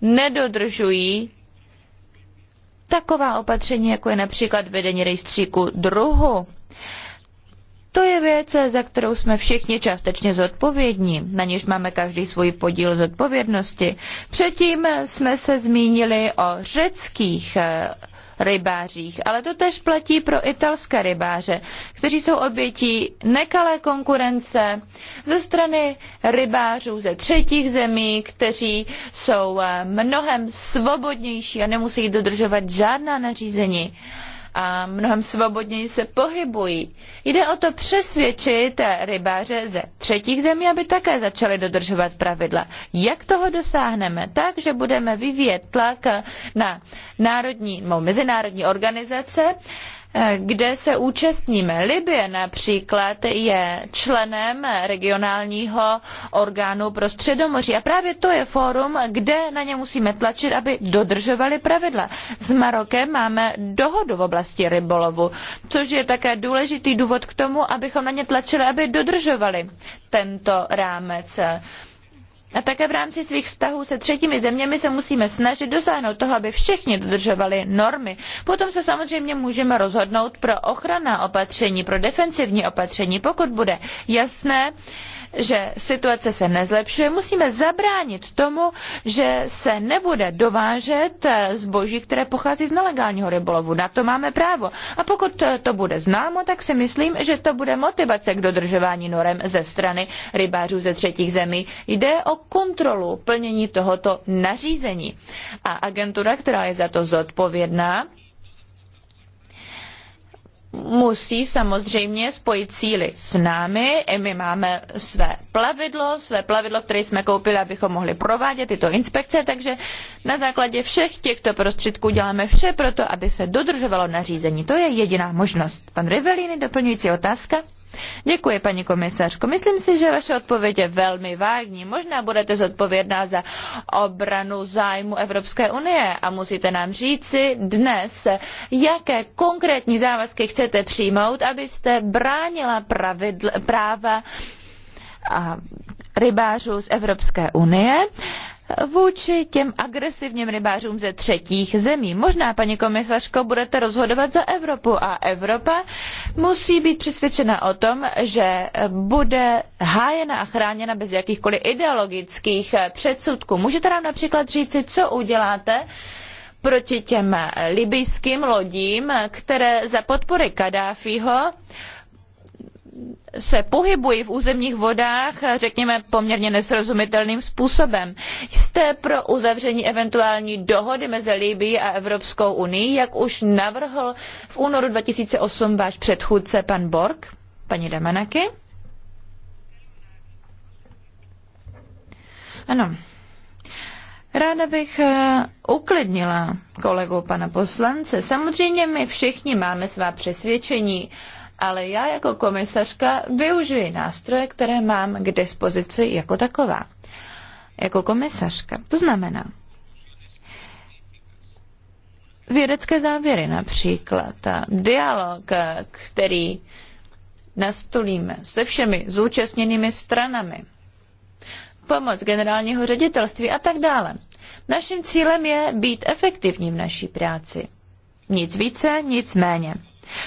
nedodržují taková opatření, jako je například vedení rejstříku druhu. To je věc, za kterou jsme všichni částečně zodpovědní, na níž máme každý svůj podíl zodpovědnosti. Předtím jsme se zmínili o řeckých eh, rybářích, ale to tež platí pro italské rybáře, kteří jsou obětí nekalé konkurence ze strany rybářů ze třetích zemí, kteří jsou eh, mnohem svobodnější a nemusí dodržovat žádná nařízení a mnohem svobodněji se pohybují. Jde o to přesvědčit rybáře ze třetích zemí, aby také začali dodržovat pravidla. Jak toho dosáhneme? Tak, že budeme vyvíjet tlak na národní, no, mezinárodní organizace, kde se účastníme. Libye například je členem regionálního orgánu pro středomoří a právě to je fórum, kde na ně musíme tlačit, aby dodržovali pravidla. S Marokem máme dohodu v oblasti rybolovu, což je také důležitý důvod k tomu, abychom na ně tlačili, aby dodržovali tento rámec. A také v rámci svých vztahů se třetími zeměmi se musíme snažit dosáhnout toho, aby všichni dodržovali normy. Potom se samozřejmě můžeme rozhodnout pro ochranná opatření, pro defensivní opatření, pokud bude jasné, že situace se nezlepšuje, musíme zabránit tomu, že se nebude dovážet eh, zboží, které pochází z nelegálního rybolovu. Na to máme právo. A pokud eh, to bude známo, tak si myslím, že to bude motivace k dodržování norem ze strany rybářů ze třetích zemí. Jde o kontrolu plnění tohoto nařízení. A agentura, která je za to zodpovědná, musí samozřejmě spojit síly s námi. I my máme své plavidlo, své plavidlo, které jsme koupili, abychom mohli provádět tyto inspekce, takže na základě všech těchto prostředků děláme vše pro to, aby se dodržovalo nařízení. To je jediná možnost. Pan Rivellini, doplňující otázka? Děkuji, paní komisařko. Myslím si, že vaše odpověď je velmi vágní. Možná budete zodpovědná za obranu zájmu Evropské unie a musíte nám říci dnes, jaké konkrétní závazky chcete přijmout, abyste bránila pravidl, práva a rybářů z Evropské unie vůči těm agresivním rybářům ze třetích zemí. Možná, paní komisařko, budete rozhodovat za Evropu a Evropa musí být přesvědčena o tom, že bude hájena a chráněna bez jakýchkoliv ideologických předsudků. Můžete nám například říci, co uděláte, proti těm libijským lodím, které za podpory Kadáfího se pohybují v územních vodách, řekněme, poměrně nesrozumitelným způsobem. Jste pro uzavření eventuální dohody mezi Libií a Evropskou unii, jak už navrhl v únoru 2008 váš předchůdce pan Borg, paní Damanaky? Ano. Ráda bych eh, uklidnila kolegu pana poslance. Samozřejmě my všichni máme svá přesvědčení ale já jako komisařka využiji nástroje, které mám k dispozici jako taková. Jako komisařka. To znamená, vědecké závěry například, a dialog, který nastolíme se všemi zúčastněnými stranami, pomoc generálního ředitelství a tak dále. Naším cílem je být efektivní v naší práci. Nic více, nic méně.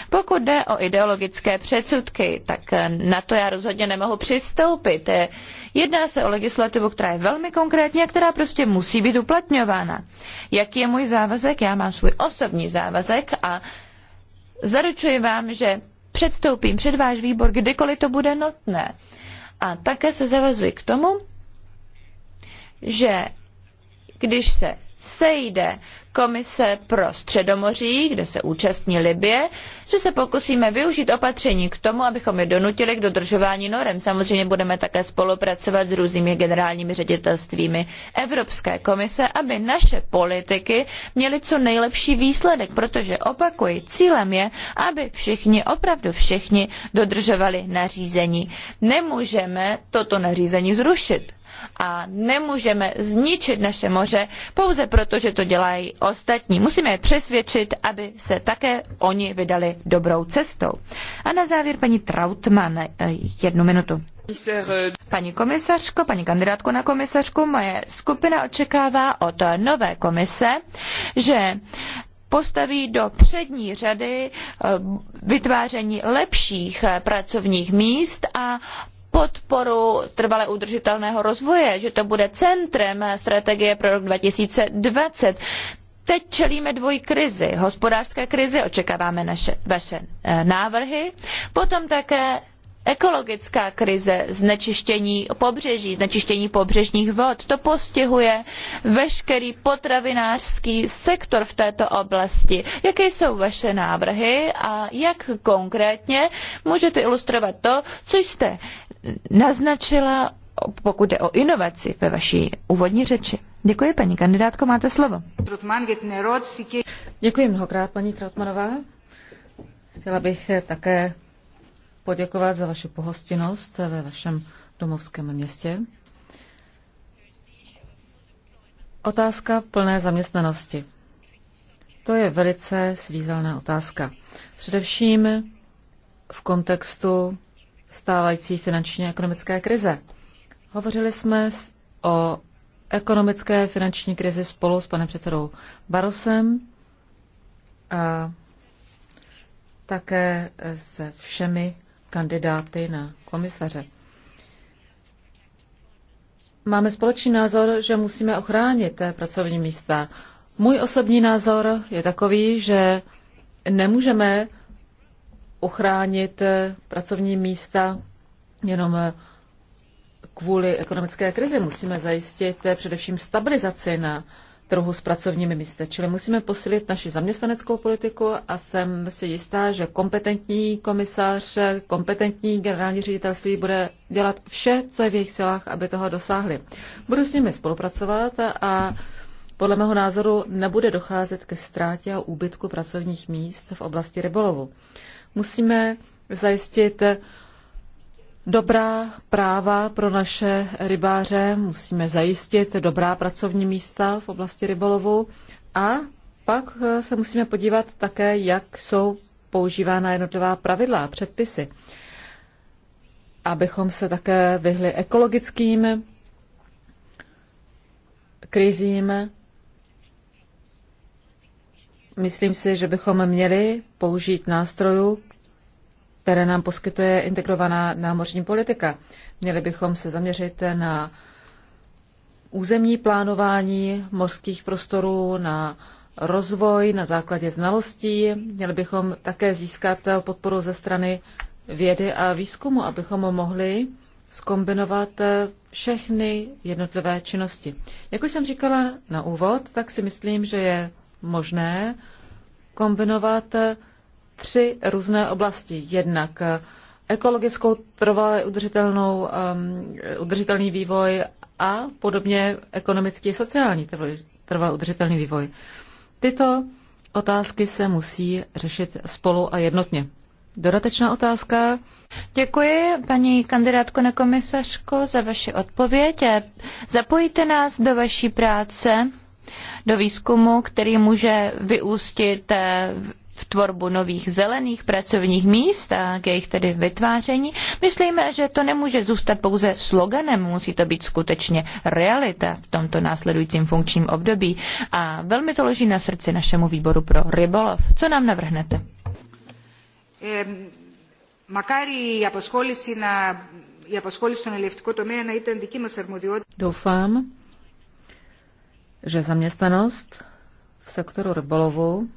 Pokud jde o ideologické předsudky, tak eh, na to já rozhodně nemohu přistoupit. Eh, jedná se o legislativu, která je velmi konkrétní a která prostě musí být uplatňována. Jaký je můj závazek? Já mám svůj osobní závazek a zaručuji vám, že předstoupím před váš výbor, kdykoliv to bude nutné. A také se zavazuji k tomu, že když se sejde Komise pro Středomoří, kde se účastní Libie, že se pokusíme využít opatření k tomu, abychom je donutili k dodržování norem. Samozřejmě budeme také spolupracovat s různými generálními ředitelstvími Evropské komise, aby naše politiky měly co nejlepší výsledek, protože opakuji, cílem je, aby všichni, opravdu všichni dodržovali nařízení. Nemůžeme toto nařízení zrušit a nemůžeme zničit naše moře pouze proto, že to dělají ostatní. Musíme je přesvědčit, aby se také oni vydali dobrou cestou. A na závěr paní Trautmann, jednu minutu. Paní komisařko, paní kandidátko na komisařku, moje skupina očekává od nové komise, že postaví do přední řady eh, vytváření lepších eh, pracovních míst a podporu trvale udržitelného rozvoje, že to bude centrem strategie pro rok 2020. Teď čelíme dvojí krizi. Hospodářské krizi, očekáváme naše, vaše eh, návrhy, potom také ekologická krize, znečištění pobřeží, znečištění pobřežních vod, to postihuje veškerý potravinářský sektor v této oblasti. Jaké jsou vaše návrhy a jak konkrétně můžete ilustrovat to, co jste naznačila, pokud jde o inovaci ve vaší úvodní řeči. Děkuji, paní kandidátko, máte slovo. Děkuji mnohokrát, paní Trotmanová. Chtěla bych také poděkovat za vaši pohostinnost ve vašem domovském městě. Otázka plné zaměstnanosti. To je velice svízelná otázka. Především v kontextu stávající finančně ekonomické krize. Hovořili jsme o ekonomické finanční krizi spolu s panem předsedou Barosem a také se všemi kandidáty na komisaře. Máme společný názor, že musíme ochránit pracovní místa. Můj osobní názor je takový, že nemůžeme ochránit eh, pracovní místa jenom eh, kvůli ekonomické krizi. Musíme zajistit eh, především stabilizaci na trhu s pracovními místy. Čili musíme posilit naši zaměstnaneckou politiku a jsem si jistá, že kompetentní komisař, kompetentní generální ředitelství bude dělat vše, co je v jejich silách, aby toho dosáhli. Budu s nimi spolupracovat a podle mého názoru nebude docházet ke ztrátě a úbytku pracovních míst v oblasti rybolovu. Musíme zajistit dobrá práva pro naše rybáře, musíme zajistit dobrá pracovní místa v oblasti rybolovu a pak se musíme podívat také, jak jsou používána jednotlivá pravidla a předpisy, abychom se také vyhli ekologickým krizím Myslím si, že bychom měli použít nástrojů, které nám poskytuje integrovaná námořní politika. Měli bychom se zaměřit na územní plánování mořských prostorů, na rozvoj na základě znalostí. Měli bychom také získat podporu ze strany vědy a výzkumu, abychom mohli skombinovat všechny jednotlivé činnosti. Jak už jsem říkala na úvod, tak si myslím, že je možné kombinovat tři různé oblasti. Jednak ekologickou trvalé udržitelnou, um, udržitelný vývoj a podobně ekonomický a sociální trvalý udržitelný vývoj. Tyto otázky se musí řešit spolu a jednotně. Dodatečná otázka. Děkuji, paní kandidátko na komisařko, za vaši odpověď. Zapojíte nás do vaší práce do výzkumu, který může vyústit eh, v tvorbu nových zelených pracovních míst a k jejich tedy vytváření. Myslíme, že to nemůže zůstat pouze sloganem, musí to být skutečně realita v tomto následujícím funkčním období. A velmi to leží na srdci našemu výboru pro rybolov. Co nám navrhnete? Doufám, že zaměstnanost v sektoru rybolovu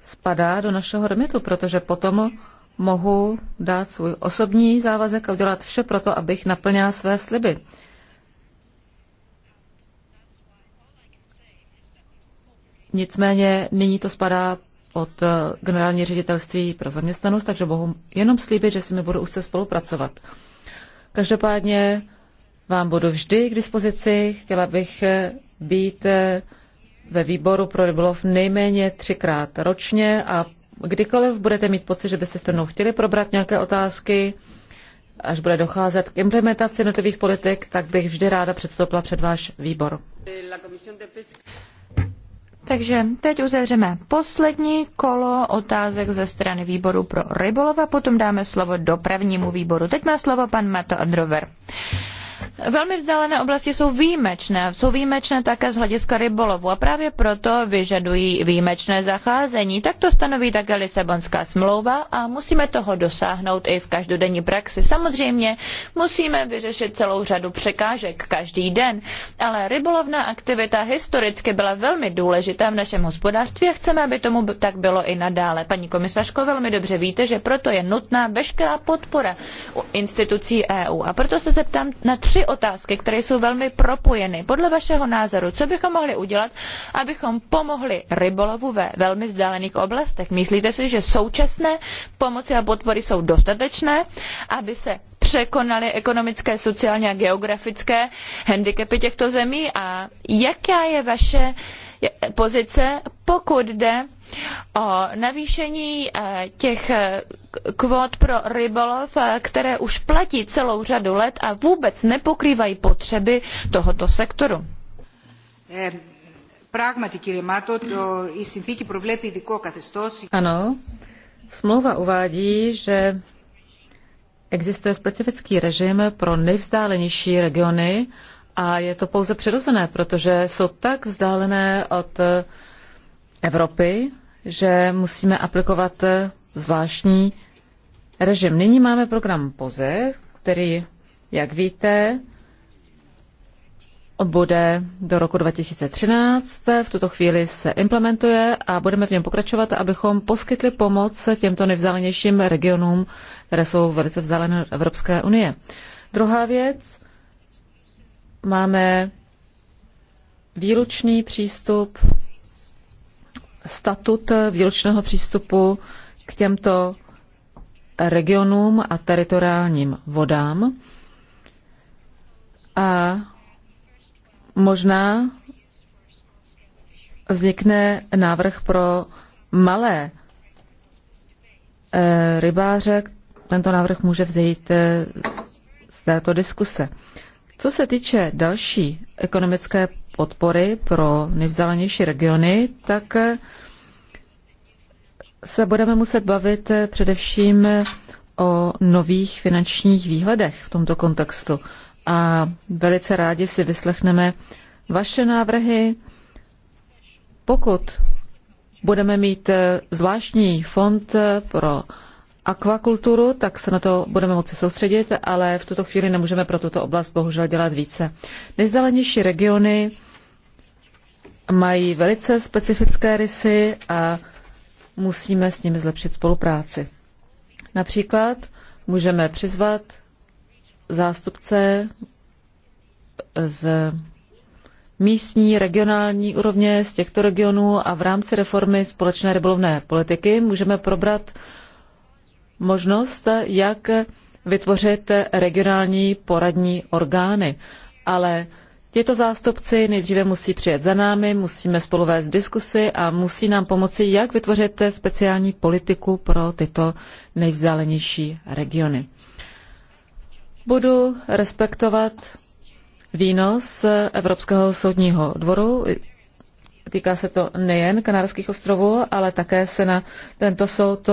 spadá do našeho remitu, protože potom mohu dát svůj osobní závazek a udělat vše pro to, abych naplnila své sliby. Nicméně nyní to spadá od eh, generální ředitelství pro zaměstnanost, takže mohu jenom slíbit, že si mi budu úzce spolupracovat. Každopádně vám budu vždy k dispozici. Chtěla bych eh, být eh, ve výboru pro rybolov nejméně třikrát ročně a kdykoliv budete mít pocit, že byste se mnou chtěli probrat nějaké otázky, až bude docházet k implementaci notových politik, tak bych vždy ráda předstoupila před váš výbor. Takže teď uzavřeme poslední kolo otázek ze strany výboru pro rybolov a potom dáme slovo dopravnímu výboru. Teď má slovo pan Mato Androver. Velmi vzdálené oblasti jsou výjimečné. Jsou výjimečné také z hlediska rybolovu a právě proto vyžadují výjimečné zacházení. Tak to stanoví také Lisabonská smlouva a musíme toho dosáhnout i v každodenní praxi. Samozřejmě musíme vyřešit celou řadu překážek každý den, ale rybolovná aktivita historicky byla velmi důležitá v našem hospodářství a chceme, aby tomu tak bylo i nadále. Paní komisařko, velmi dobře víte, že proto je nutná veškerá podpora institucí EU. A proto se zeptám na tři tři otázky, které jsou velmi propojeny. Podle vašeho názoru, co bychom mohli udělat, abychom pomohli rybolovu ve velmi vzdálených oblastech? Myslíte si, že současné pomoci a podpory jsou dostatečné, aby se překonaly ekonomické, sociální a geografické handicapy těchto zemí a jaká je vaše pozice, pokud jde o navýšení eh, těch eh, kvót pro rybolov, eh, které už platí celou řadu let a vůbec nepokrývají potřeby tohoto sektoru. Ano, smlouva uvádí, že existuje specifický režim pro nejvzdálenější regiony a je to pouze přirozené, protože jsou tak vzdálené od Evropy, že musíme aplikovat zvláštní režim. Nyní máme program POZE, který, jak víte, bude do roku 2013. V tuto chvíli se implementuje a budeme v něm pokračovat, abychom poskytli pomoc těmto nejvzdálenějším regionům, které jsou velice vzdálené od Evropské unie. Druhá věc, máme výlučný přístup, statut výlučného přístupu k těmto regionům a teritoriálním vodám. A možná vznikne návrh pro malé eh, rybáře. Tento návrh může vzejít eh, z této diskuse. Co se týče další ekonomické podpory pro nejvzdálenější regiony, tak eh, se budeme muset bavit především o nových finančních výhledech v tomto kontextu a velice rádi si vyslechneme vaše návrhy. Pokud budeme mít eh, zvláštní fond eh, pro akvakulturu, tak se na to budeme moci soustředit, ale v tuto chvíli nemůžeme pro tuto oblast bohužel dělat více. Nejzdálenější regiony mají velice specifické rysy a musíme s nimi zlepšit spolupráci. Například můžeme přizvat zástupce z místní, regionální úrovně z těchto regionů a v rámci reformy společné rybolovné politiky můžeme probrat možnost, jak vytvořit regionální poradní orgány. Ale Tito zástupci nejdříve musí přijet za námi, musíme spolu vést diskusy a musí nám pomoci, jak vytvořit speciální politiku pro tyto nejvzdálenější regiony. Budu respektovat výnos Evropského soudního dvoru. Týká se to nejen Kanárských ostrovů, ale také se na tento soud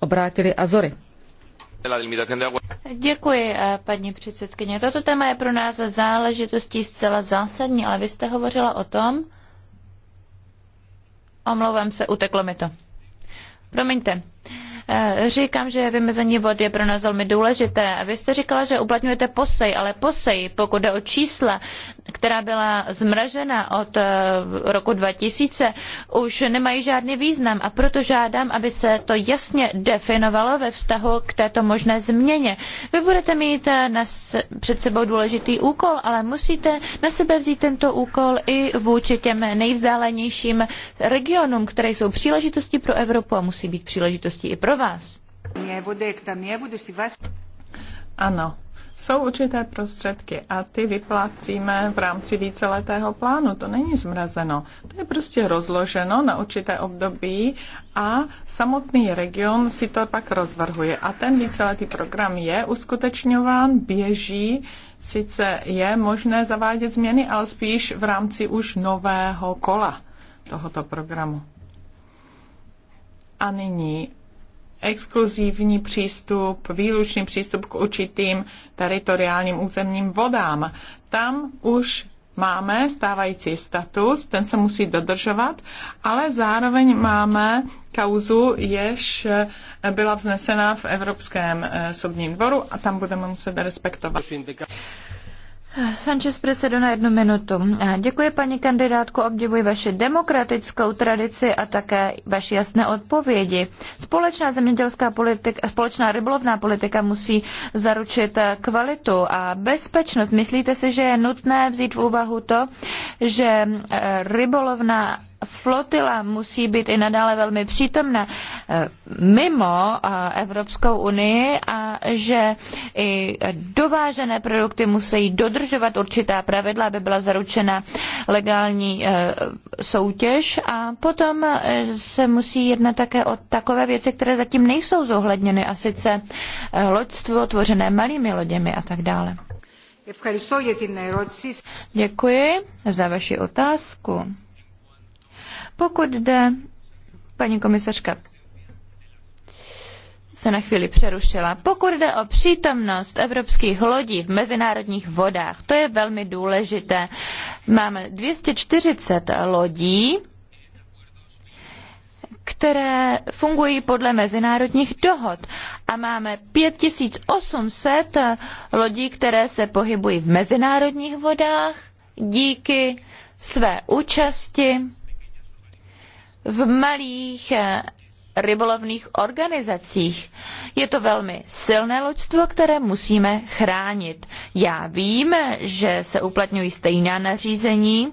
obrátili Azory. Děkuji, eh, paní předsedkyně. Toto téma je pro nás záležitostí zcela zásadní, ale vy jste hovořila o tom. Omlouvám se, uteklo mi to. Promiňte. Uh, Eh, říkám, že vymezení vod je pro nás velmi důležité. A vy jste říkala, že uplatňujete posej, ale posej, pokud jde o čísla, která byla zmražena od eh, roku 2000, už nemají žádný význam a proto žádám, aby se to jasně definovalo ve vztahu k této možné změně. Vy budete mít eh, na se, před sebou důležitý úkol, ale musíte na sebe vzít tento úkol i vůči těm nejvzdálenějším regionům, které jsou příležitostí pro Evropu a musí být příležitostí i pro vás. Ano, jsou určité prostředky a ty vyplácíme v rámci víceletého plánu. To není zmrazeno. To je prostě rozloženo na určité období a samotný region si to pak rozvrhuje. A ten víceletý program je uskutečňován, běží, sice je možné zavádět změny, ale spíš v rámci už nového kola tohoto programu. A nyní exkluzivní přístup, výlučný přístup k určitým teritoriálním územním vodám. Tam už máme stávající status, ten se musí dodržovat, ale zároveň máme kauzu, jež byla vznesena v Evropském eh, soudním dvoru a tam budeme muset respektovat. Sanchez Presedo na jednu minutu. Eh, děkuji paní kandidátku, obdivuji vaši demokratickou tradici a také vaši jasné odpovědi. Společná zemědělská politika, společná rybolovná politika musí zaručit eh, kvalitu a bezpečnost. Myslíte si, že je nutné vzít v úvahu to, že eh, rybolovná flotila musí být i nadále velmi přítomna eh, mimo eh, Evropskou unii a že i dovážené produkty musí dodržovat určitá pravidla, aby byla zaručena legální eh, soutěž a potom se musí jednat také o takové věci, které zatím nejsou zohledněny a sice loďstvo tvořené malými loděmi a tak dále. Děkuji za vaši otázku. Pokud jde, paní komisařka se na chvíli přerušila. Pokud jde o přítomnost evropských lodí v mezinárodních vodách, to je velmi důležité. Máme 240 lodí, které fungují podle mezinárodních dohod. A máme 5800 lodí, které se pohybují v mezinárodních vodách díky své účasti v malých eh, rybolovných organizacích. Je to velmi silné loďstvo, které musíme chránit. Já vím, že se uplatňují stejná nařízení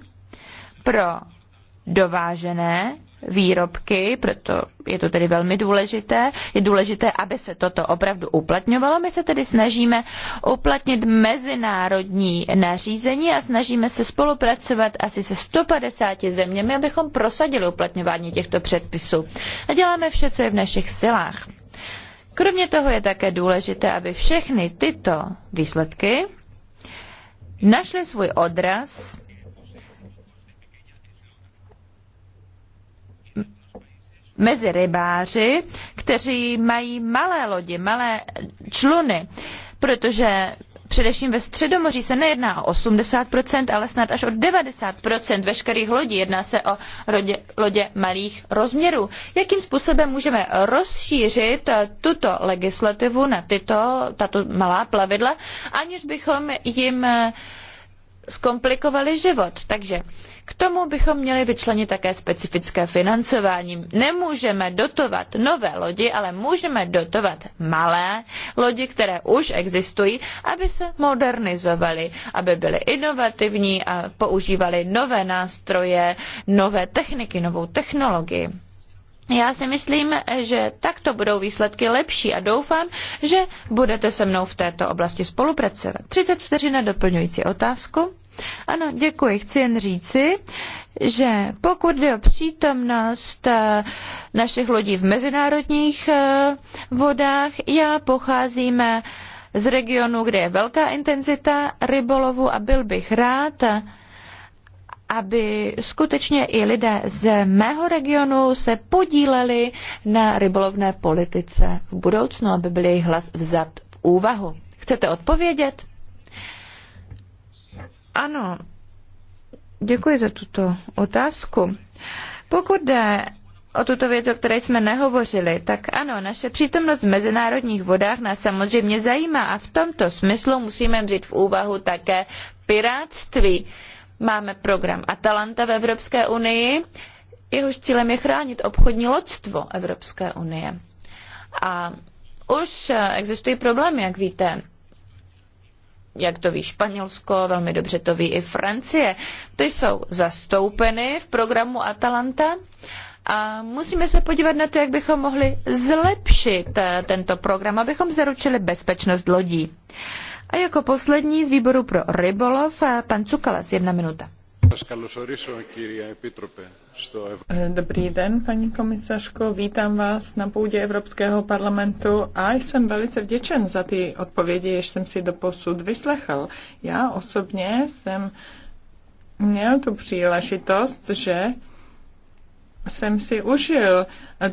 pro dovážené výrobky, proto je to tedy velmi důležité. Je důležité, aby se toto opravdu uplatňovalo. My se tedy snažíme uplatnit mezinárodní nařízení a snažíme se spolupracovat asi se 150 zeměmi, abychom prosadili uplatňování těchto předpisů. A děláme vše, co je v našich silách. Kromě toho je také důležité, aby všechny tyto výsledky našly svůj odraz mezi rybáři, kteří mají malé lodi, malé čluny, protože Především ve Středomoří se nejedná o 80%, ale snad až o 90% veškerých lodí. Jedná se o rodě, lodě malých rozměrů. Jakým způsobem můžeme rozšířit tuto legislativu na tyto, tato malá plavidla, aniž bychom jim zkomplikovali život. Takže k tomu bychom měli vyčlenit také specifické financování. Nemůžeme dotovat nové lodi, ale můžeme dotovat malé lodi, které už existují, aby se modernizovaly, aby byly inovativní a používaly nové nástroje, nové techniky, novou technologii. Já si myslím, že takto budou výsledky lepší a doufám, že budete se mnou v této oblasti spolupracovat. 30 vteřin na doplňující otázku. Ano, děkuji. Chci jen říci, že pokud je o přítomnost eh, našich lodí v mezinárodních eh, vodách, já pocházíme eh, z regionu, kde je velká intenzita rybolovu a byl bych rád, aby skutečně i lidé z mého regionu se podíleli na rybolovné politice v budoucnu, aby byl jejich hlas vzat v úvahu. Chcete odpovědět? Ano, děkuji za tuto otázku. Pokud jde o tuto věc, o které jsme nehovořili, tak ano, naše přítomnost v mezinárodních vodách nás samozřejmě zajímá a v tomto smyslu musíme vzít v úvahu také piráctví. Máme program Atalanta v Evropské unii, jehož cílem je chránit obchodní loďstvo Evropské unie. A už existují problémy, jak víte. Jak to ví Španělsko, velmi dobře to ví i Francie. Ty jsou zastoupeny v programu Atalanta a musíme se podívat na to, jak bychom mohli zlepšit eh, tento program, abychom zaručili bezpečnost lodí. A jako poslední z výboru pro rybolov, eh, pan jedna minuta. Eh, dobrý den, paní komisařko, vítám vás na půdě Evropského parlamentu a jsem velice vděčen za ty odpovědi, jež jsem si doposud vyslechl. Já osobně jsem měl tu příležitost, že jsem si užil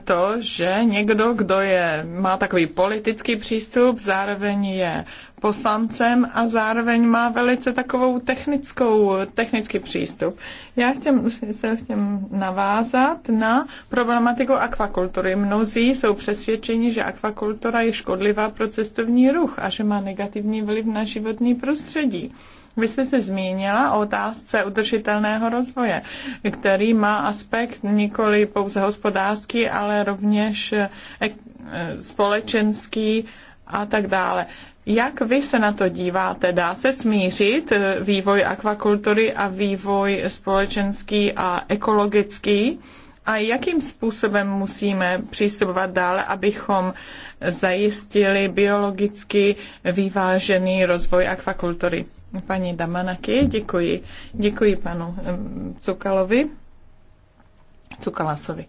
to, že někdo, kdo je, má takový politický přístup, zároveň je poslancem a zároveň má velice takovou technickou, technický přístup. Já chtěm, se chtěm navázat na problematiku akvakultury. Mnozí jsou přesvědčeni, že akvakultura je škodlivá pro cestovní ruch a že má negativní vliv na životní prostředí. Vy jste se zmínila o otázce udržitelného rozvoje, který má aspekt nikoli pouze hospodářský, ale rovněž eh, společenský a tak dále. Jak vy se na to díváte? Dá se smířit eh, vývoj akvakultury a vývoj společenský a ekologický? A jakým způsobem musíme přistupovat dále, abychom zajistili biologicky vyvážený rozvoj akvakultury? paní Damanaky, děkuji. Děkuji panu Cukalovi, Cukalasovi.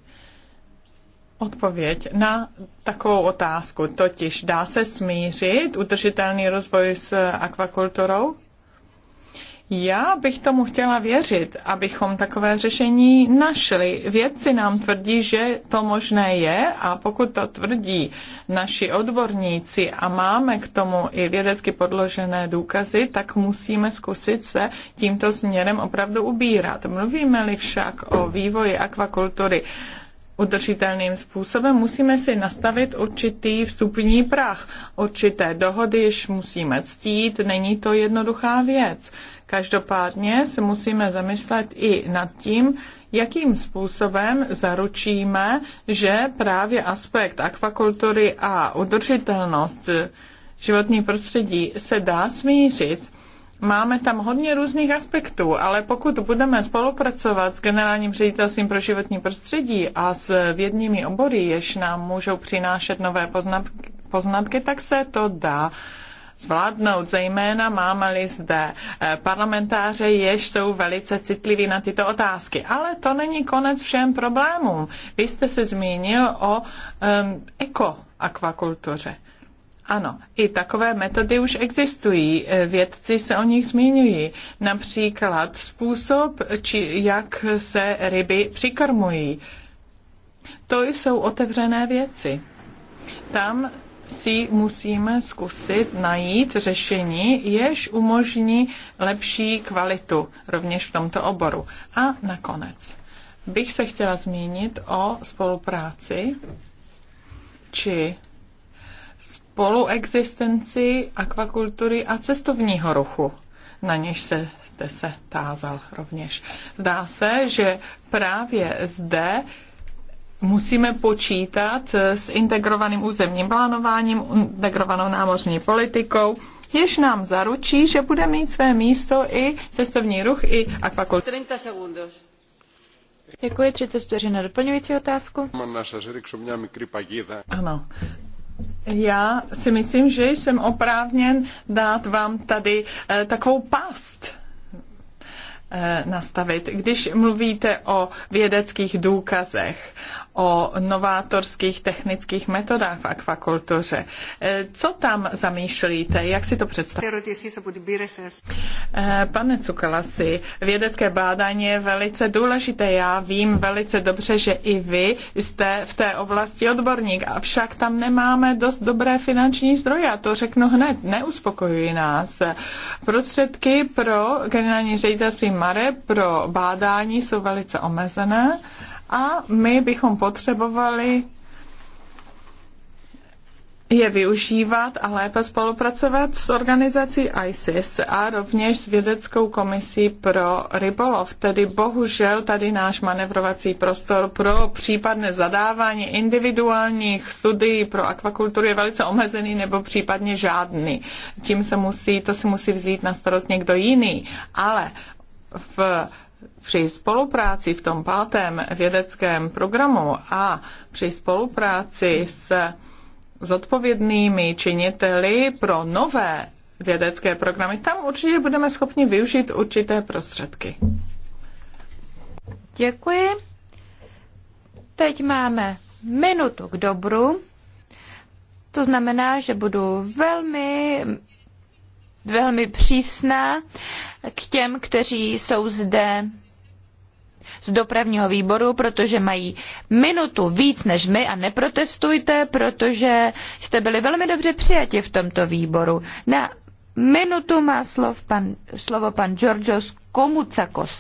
Odpověď na takovou otázku, totiž dá se smířit udržitelný rozvoj s akvakulturou? Já bych tomu chtěla věřit, abychom takové řešení našli. Vědci nám tvrdí, že to možné je a pokud to tvrdí naši odborníci a máme k tomu i vědecky podložené důkazy, tak musíme zkusit se tímto směrem opravdu ubírat. Mluvíme-li však o vývoji akvakultury, udržitelným způsobem, musíme si nastavit určitý vstupní prach. Určité dohody již musíme ctít, není to jednoduchá věc. Každopádně se musíme zamyslet i nad tím, jakým způsobem zaručíme, že právě aspekt akvakultury a udržitelnost životní prostředí se dá smířit. Máme tam hodně různých aspektů, ale pokud budeme spolupracovat s Generálním ředitelstvím pro životní prostředí a s vědními obory, jež nám můžou přinášet nové poznatky, poznatky tak se to dá zvládnout, zejména máme-li zde eh, parlamentáře, jež jsou velice citliví na tyto otázky. Ale to není konec všem problémům. Vy jste se zmínil o um, ekoakvakultuře. Ano, i takové metody už existují. Eh, vědci se o nich zmiňují. Například způsob, či jak se ryby přikrmují. To jsou otevřené věci. Tam věcí musíme zkusit najít řešení, jež umožní lepší kvalitu rovněž v tomto oboru. A nakonec bych se chtěla zmínit o spolupráci či spoluexistenci akvakultury a cestovního ruchu na něž se, jste se tázal rovněž. Zdá se, že právě zde musíme počítat eh, s integrovaným územním plánováním, integrovanou námořní politikou, jež nám zaručí, že bude mít své místo i cestovní ruch, i akvakultura. Děkuji, 30 vteřin na doplňující otázku. Ano. Já si myslím, že jsem oprávněn dát vám tady eh, takovou past eh, nastavit, když mluvíte o vědeckých důkazech, o novátorských technických metodách v akvakultuře. Co tam zamýšlíte? Jak si to představíte? Pane Cukalasi, vědecké bádání je velice důležité. Já vím velice dobře, že i vy jste v té oblasti odborník, avšak tam nemáme dost dobré finanční zdroje. Já to řeknu hned, neuspokojují nás. Prostředky pro generální ředitelství Mare pro bádání jsou velice omezené a my bychom potřebovali je využívat a lépe spolupracovat s organizací ISIS a rovněž s vědeckou komisí pro rybolov. Tedy bohužel tady náš manevrovací prostor pro případné zadávání individuálních studií pro akvakulturu je velice omezený nebo případně žádný. Tím se musí, to si musí vzít na starost někdo jiný. Ale v při spolupráci v tom pátém vědeckém programu a při spolupráci s zodpovědnými činiteli pro nové vědecké programy, tam určitě budeme schopni využít určité prostředky. Děkuji. Teď máme minutu k dobru. To znamená, že budu velmi velmi přísná k těm, kteří jsou zde z dopravního výboru, protože mají minutu víc než my a neprotestujte, protože jste byli velmi dobře přijati v tomto výboru. Na minutu má slov pan, slovo pan Georgios Komucakos.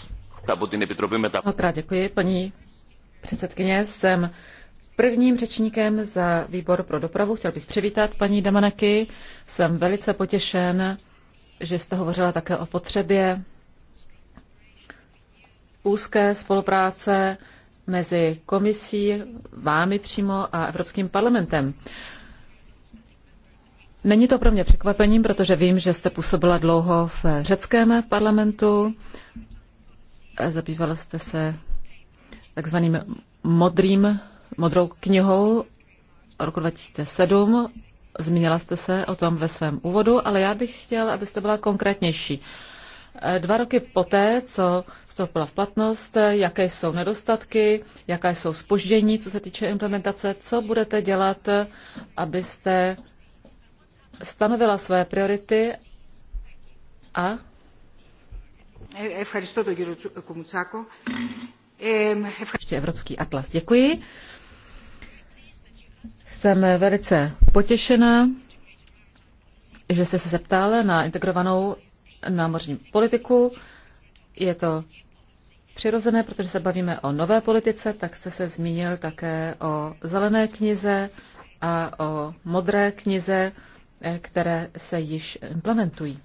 Mnohokrát děkuji, paní předsedkyně. Jsem prvním řečníkem za výbor pro dopravu. Chtěl bych přivítat paní Damanaky. Jsem velice potěšen že jste hovořila také o potřebě úzké spolupráce mezi komisí, vámi přímo a Evropským parlamentem. Není to pro mě překvapením, protože vím, že jste působila dlouho v řeckém parlamentu. Zabývala jste se takzvaným modrým, modrou knihou roku 2007 Zmínila jste se o tom ve svém úvodu, ale já bych chtěl, abyste byla konkrétnější. Eh, dva roky poté, co vstoupila v platnost, eh, jaké jsou nedostatky, jaké jsou spoždění, co se týče implementace, co budete dělat, eh, abyste stanovila své priority a Ještě Evropský atlas. Děkuji. Jsem velice potěšená, že jste se zeptal na integrovanou námořní politiku. Je to přirozené, protože se bavíme o nové politice, tak jste se zmínil také o zelené knize a o modré knize, eh, které se již implementují.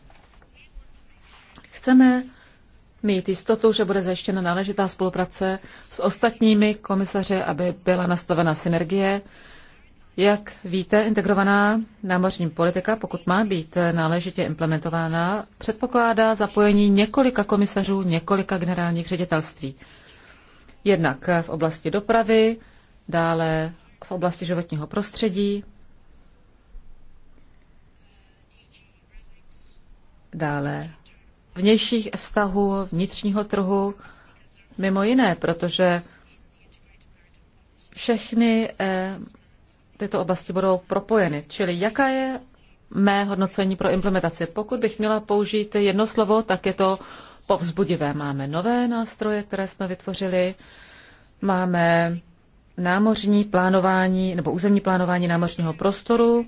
Chceme mít jistotu, že bude zajištěna náležitá spolupráce s ostatními komisaři, aby byla nastavena synergie jak víte, integrovaná námořní politika, pokud má být náležitě implementována, předpokládá zapojení několika komisařů, několika generálních ředitelství. Jednak v oblasti dopravy, dále v oblasti životního prostředí, dále vnějších vztahů, vnitřního trhu, mimo jiné, protože všechny eh, tyto oblasti budou propojeny. Čili jaká je mé hodnocení pro implementaci? Pokud bych měla použít jedno slovo, tak je to povzbudivé. Máme nové nástroje, které jsme vytvořili, máme námořní plánování nebo územní plánování námořního prostoru.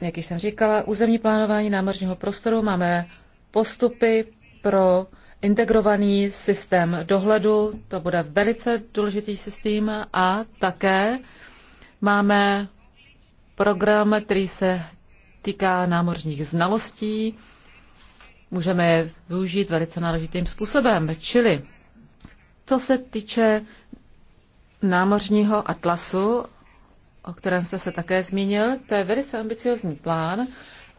Jak jsem říkala, územní plánování námořního prostoru máme postupy pro integrovaný systém dohledu, to bude velice důležitý systém a také Máme program, který se týká námořních znalostí. Můžeme je využít velice náležitým způsobem. Čili, co se týče námořního atlasu, o kterém jste se také zmínil, to je velice ambiciozní plán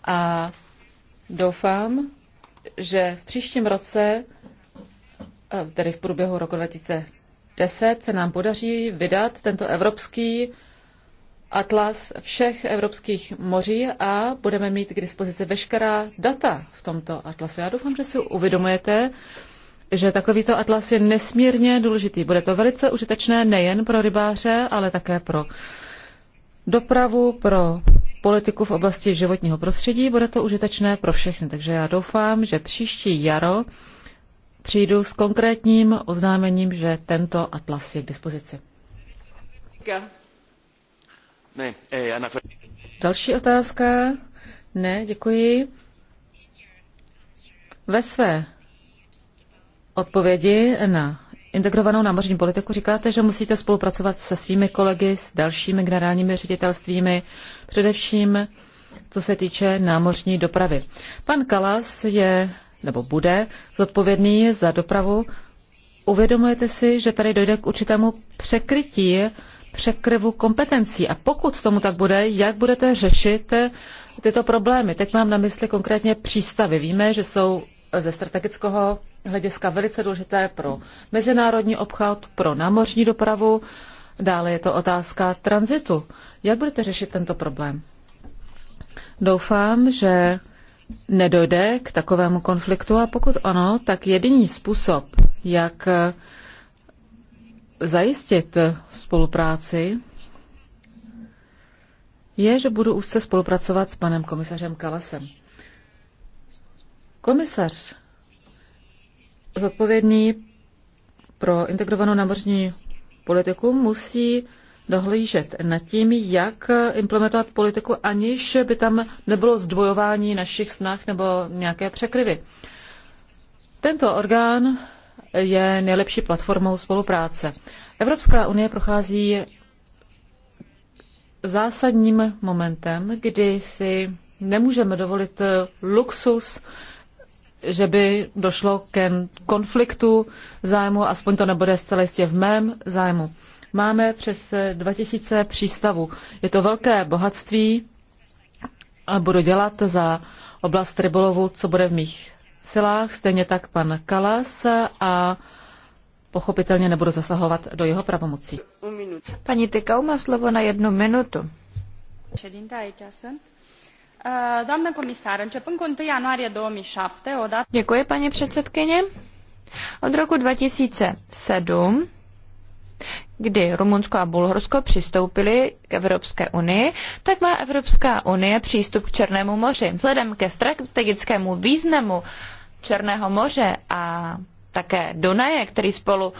a doufám, že v příštím roce, eh, tedy v průběhu roku 2010, se nám podaří vydat tento evropský atlas všech evropských moří a budeme mít k dispozici veškerá data v tomto atlasu. Já doufám, že si uvědomujete, že takovýto atlas je nesmírně důležitý. Bude to velice užitečné nejen pro rybáře, ale také pro dopravu, pro politiku v oblasti životního prostředí. Bude to užitečné pro všechny. Takže já doufám, že příští jaro přijdu s konkrétním oznámením, že tento atlas je k dispozici. Eh, Další otázka? Ne, děkuji. Ve své odpovědi na integrovanou námořní politiku říkáte, že musíte spolupracovat se svými kolegy, s dalšími generálními ředitelstvími, především co se týče námořní dopravy. Pan Kalas je nebo bude zodpovědný za dopravu. Uvědomujete si, že tady dojde k určitému překrytí překryvu kompetencí. A pokud tomu tak bude, jak budete řešit eh, tyto problémy? Teď mám na mysli konkrétně přístavy. Víme, že jsou ze strategického hlediska velice důležité pro mezinárodní obchod, pro námořní dopravu. Dále je to otázka tranzitu. Jak budete řešit tento problém? Doufám, že nedojde k takovému konfliktu a pokud ano, tak jediný způsob, jak eh, zajistit spolupráci, je, že budu úzce spolupracovat s panem komisařem Kalasem. Komisař zodpovědný pro integrovanou námořní politiku musí dohlížet nad tím, jak implementovat politiku, aniž by tam nebylo zdvojování našich snah nebo nějaké překryvy. Tento orgán je nejlepší platformou spolupráce. Evropská unie prochází zásadním momentem, kdy si nemůžeme dovolit luxus, že by došlo ke konfliktu zájmu, aspoň to nebude zcela jistě v mém zájmu. Máme přes 2000 přístavů. Je to velké bohatství a budu dělat za oblast rybolovu, co bude v mých silách, stejně tak pan Kalas a pochopitelně nebudu zasahovat do jeho pravomocí. Paní Tykau má slovo na jednu minutu. Uh, Děkuji, paní předsedkyně. Od roku 2007 kdy Rumunsko a Bulharsko přistoupili k Evropské unii, tak má Evropská unie přístup k Černému moři. Vzhledem ke strategickému významu Černého moře a také Dunaje, který spolu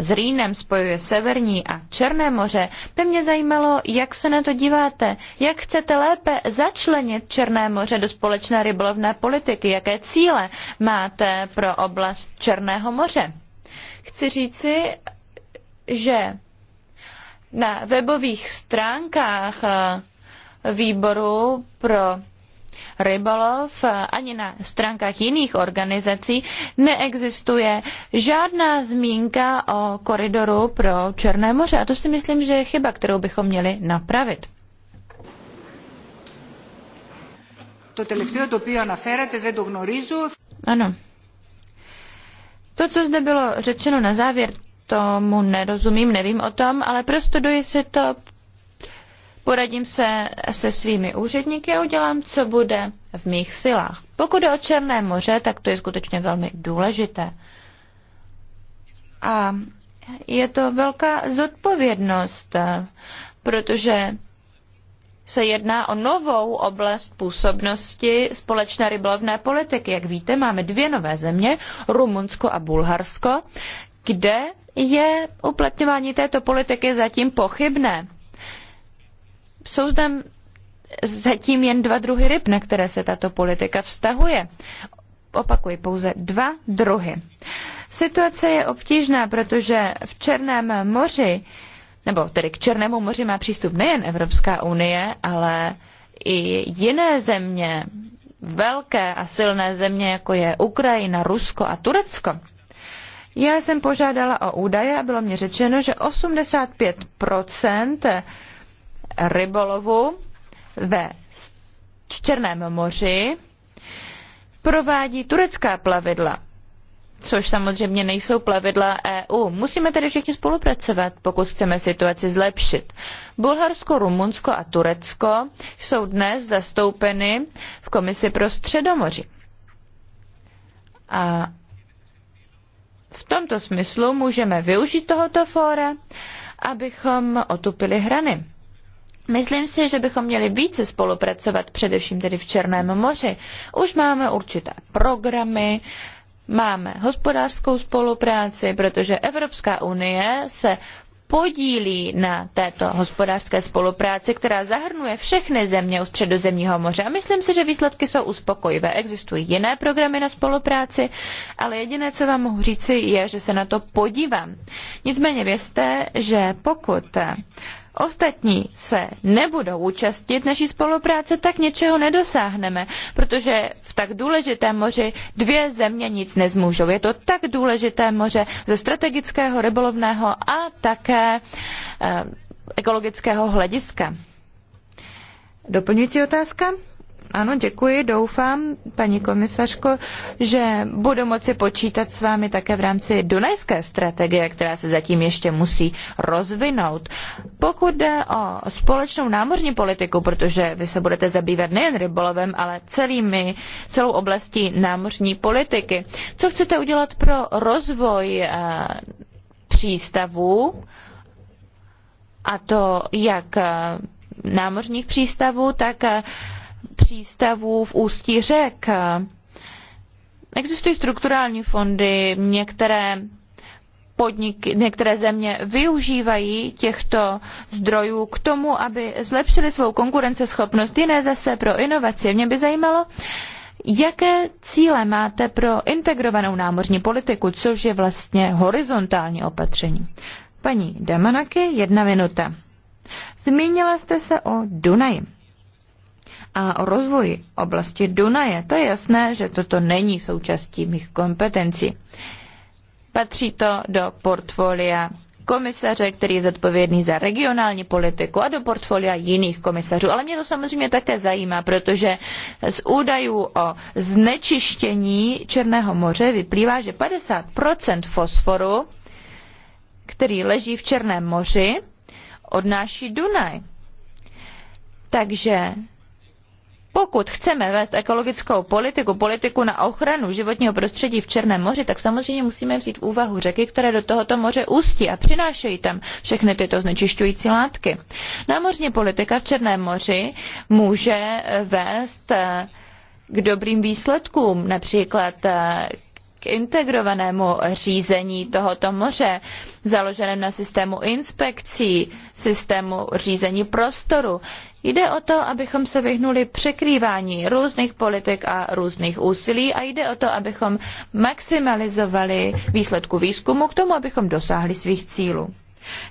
s Rýnem spojuje Severní a Černé moře, by mě zajímalo, jak se na to díváte. Jak chcete lépe začlenit Černé moře do společné rybolovné politiky? Jaké cíle máte pro oblast Černého moře? Chci říci, že na webových stránkách výboru pro rybolov ani na stránkách jiných organizací neexistuje žádná zmínka o koridoru pro Černé moře. A to si myslím, že je chyba, kterou bychom měli napravit. To τελευταίο to οποίο to Ano. To, co zde bylo řečeno na závěr, tomu nerozumím, nevím o tom, ale prostuduji si to, poradím se se svými úředníky a udělám, co bude v mých silách. Pokud je o Černé moře, tak to je skutečně velmi důležité. A je to velká zodpovědnost, protože se jedná o novou oblast působnosti společné rybolovné politiky. Jak víte, máme dvě nové země, Rumunsko a Bulharsko, kde je uplatňování této politiky zatím pochybné jsou tam zatím jen dva druhy ryb, na které se tato politika vztahuje. Opakuji, pouze dva druhy. Situace je obtížná, protože v Černém moři, nebo tedy k Černému moři má přístup nejen Evropská unie, ale i jiné země, velké a silné země, jako je Ukrajina, Rusko a Turecko. Já jsem požádala o údaje a bylo mě řečeno, že 85 rybolovu ve Černém moři provádí turecká plavidla, což samozřejmě nejsou plavidla EU. Musíme tedy všichni spolupracovat, pokud chceme situaci zlepšit. Bulharsko, Rumunsko a Turecko jsou dnes zastoupeny v Komisi pro středomoři. A v tomto smyslu můžeme využít tohoto fóra, abychom otupili hrany. Myslím si, že bychom měli více spolupracovat, především tedy v Černém moři. Už máme určité programy, máme hospodářskou spolupráci, protože Evropská unie se podílí na této hospodářské spolupráci, která zahrnuje všechny země u středozemního moře. A myslím si, že výsledky jsou uspokojivé. Existují jiné programy na spolupráci, ale jediné, co vám mohu říci, je, že se na to podívám. Nicméně vězte, že pokud ostatní se nebudou účastnit naší spolupráce, tak něčeho nedosáhneme, protože v tak důležitém moři dvě země nic nezmůžou. Je to tak důležité moře ze strategického, rybolovného a také eh, ekologického hlediska. Doplňující otázka? Ano, děkuji, doufám, paní komisařko, že budu moci počítat s vámi také v rámci Dunajské strategie, která se zatím ještě musí rozvinout. Pokud jde o společnou námořní politiku, protože vy se budete zabývat nejen rybolovem, ale celými, celou oblastí námořní politiky, co chcete udělat pro rozvoj eh, přístavů, a to jak eh, námořních přístavů, tak eh, přístavů v ústí řek. Existují strukturální fondy, některé podniky, některé země využívají těchto zdrojů k tomu, aby zlepšili svou konkurenceschopnost, jiné zase pro inovaci. Mě by zajímalo, jaké cíle máte pro integrovanou námořní politiku, což je vlastně horizontální opatření. Paní Damanaky, jedna minuta. Zmínila jste se o Dunaji a o rozvoji oblasti Dunaje. To je jasné, že toto není součástí mých kompetencí. Patří to do portfolia komisaře, který je zodpovědný za regionální politiku a do portfolia jiných komisařů. Ale mě to samozřejmě také zajímá, protože z údajů o znečištění Černého moře vyplývá, že 50% fosforu, který leží v Černém moři, odnáší Dunaj. Takže pokud chceme vést ekologickou politiku, politiku na ochranu životního prostředí v Černém moři, tak samozřejmě musíme vzít v úvahu řeky, které do tohoto moře ústí a přinášejí tam všechny tyto znečišťující látky. Námořní politika v Černém moři může eh, vést eh, k dobrým výsledkům, například eh, k integrovanému řízení tohoto moře, založeném na systému inspekcí, systému řízení prostoru. Jde o to, abychom se vyhnuli překrývání různých politik a různých úsilí a jde o to, abychom maximalizovali výsledku výzkumu k tomu, abychom dosáhli svých cílů.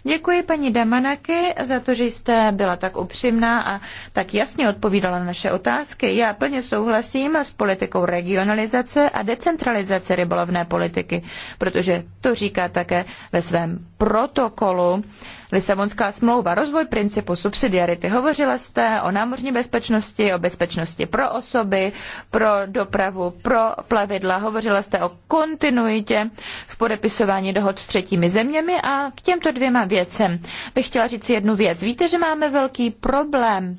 Děkuji paní Damanaky za to, že jste byla tak upřímná a tak jasně odpovídala na naše otázky. Já plně souhlasím s politikou regionalizace a decentralizace rybolovné politiky, protože to říká také ve svém protokolu Lisabonská smlouva, rozvoj principu subsidiarity. Hovořila jste o námořní bezpečnosti, o bezpečnosti pro osoby, pro dopravu, pro plavidla. Hovořila jste o kontinuitě v podepisování dohod s třetími zeměmi a k těmto dvěma věcem bych chtěla říct jednu věc. Víte, že máme velký problém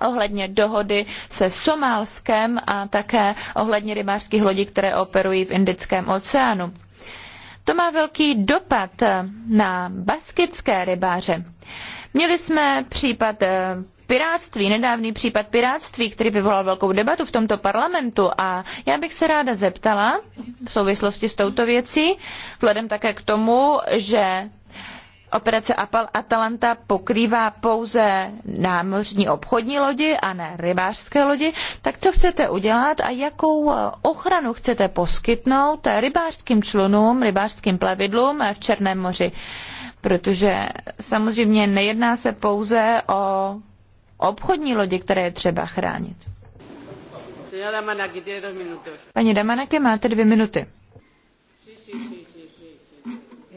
ohledně dohody se Somálskem a také ohledně rybářských lodí, které operují v Indickém oceánu. To má velký dopad na baskické rybáře. Měli jsme případ eh, piráctví, nedávný případ piráctví, který vyvolal velkou debatu v tomto parlamentu a já bych se ráda zeptala v souvislosti s touto věcí, vzhledem také k tomu, že Operace Apal Atalanta pokrývá pouze námořní obchodní lodi a ne rybářské lodi, tak co chcete udělat a jakou eh, ochranu chcete poskytnout rybářským člunům, rybářským plavidlům eh, v Černém moři? Protože samozřejmě nejedná se pouze o obchodní lodi, které je třeba chránit. Paní Damanake, máte dvě minuty.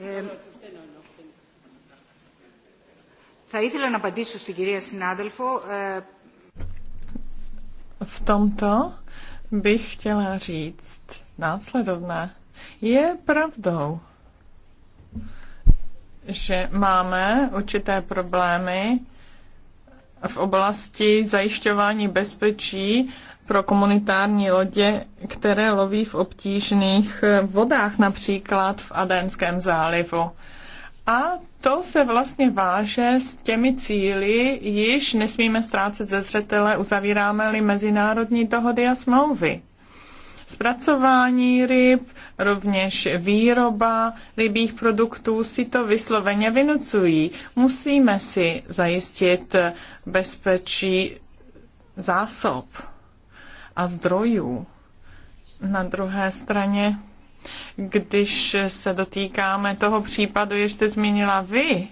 Eh, Θα ήθελα να απαντήσω στην κυρία συνάδελφο. V tomto bych chtěla říct následovné. Je pravdou, že máme určité problémy v oblasti zajišťování bezpečí pro komunitární lodě, které loví v obtížných vodách, například v Adenském zálivu. A to se vlastně váže s těmi cíly, již nesmíme ztrácet ze zřetele, uzavíráme-li mezinárodní dohody a smlouvy. Zpracování ryb, rovněž výroba rybích produktů si to vysloveně vynucují. Musíme si zajistit bezpečí zásob a zdrojů. Na druhé straně když se dotýkáme toho případu, jež jste zmínila vy,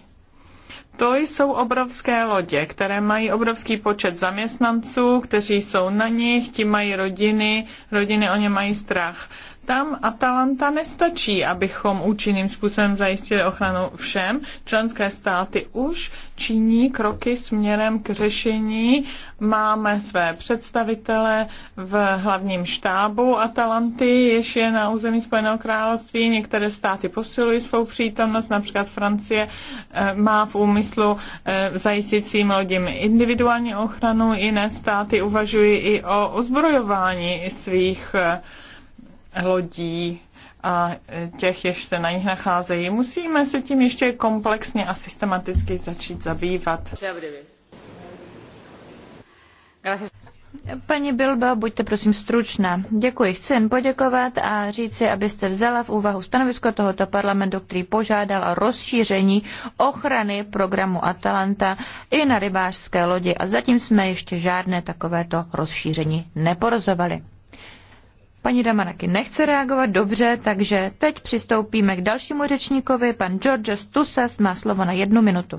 to jsou obrovské lodě, které mají obrovský počet zaměstnanců, kteří jsou na nich, ti mají rodiny, rodiny o ně mají strach tam Atalanta nestačí, abychom účinným způsobem zajistili ochranu všem. Členské státy už činí kroky směrem k řešení. Máme své představitele v hlavním štábu Atalanty, jež je na území Spojeného království. Některé státy posilují svou přítomnost, například Francie eh, má v úmyslu eh, zajistit svým lodím individuální ochranu, jiné státy uvažují i o ozbrojování svých eh, lodí a e, těch, jež se na nich nacházejí. Musíme se tím ještě komplexně a systematicky začít zabývat. Paní Bilba, buďte prosím stručná. Děkuji. Chci jen poděkovat a říci, abyste vzala v úvahu stanovisko tohoto parlamentu, který požádal o rozšíření ochrany programu Atalanta i na rybářské lodi a zatím jsme ještě žádné takovéto rozšíření neporozovali. Paní Damanaky nechce reagovat dobře, takže teď přistoupíme k dalšímu řečníkovi. Pan George Stusas má slovo na jednu minutu.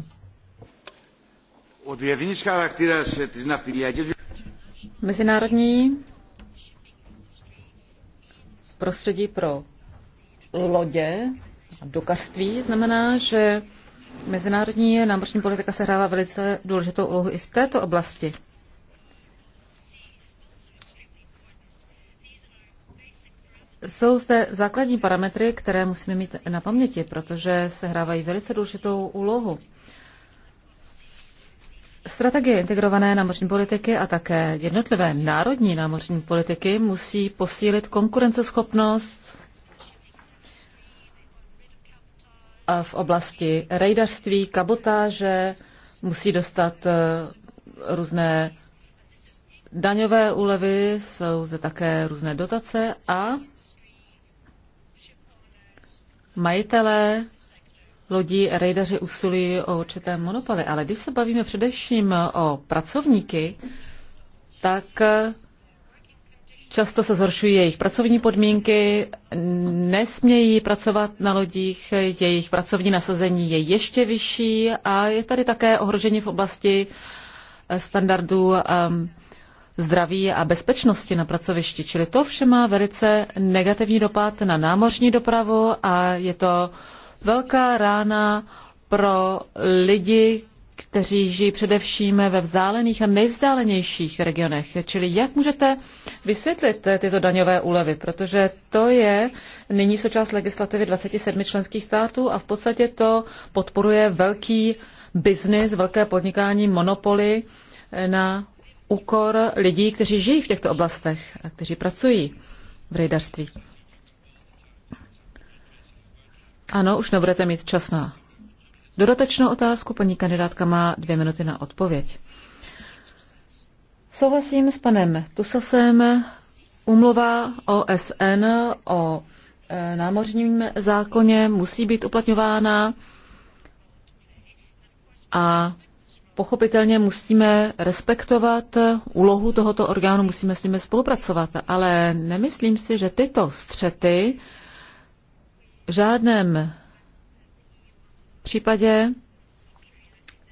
Mezinárodní prostředí pro lodě a dokařství znamená, že mezinárodní námořní politika sehrává velice důležitou úlohu i v této oblasti. Jsou zde základní parametry, které musíme mít na paměti, protože se hrávají velice důležitou úlohu. Strategie integrované námořní politiky a také jednotlivé národní námořní politiky musí posílit konkurenceschopnost v oblasti rejdařství, kabotáže, musí dostat eh, různé daňové úlevy, jsou zde také různé dotace a majitelé lodí rejdaři usilují o určité monopoly, ale když se bavíme především o pracovníky, tak eh, často se zhoršují jejich pracovní podmínky, nesmějí pracovat na lodích, jejich pracovní nasazení je ještě vyšší a je tady také ohrožení v oblasti eh, standardů um, zdraví a bezpečnosti na pracovišti. Čili to vše má velice negativní dopad na námořní dopravu a je to velká rána pro lidi, kteří žijí především ve vzdálených a nejvzdálenějších regionech. Čili jak můžete vysvětlit tyto daňové úlevy? Protože to je nyní součást legislativy 27 členských států a v podstatě to podporuje velký biznis, velké podnikání, monopoly na úkor lidí, kteří žijí v těchto oblastech a kteří pracují v rejdařství. Ano, už nebudete mít čas na dodatečnou otázku. Paní kandidátka má dvě minuty na odpověď. Souhlasím s panem Tusasem. Umluva OSN o e, námořním zákoně musí být uplatňována a Pochopitelně musíme respektovat úlohu tohoto orgánu, musíme s nimi spolupracovat, ale nemyslím si, že tyto střety v žádném případě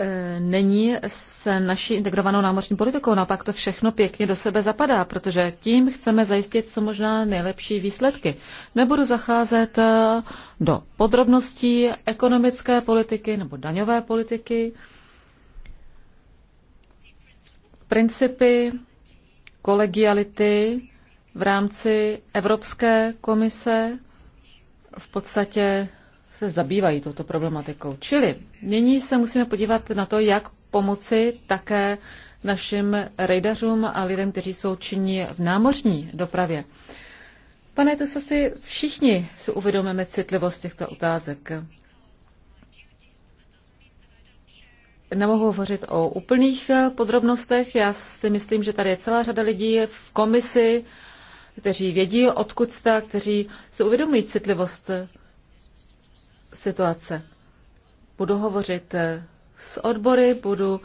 eh, není se naší integrovanou námořní politikou. Naopak to všechno pěkně do sebe zapadá, protože tím chceme zajistit co možná nejlepší výsledky. Nebudu zacházet eh, do podrobností ekonomické politiky nebo daňové politiky principy kolegiality v rámci Evropské komise v podstatě se zabývají touto problematikou. Čili nyní se musíme podívat na to, jak pomoci také našim rejdařům a lidem, kteří jsou činní v námořní dopravě. Pane, to se si všichni si uvědomíme citlivost těchto otázek. nemohu hovořit o úplných eh, podrobnostech. Já si myslím, že tady je celá řada lidí v komisi, kteří vědí, odkud jste, kteří si uvědomují citlivost eh, situace. Budu hovořit eh, s odbory, budu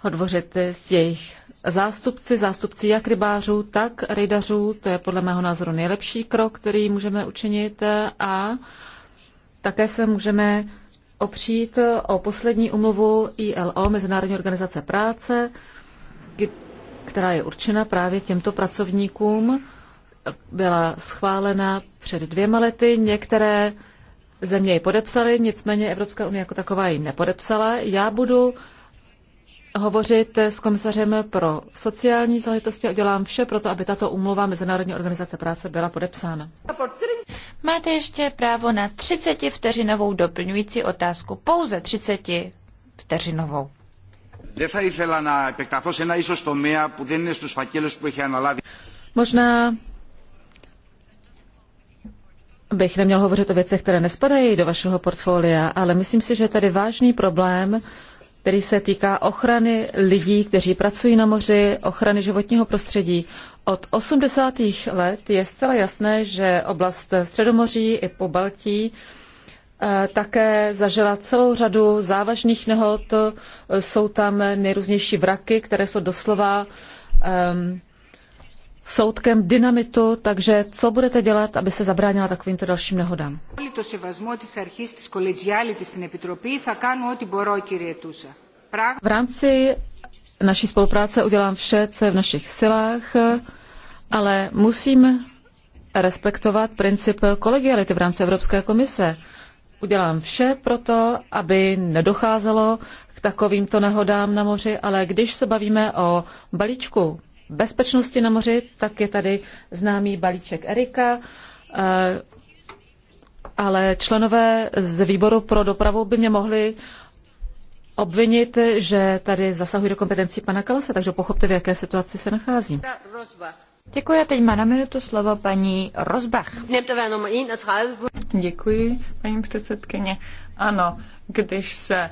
hovořit s jejich zástupci, zástupci jak rybářů, tak rydařů. To je podle mého názoru nejlepší krok, který můžeme učinit a také se můžeme opřít o poslední umluvu ILO, Mezinárodní organizace práce, která je určena právě těmto pracovníkům. Byla schválena před dvěma lety. Některé země ji podepsaly, nicméně Evropská unie jako taková ji nepodepsala. Já budu hovořit s komisařem pro sociální záležitosti a dělám vše pro to, aby tato úmluva Mezinárodní organizace práce byla podepsána. Máte ještě právo na 30 vteřinovou doplňující otázku, pouze 30 vteřinovou. Možná bych neměl hovořit o věcech, které nespadají do vašeho portfolia, ale myslím si, že je tady vážný problém, který se týká ochrany lidí, kteří pracují na moři, ochrany životního prostředí. Od 80. let je zcela jasné, že oblast Středomoří i po Baltí eh, také zažila celou řadu závažných nehod. Jsou tam nejrůznější vraky, které jsou doslova um, soudkem dynamitu, takže co budete dělat, aby se zabránila takovýmto dalším nehodám? V rámci naší spolupráce udělám vše, co je v našich silách, ale musím respektovat princip kolegiality v rámci Evropské komise. Udělám vše pro to, aby nedocházelo k takovýmto nehodám na moři, ale když se bavíme o balíčku bezpečnosti na moři, tak je tady známý balíček Erika, eh, ale členové z výboru pro dopravu by mě mohli obvinit, že tady zasahují do kompetencí pana Kalase, takže pochopte, v jaké situaci se nacházím. Děkuji a teď má na minutu slovo paní Rozbach. Děkuji, paní předsedkyně. Ano, když se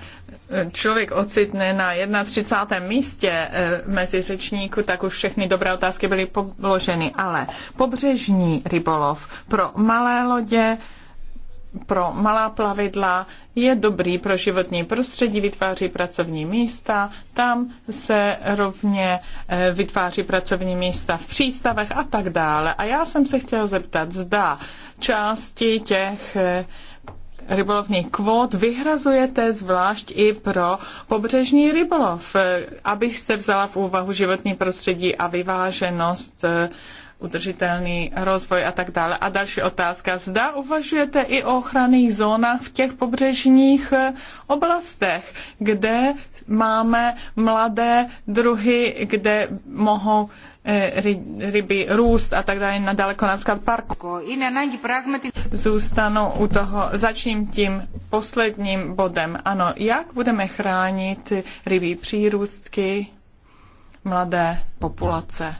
e, člověk ocitne na 31. místě e, mezi řečníku, tak už všechny dobré otázky byly položeny. Ale pobřežní rybolov pro malé lodě, pro malá plavidla je dobrý pro životní prostředí, vytváří pracovní místa, tam se rovně e, vytváří pracovní místa v přístavech a tak dále. A já jsem se chtěla zeptat, zda části těch rybolovných kvót vyhrazujete zvlášť i pro pobřežní rybolov, eh, abych se vzala v úvahu životní prostředí a vyváženost eh, udržitelný rozvoj a tak dále. A další otázka. Zda uvažujete i o ochranných zónách v těch pobřežních eh, oblastech, kde máme mladé druhy, kde mohou Eh, ryby růst a tak dále na Dalekonadská parku. Zůstanu u toho, začím tím posledním bodem. Ano, jak budeme chránit rybí přírůstky mladé populace?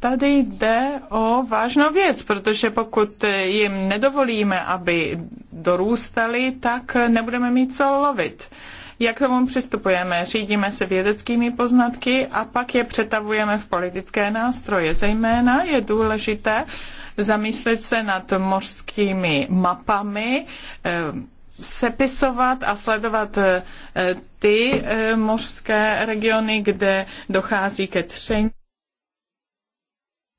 Tady jde o vážnou věc, protože pokud jim nedovolíme, aby dorůstali, tak nebudeme mít co lovit. Uh, jak k tomu přistupujeme? Řídíme se vědeckými poznatky a pak je přetavujeme v politické nástroje. Zejména je důležité zamyslet se nad mořskými mapami, eh, sepisovat a sledovat eh, ty eh, mořské regiony, kde dochází ke tření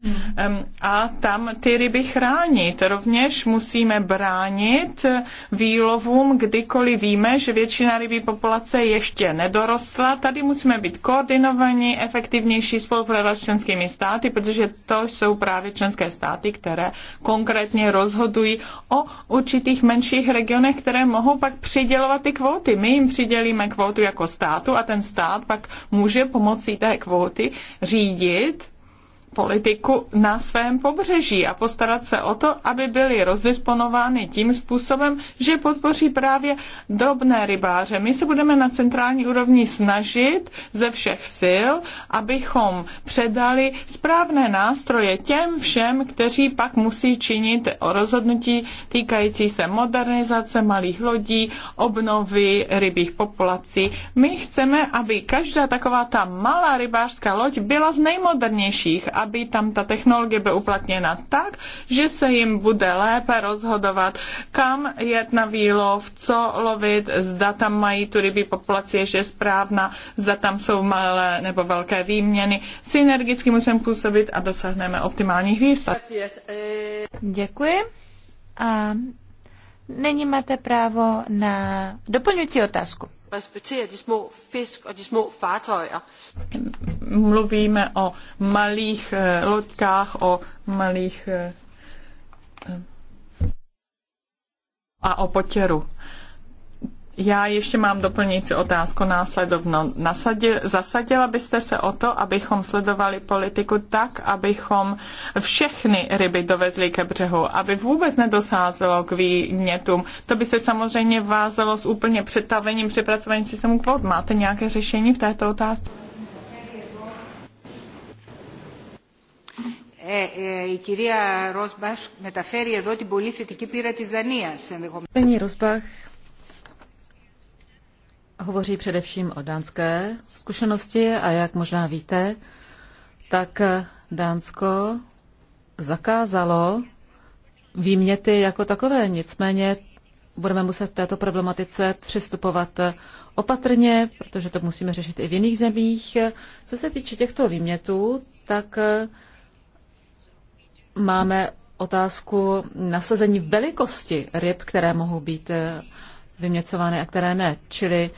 Mm-hmm. a tam ty ryby chránit. Rovněž musíme bránit výlovům, kdykoliv víme, že většina rybí populace ještě nedorostla. Tady musíme být koordinovaní, efektivnější spolupráce s členskými státy, protože to jsou právě členské státy, které konkrétně rozhodují o určitých menších regionech, které mohou pak přidělovat ty kvóty. My jim přidělíme kvótu jako státu a ten stát pak může pomocí té kvóty řídit politiku na svém pobřeží a postarat se o to, aby byly rozdisponovány tím způsobem, že podpoří právě drobné rybáře. My se budeme na centrální úrovni snažit ze všech sil, abychom předali správné nástroje těm všem, kteří pak musí činit rozhodnutí týkající se modernizace malých lodí, obnovy rybích populací. My chceme, aby každá taková ta malá rybářská loď byla z nejmodernějších a aby tam ta technologie byla uplatněna tak, že se jim bude lépe rozhodovat, kam jet na výlov, co lovit, zda tam mají tu rybí populaci, že je správná, zda tam jsou malé nebo velké výměny. Synergicky musíme působit a dosáhneme optimálních výsledků. Děkuji. A nyní máte právo na doplňující otázku respektere de små fisk og de små fartøjer. Mluvíme o malých uh, loďkách, o malých uh, a o potěru. Já ještě mám doplňující otázku následovno. zasadila byste se o to, abychom sledovali politiku tak, abychom všechny ryby dovezli ke břehu, aby vůbec nedosázelo k výmětům. To by se samozřejmě vázalo s úplně přetavením, přepracovaním systému kvot. Máte nějaké řešení v této otázce? η κυρία Paní hovoří především o dánské zkušenosti a jak možná víte, tak Dánsko zakázalo výměty jako takové. Nicméně budeme muset v této problematice přistupovat opatrně, protože to musíme řešit i v jiných zemích. Co se týče těchto výmětů, tak máme otázku nasazení velikosti ryb, které mohou být vyměcovány a které ne. Čili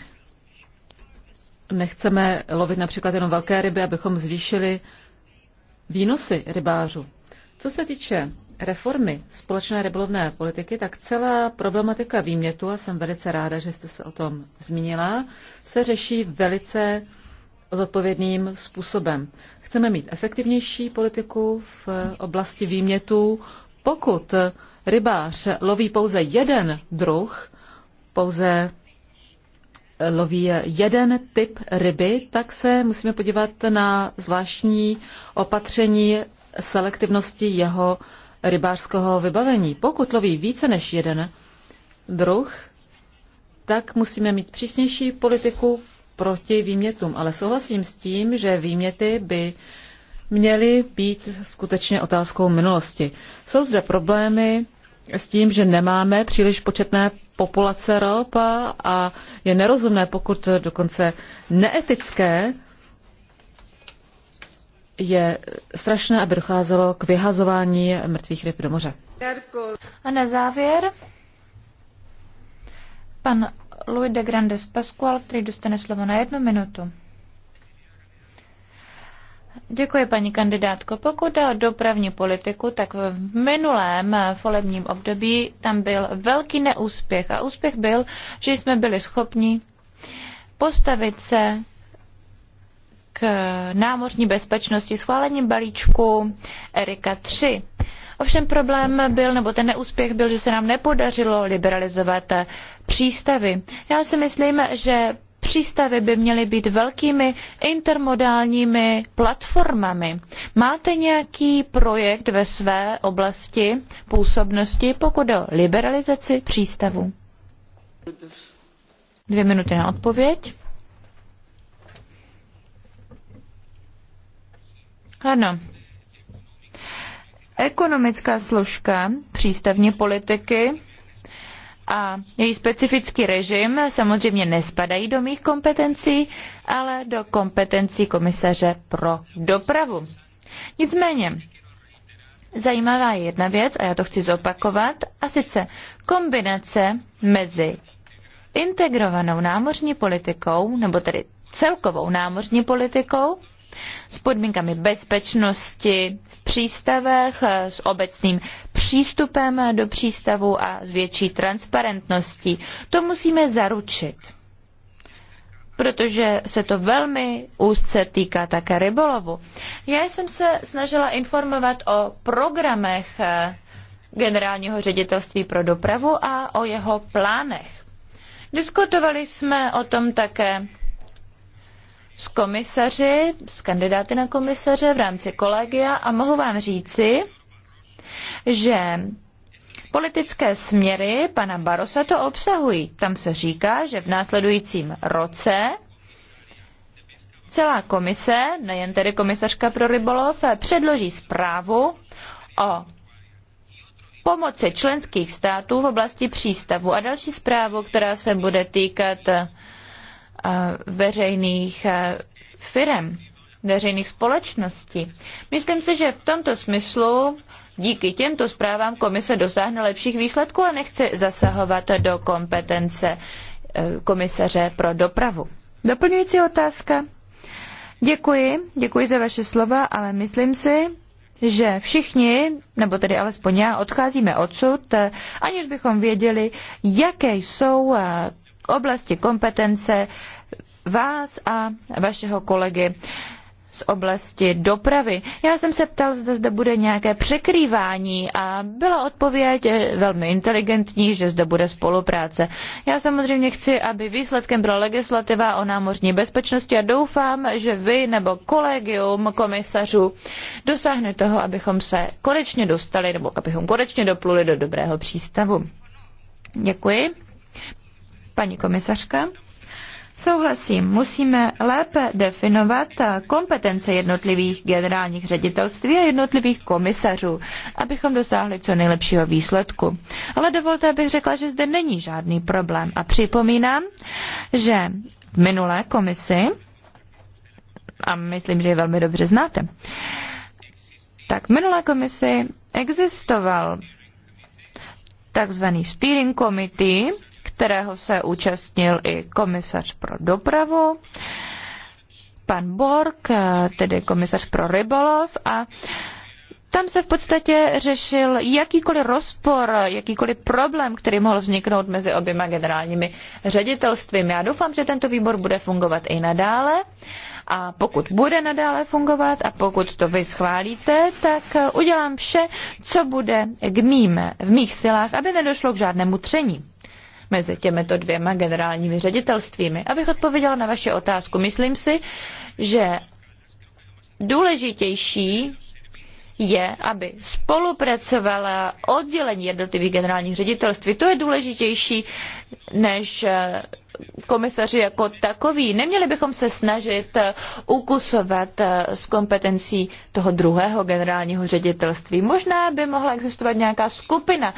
nechceme lovit například jenom velké ryby, abychom zvýšili výnosy rybářů. Co se týče reformy společné rybolovné politiky, tak celá problematika výmětu, a jsem velice ráda, že jste se o tom zmínila, se řeší velice zodpovědným způsobem. Chceme mít efektivnější politiku v oblasti výmětu. Pokud rybář loví pouze jeden druh, pouze eh, loví jeden typ ryby, tak se musíme podívat na zvláštní opatření selektivnosti jeho rybářského vybavení. Pokud loví více než jeden druh, tak musíme mít přísnější politiku proti výmětům. Ale souhlasím s tím, že výměty by měly být skutečně otázkou minulosti. Jsou zde problémy s tím, že nemáme příliš početné populace ROP a, a je nerozumné, pokud dokonce neetické, je strašné, aby docházelo k vyhazování mrtvých ryb do moře. A na závěr pan Louis de Grandes Pascual, který dostane slovo na jednu minutu. Děkuji, paní kandidátko. Pokud jde o dopravní politiku, tak v minulém volebním období tam byl velký neúspěch. A úspěch byl, že jsme byli schopni postavit se k námořní bezpečnosti schválením balíčku Erika 3. Ovšem problém byl, nebo ten neúspěch byl, že se nám nepodařilo liberalizovat přístavy. Já si myslím, že Přístavy by měly být velkými intermodálními platformami. Máte nějaký projekt ve své oblasti působnosti, pokud o liberalizaci přístavů? Dvě minuty na odpověď. Ano. Ekonomická složka přístavní politiky a její specifický režim samozřejmě nespadají do mých kompetencí, ale do kompetencí komisaře pro dopravu. Nicméně, zajímavá je jedna věc, a já to chci zopakovat, a sice kombinace mezi integrovanou námořní politikou, nebo tedy celkovou námořní politikou s podmínkami bezpečnosti v přístavech, eh, s obecným přístupem do přístavu a s větší transparentností. To musíme zaručit, protože se to velmi úzce týká také rybolovu. Já jsem se snažila informovat o programech eh, generálního ředitelství pro dopravu a o jeho plánech. Diskutovali jsme o tom také s komisaři, s kandidáty na komisaře v rámci kolegia a mohu vám říci, že politické směry pana Barosa to obsahují. Tam se říká, že v následujícím roce celá komise, nejen tedy komisařka pro rybolov, předloží zprávu o pomoci členských států v oblasti přístavu a další zprávu, která se bude týkat Eh, veřejných eh, firem, veřejných společností. Myslím si, že v tomto smyslu díky těmto zprávám komise dosáhne lepších výsledků a nechce zasahovat do kompetence eh, komisaře pro dopravu. Doplňující otázka. Děkuji, děkuji za vaše slova, ale myslím si, že všichni, nebo tedy alespoň já, odcházíme odsud, aniž bychom věděli, jaké jsou oblasti kompetence vás a vašeho kolegy z oblasti dopravy. Já jsem se ptal, zda zde bude nějaké překrývání a byla odpověď eh, velmi inteligentní, že zde bude spolupráce. Já samozřejmě chci, aby výsledkem byla legislativa o námořní bezpečnosti a doufám, že vy nebo kolegium komisařů dosáhne toho, abychom se konečně dostali, nebo abychom konečně dopluli do dobrého přístavu. Děkuji. Paní komisařka? Souhlasím, musíme lépe definovat kompetence jednotlivých generálních ředitelství a jednotlivých komisařů, abychom dosáhli co nejlepšího výsledku. Ale dovolte, abych řekla, že zde není žádný problém. A připomínám, že v minulé komisi, a myslím, že ji velmi dobře znáte, tak v minulé komisi existoval takzvaný steering committee, kterého se účastnil i komisař pro dopravu, pan Borg, tedy komisař pro rybolov a tam se v podstatě řešil jakýkoliv rozpor, jakýkoliv problém, který mohl vzniknout mezi oběma generálními ředitelstvími. Já doufám, že tento výbor bude fungovat i nadále. A pokud bude nadále fungovat a pokud to vy schválíte, tak udělám vše, co bude k mým, v mých silách, aby nedošlo k žádnému tření mezi těmito dvěma generálními ředitelstvími. Abych odpověděla na vaši otázku, myslím si, že důležitější je, aby spolupracovala oddělení jednotlivých generálních ředitelství. To je důležitější než eh, komisaři jako takový. Neměli bychom se snažit eh, ukusovat s eh, kompetencí toho druhého generálního ředitelství. Možná by mohla existovat nějaká skupina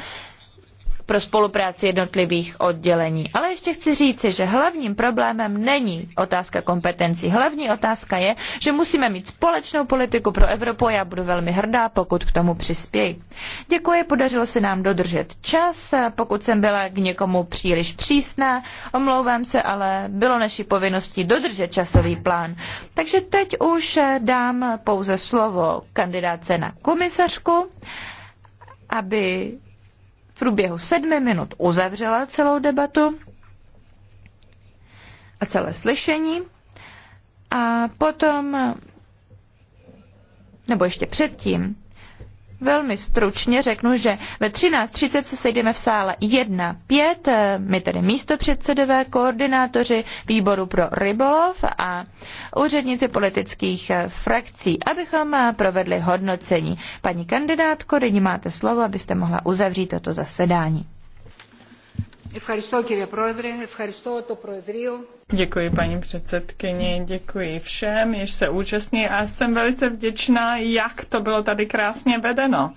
pro spolupráci jednotlivých oddělení. Ale ještě chci říci, že hlavním problémem není otázka kompetencí. Hlavní otázka je, že musíme mít společnou politiku pro Evropu a já budu velmi hrdá, pokud k tomu přispěji. Děkuji, podařilo se nám dodržet čas. Pokud jsem byla k někomu příliš přísná, omlouvám se, ale bylo naší povinností dodržet časový plán. Takže teď už dám pouze slovo kandidáce na komisařku, aby průběhu sedmi minut uzavřela celou debatu a celé slyšení a potom, nebo ještě předtím, velmi stručně řeknu, že ve 13.30 se sejdeme v sále 1.5, my tedy místopředsedové, koordinátoři výboru pro rybolov a úředníci politických frakcí, abychom provedli hodnocení. Paní kandidátko, nyní máte slovo, abyste mohla uzavřít toto zasedání. Děkuji paní předsedkyni, děkuji všem, jež se účastní a jsem velice vděčná, jak to bylo tady krásně vedeno.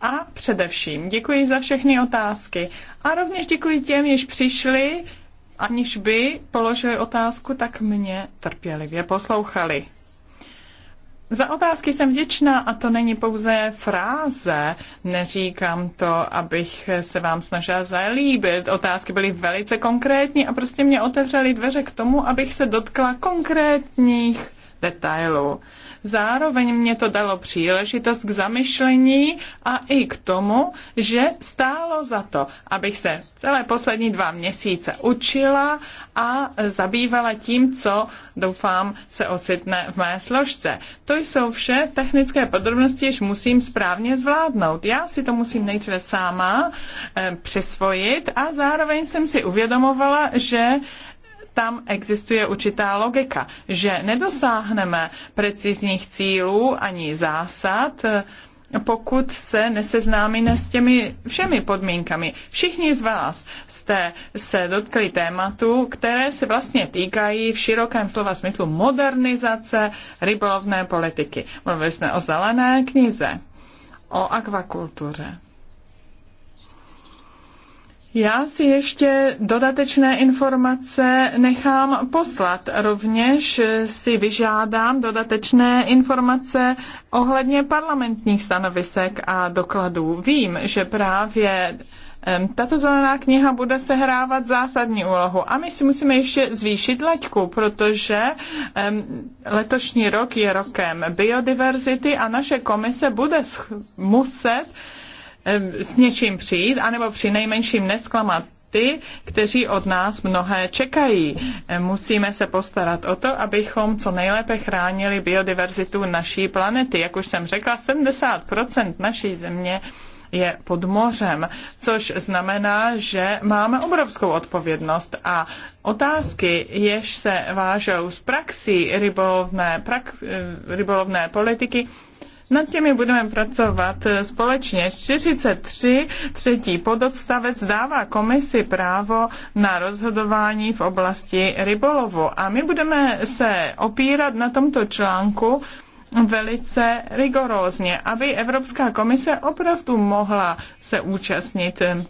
A především děkuji za všechny otázky a rovněž děkuji těm, jež přišli, aniž by položili otázku, tak mě trpělivě poslouchali. Za otázky jsem vděčná a to není pouze fráze. Neříkám to, abych se vám snažila zalíbit. Otázky byly velice konkrétní a prostě mě otevřely dveře k tomu, abych se dotkla konkrétních detailů. Zároveň mě to dalo příležitost k zamyšlení a i k tomu, že stálo za to, abych se celé poslední dva měsíce učila a zabývala tím, co doufám se ocitne v mé složce. To jsou vše technické podrobnosti, jež musím správně zvládnout. Já si to musím nejdříve sama e, a zároveň jsem si uvědomovala, že tam existuje určitá logika, že nedosáhneme precizních cílů ani zásad, pokud se neseznámíme s těmi všemi podmínkami. Všichni z vás jste se dotkli tématu, které se vlastně týkají v širokém slova smyslu modernizace rybolovné politiky. Mluvili jsme o zelené knize, o akvakultuře já si ještě dodatečné informace nechám poslat. Rovněž si vyžádám dodatečné informace ohledně parlamentních stanovisek a dokladů. Vím, že právě tato zelená kniha bude sehrávat zásadní úlohu a my si musíme ještě zvýšit laťku, protože letošní rok je rokem biodiverzity a naše komise bude muset s něčím přijít, anebo při nejmenším nesklamat ty, kteří od nás mnohé čekají. Musíme se postarat o to, abychom co nejlépe chránili biodiverzitu naší planety. Jak už jsem řekla, 70% naší země je pod mořem, což znamená, že máme obrovskou odpovědnost a otázky, jež se vážou z praxí rybolovné, prax, eh, rybolovné politiky, nad těmi budeme pracovat eh, společně. 43. třetí pododstavec dává komisi právo na rozhodování v oblasti rybolovu a my budeme se opírat na tomto článku velice rigorózně, aby Evropská komise opravdu mohla se účastnit eh,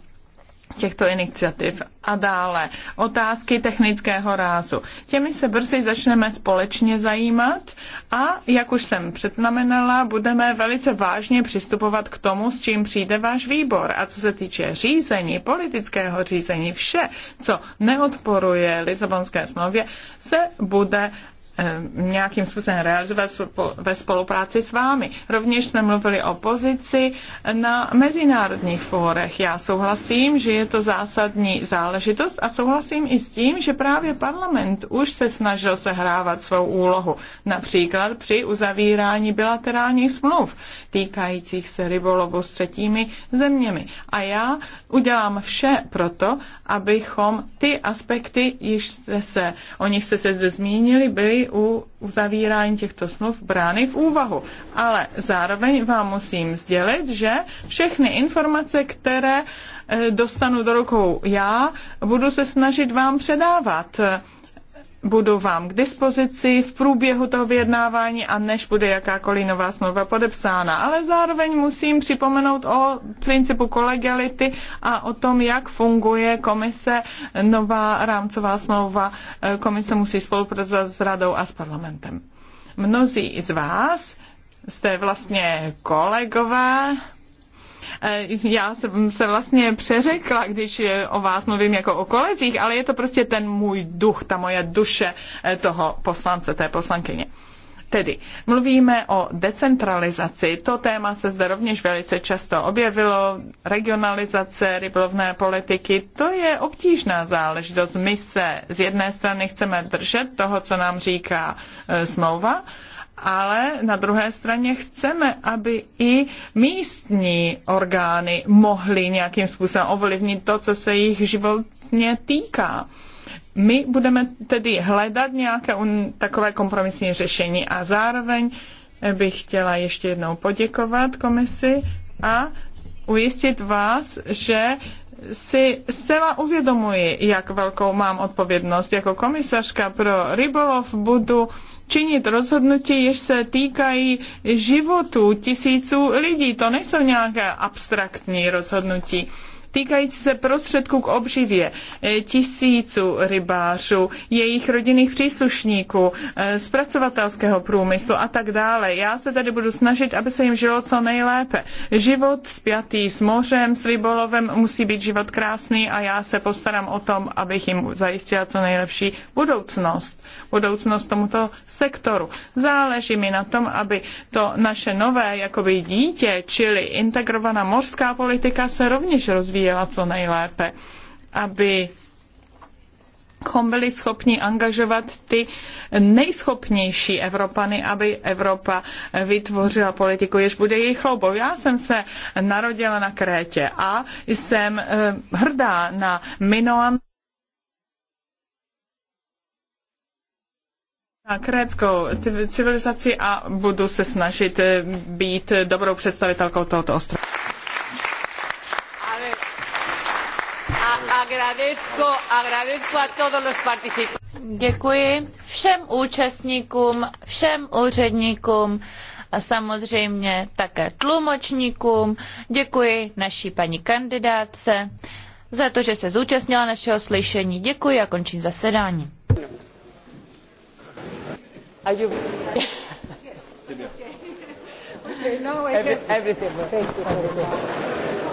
těchto iniciativ. A dále otázky technického rázu. Těmi se brzy začneme společně zajímat a, jak už jsem předznamenala, budeme velice vážně přistupovat k tomu, s čím přijde váš výbor. A co se týče řízení, politického řízení, vše, co neodporuje Lisabonské smlouvě, se bude Eh, nějakým způsobem realizovat ve spolupráci s vámi. Rovněž jsme mluvili o pozici na mezinárodních fórech. Já souhlasím, že je to zásadní záležitost a souhlasím i s tím, že právě parlament už se snažil sehrávat svou úlohu. Například při uzavírání bilaterálních smluv týkajících se rybolovu s třetími zeměmi. A já udělám vše proto, abychom ty aspekty, již se, o nich jste se zde zmínili, byli u uzavírání těchto smluv brány v úvahu. Ale zároveň vám musím sdělit, že všechny informace, které eh, dostanu do rukou já, budu se snažit vám předávat budu vám k dispozici v průběhu toho vyjednávání a než bude jakákoliv nová smlouva podepsána. Ale zároveň musím připomenout o principu kolegiality a o tom, jak funguje komise. Nová rámcová smlouva eh, komise musí spolupracovat s radou a s parlamentem. Mnozí z vás jste vlastně kolegové, Eh, já jsem se vlastně přeřekla, když eh, o vás mluvím jako o kolezích, ale je to prostě ten můj duch, ta moje duše eh, toho poslance, té poslankyně. Tedy mluvíme o decentralizaci. To téma se zde rovněž velice často objevilo. Regionalizace rybolovné politiky, to je obtížná záležitost. My se z jedné strany chceme držet toho, co nám říká e, smlouva, ale na druhé straně chceme, aby i místní orgány mohly nějakým způsobem ovlivnit to, co se jich životně týká. My budeme tedy hledat nějaké un, takové kompromisní řešení a zároveň bych chtěla ještě jednou poděkovat komisi a ujistit vás, že si zcela uvědomuji, jak velkou mám odpovědnost. Jako komisařka pro rybolov budu činit rozhodnutí, jež se týkají životů tisíců lidí. To nejsou nějaké abstraktní rozhodnutí týkající se prostředků k obživě e, tisíců rybářů, jejich rodinných příslušníků, e, zpracovatelského průmyslu a tak dále. Já se tady budu snažit, aby se jim žilo co nejlépe. Život spjatý s mořem, s rybolovem musí být život krásný a já se postarám o tom, abych jim zajistila co nejlepší budoucnost. Budoucnost tomuto sektoru. Záleží mi na tom, aby to naše nové jakoby dítě, čili integrovaná mořská politika se rovněž rozvíjela vyvíjela co nejlépe, aby byli schopni angažovat ty nejschopnější Evropany, aby Evropa vytvořila politiku, jež bude jejich chloubou. Já jsem se narodila na Krétě a jsem eh, hrdá na Minoan. na kréckou civilizaci a budu se snažit eh, být dobrou představitelkou tohoto ostrova. Děkuji všem účastníkům, všem úředníkům a samozřejmě také tlumočníkům. Děkuji naší paní kandidátce za to, že se zúčastnila našeho slyšení. Děkuji a končím zasedání. Okay. No, I Every, everything. Thank you very much.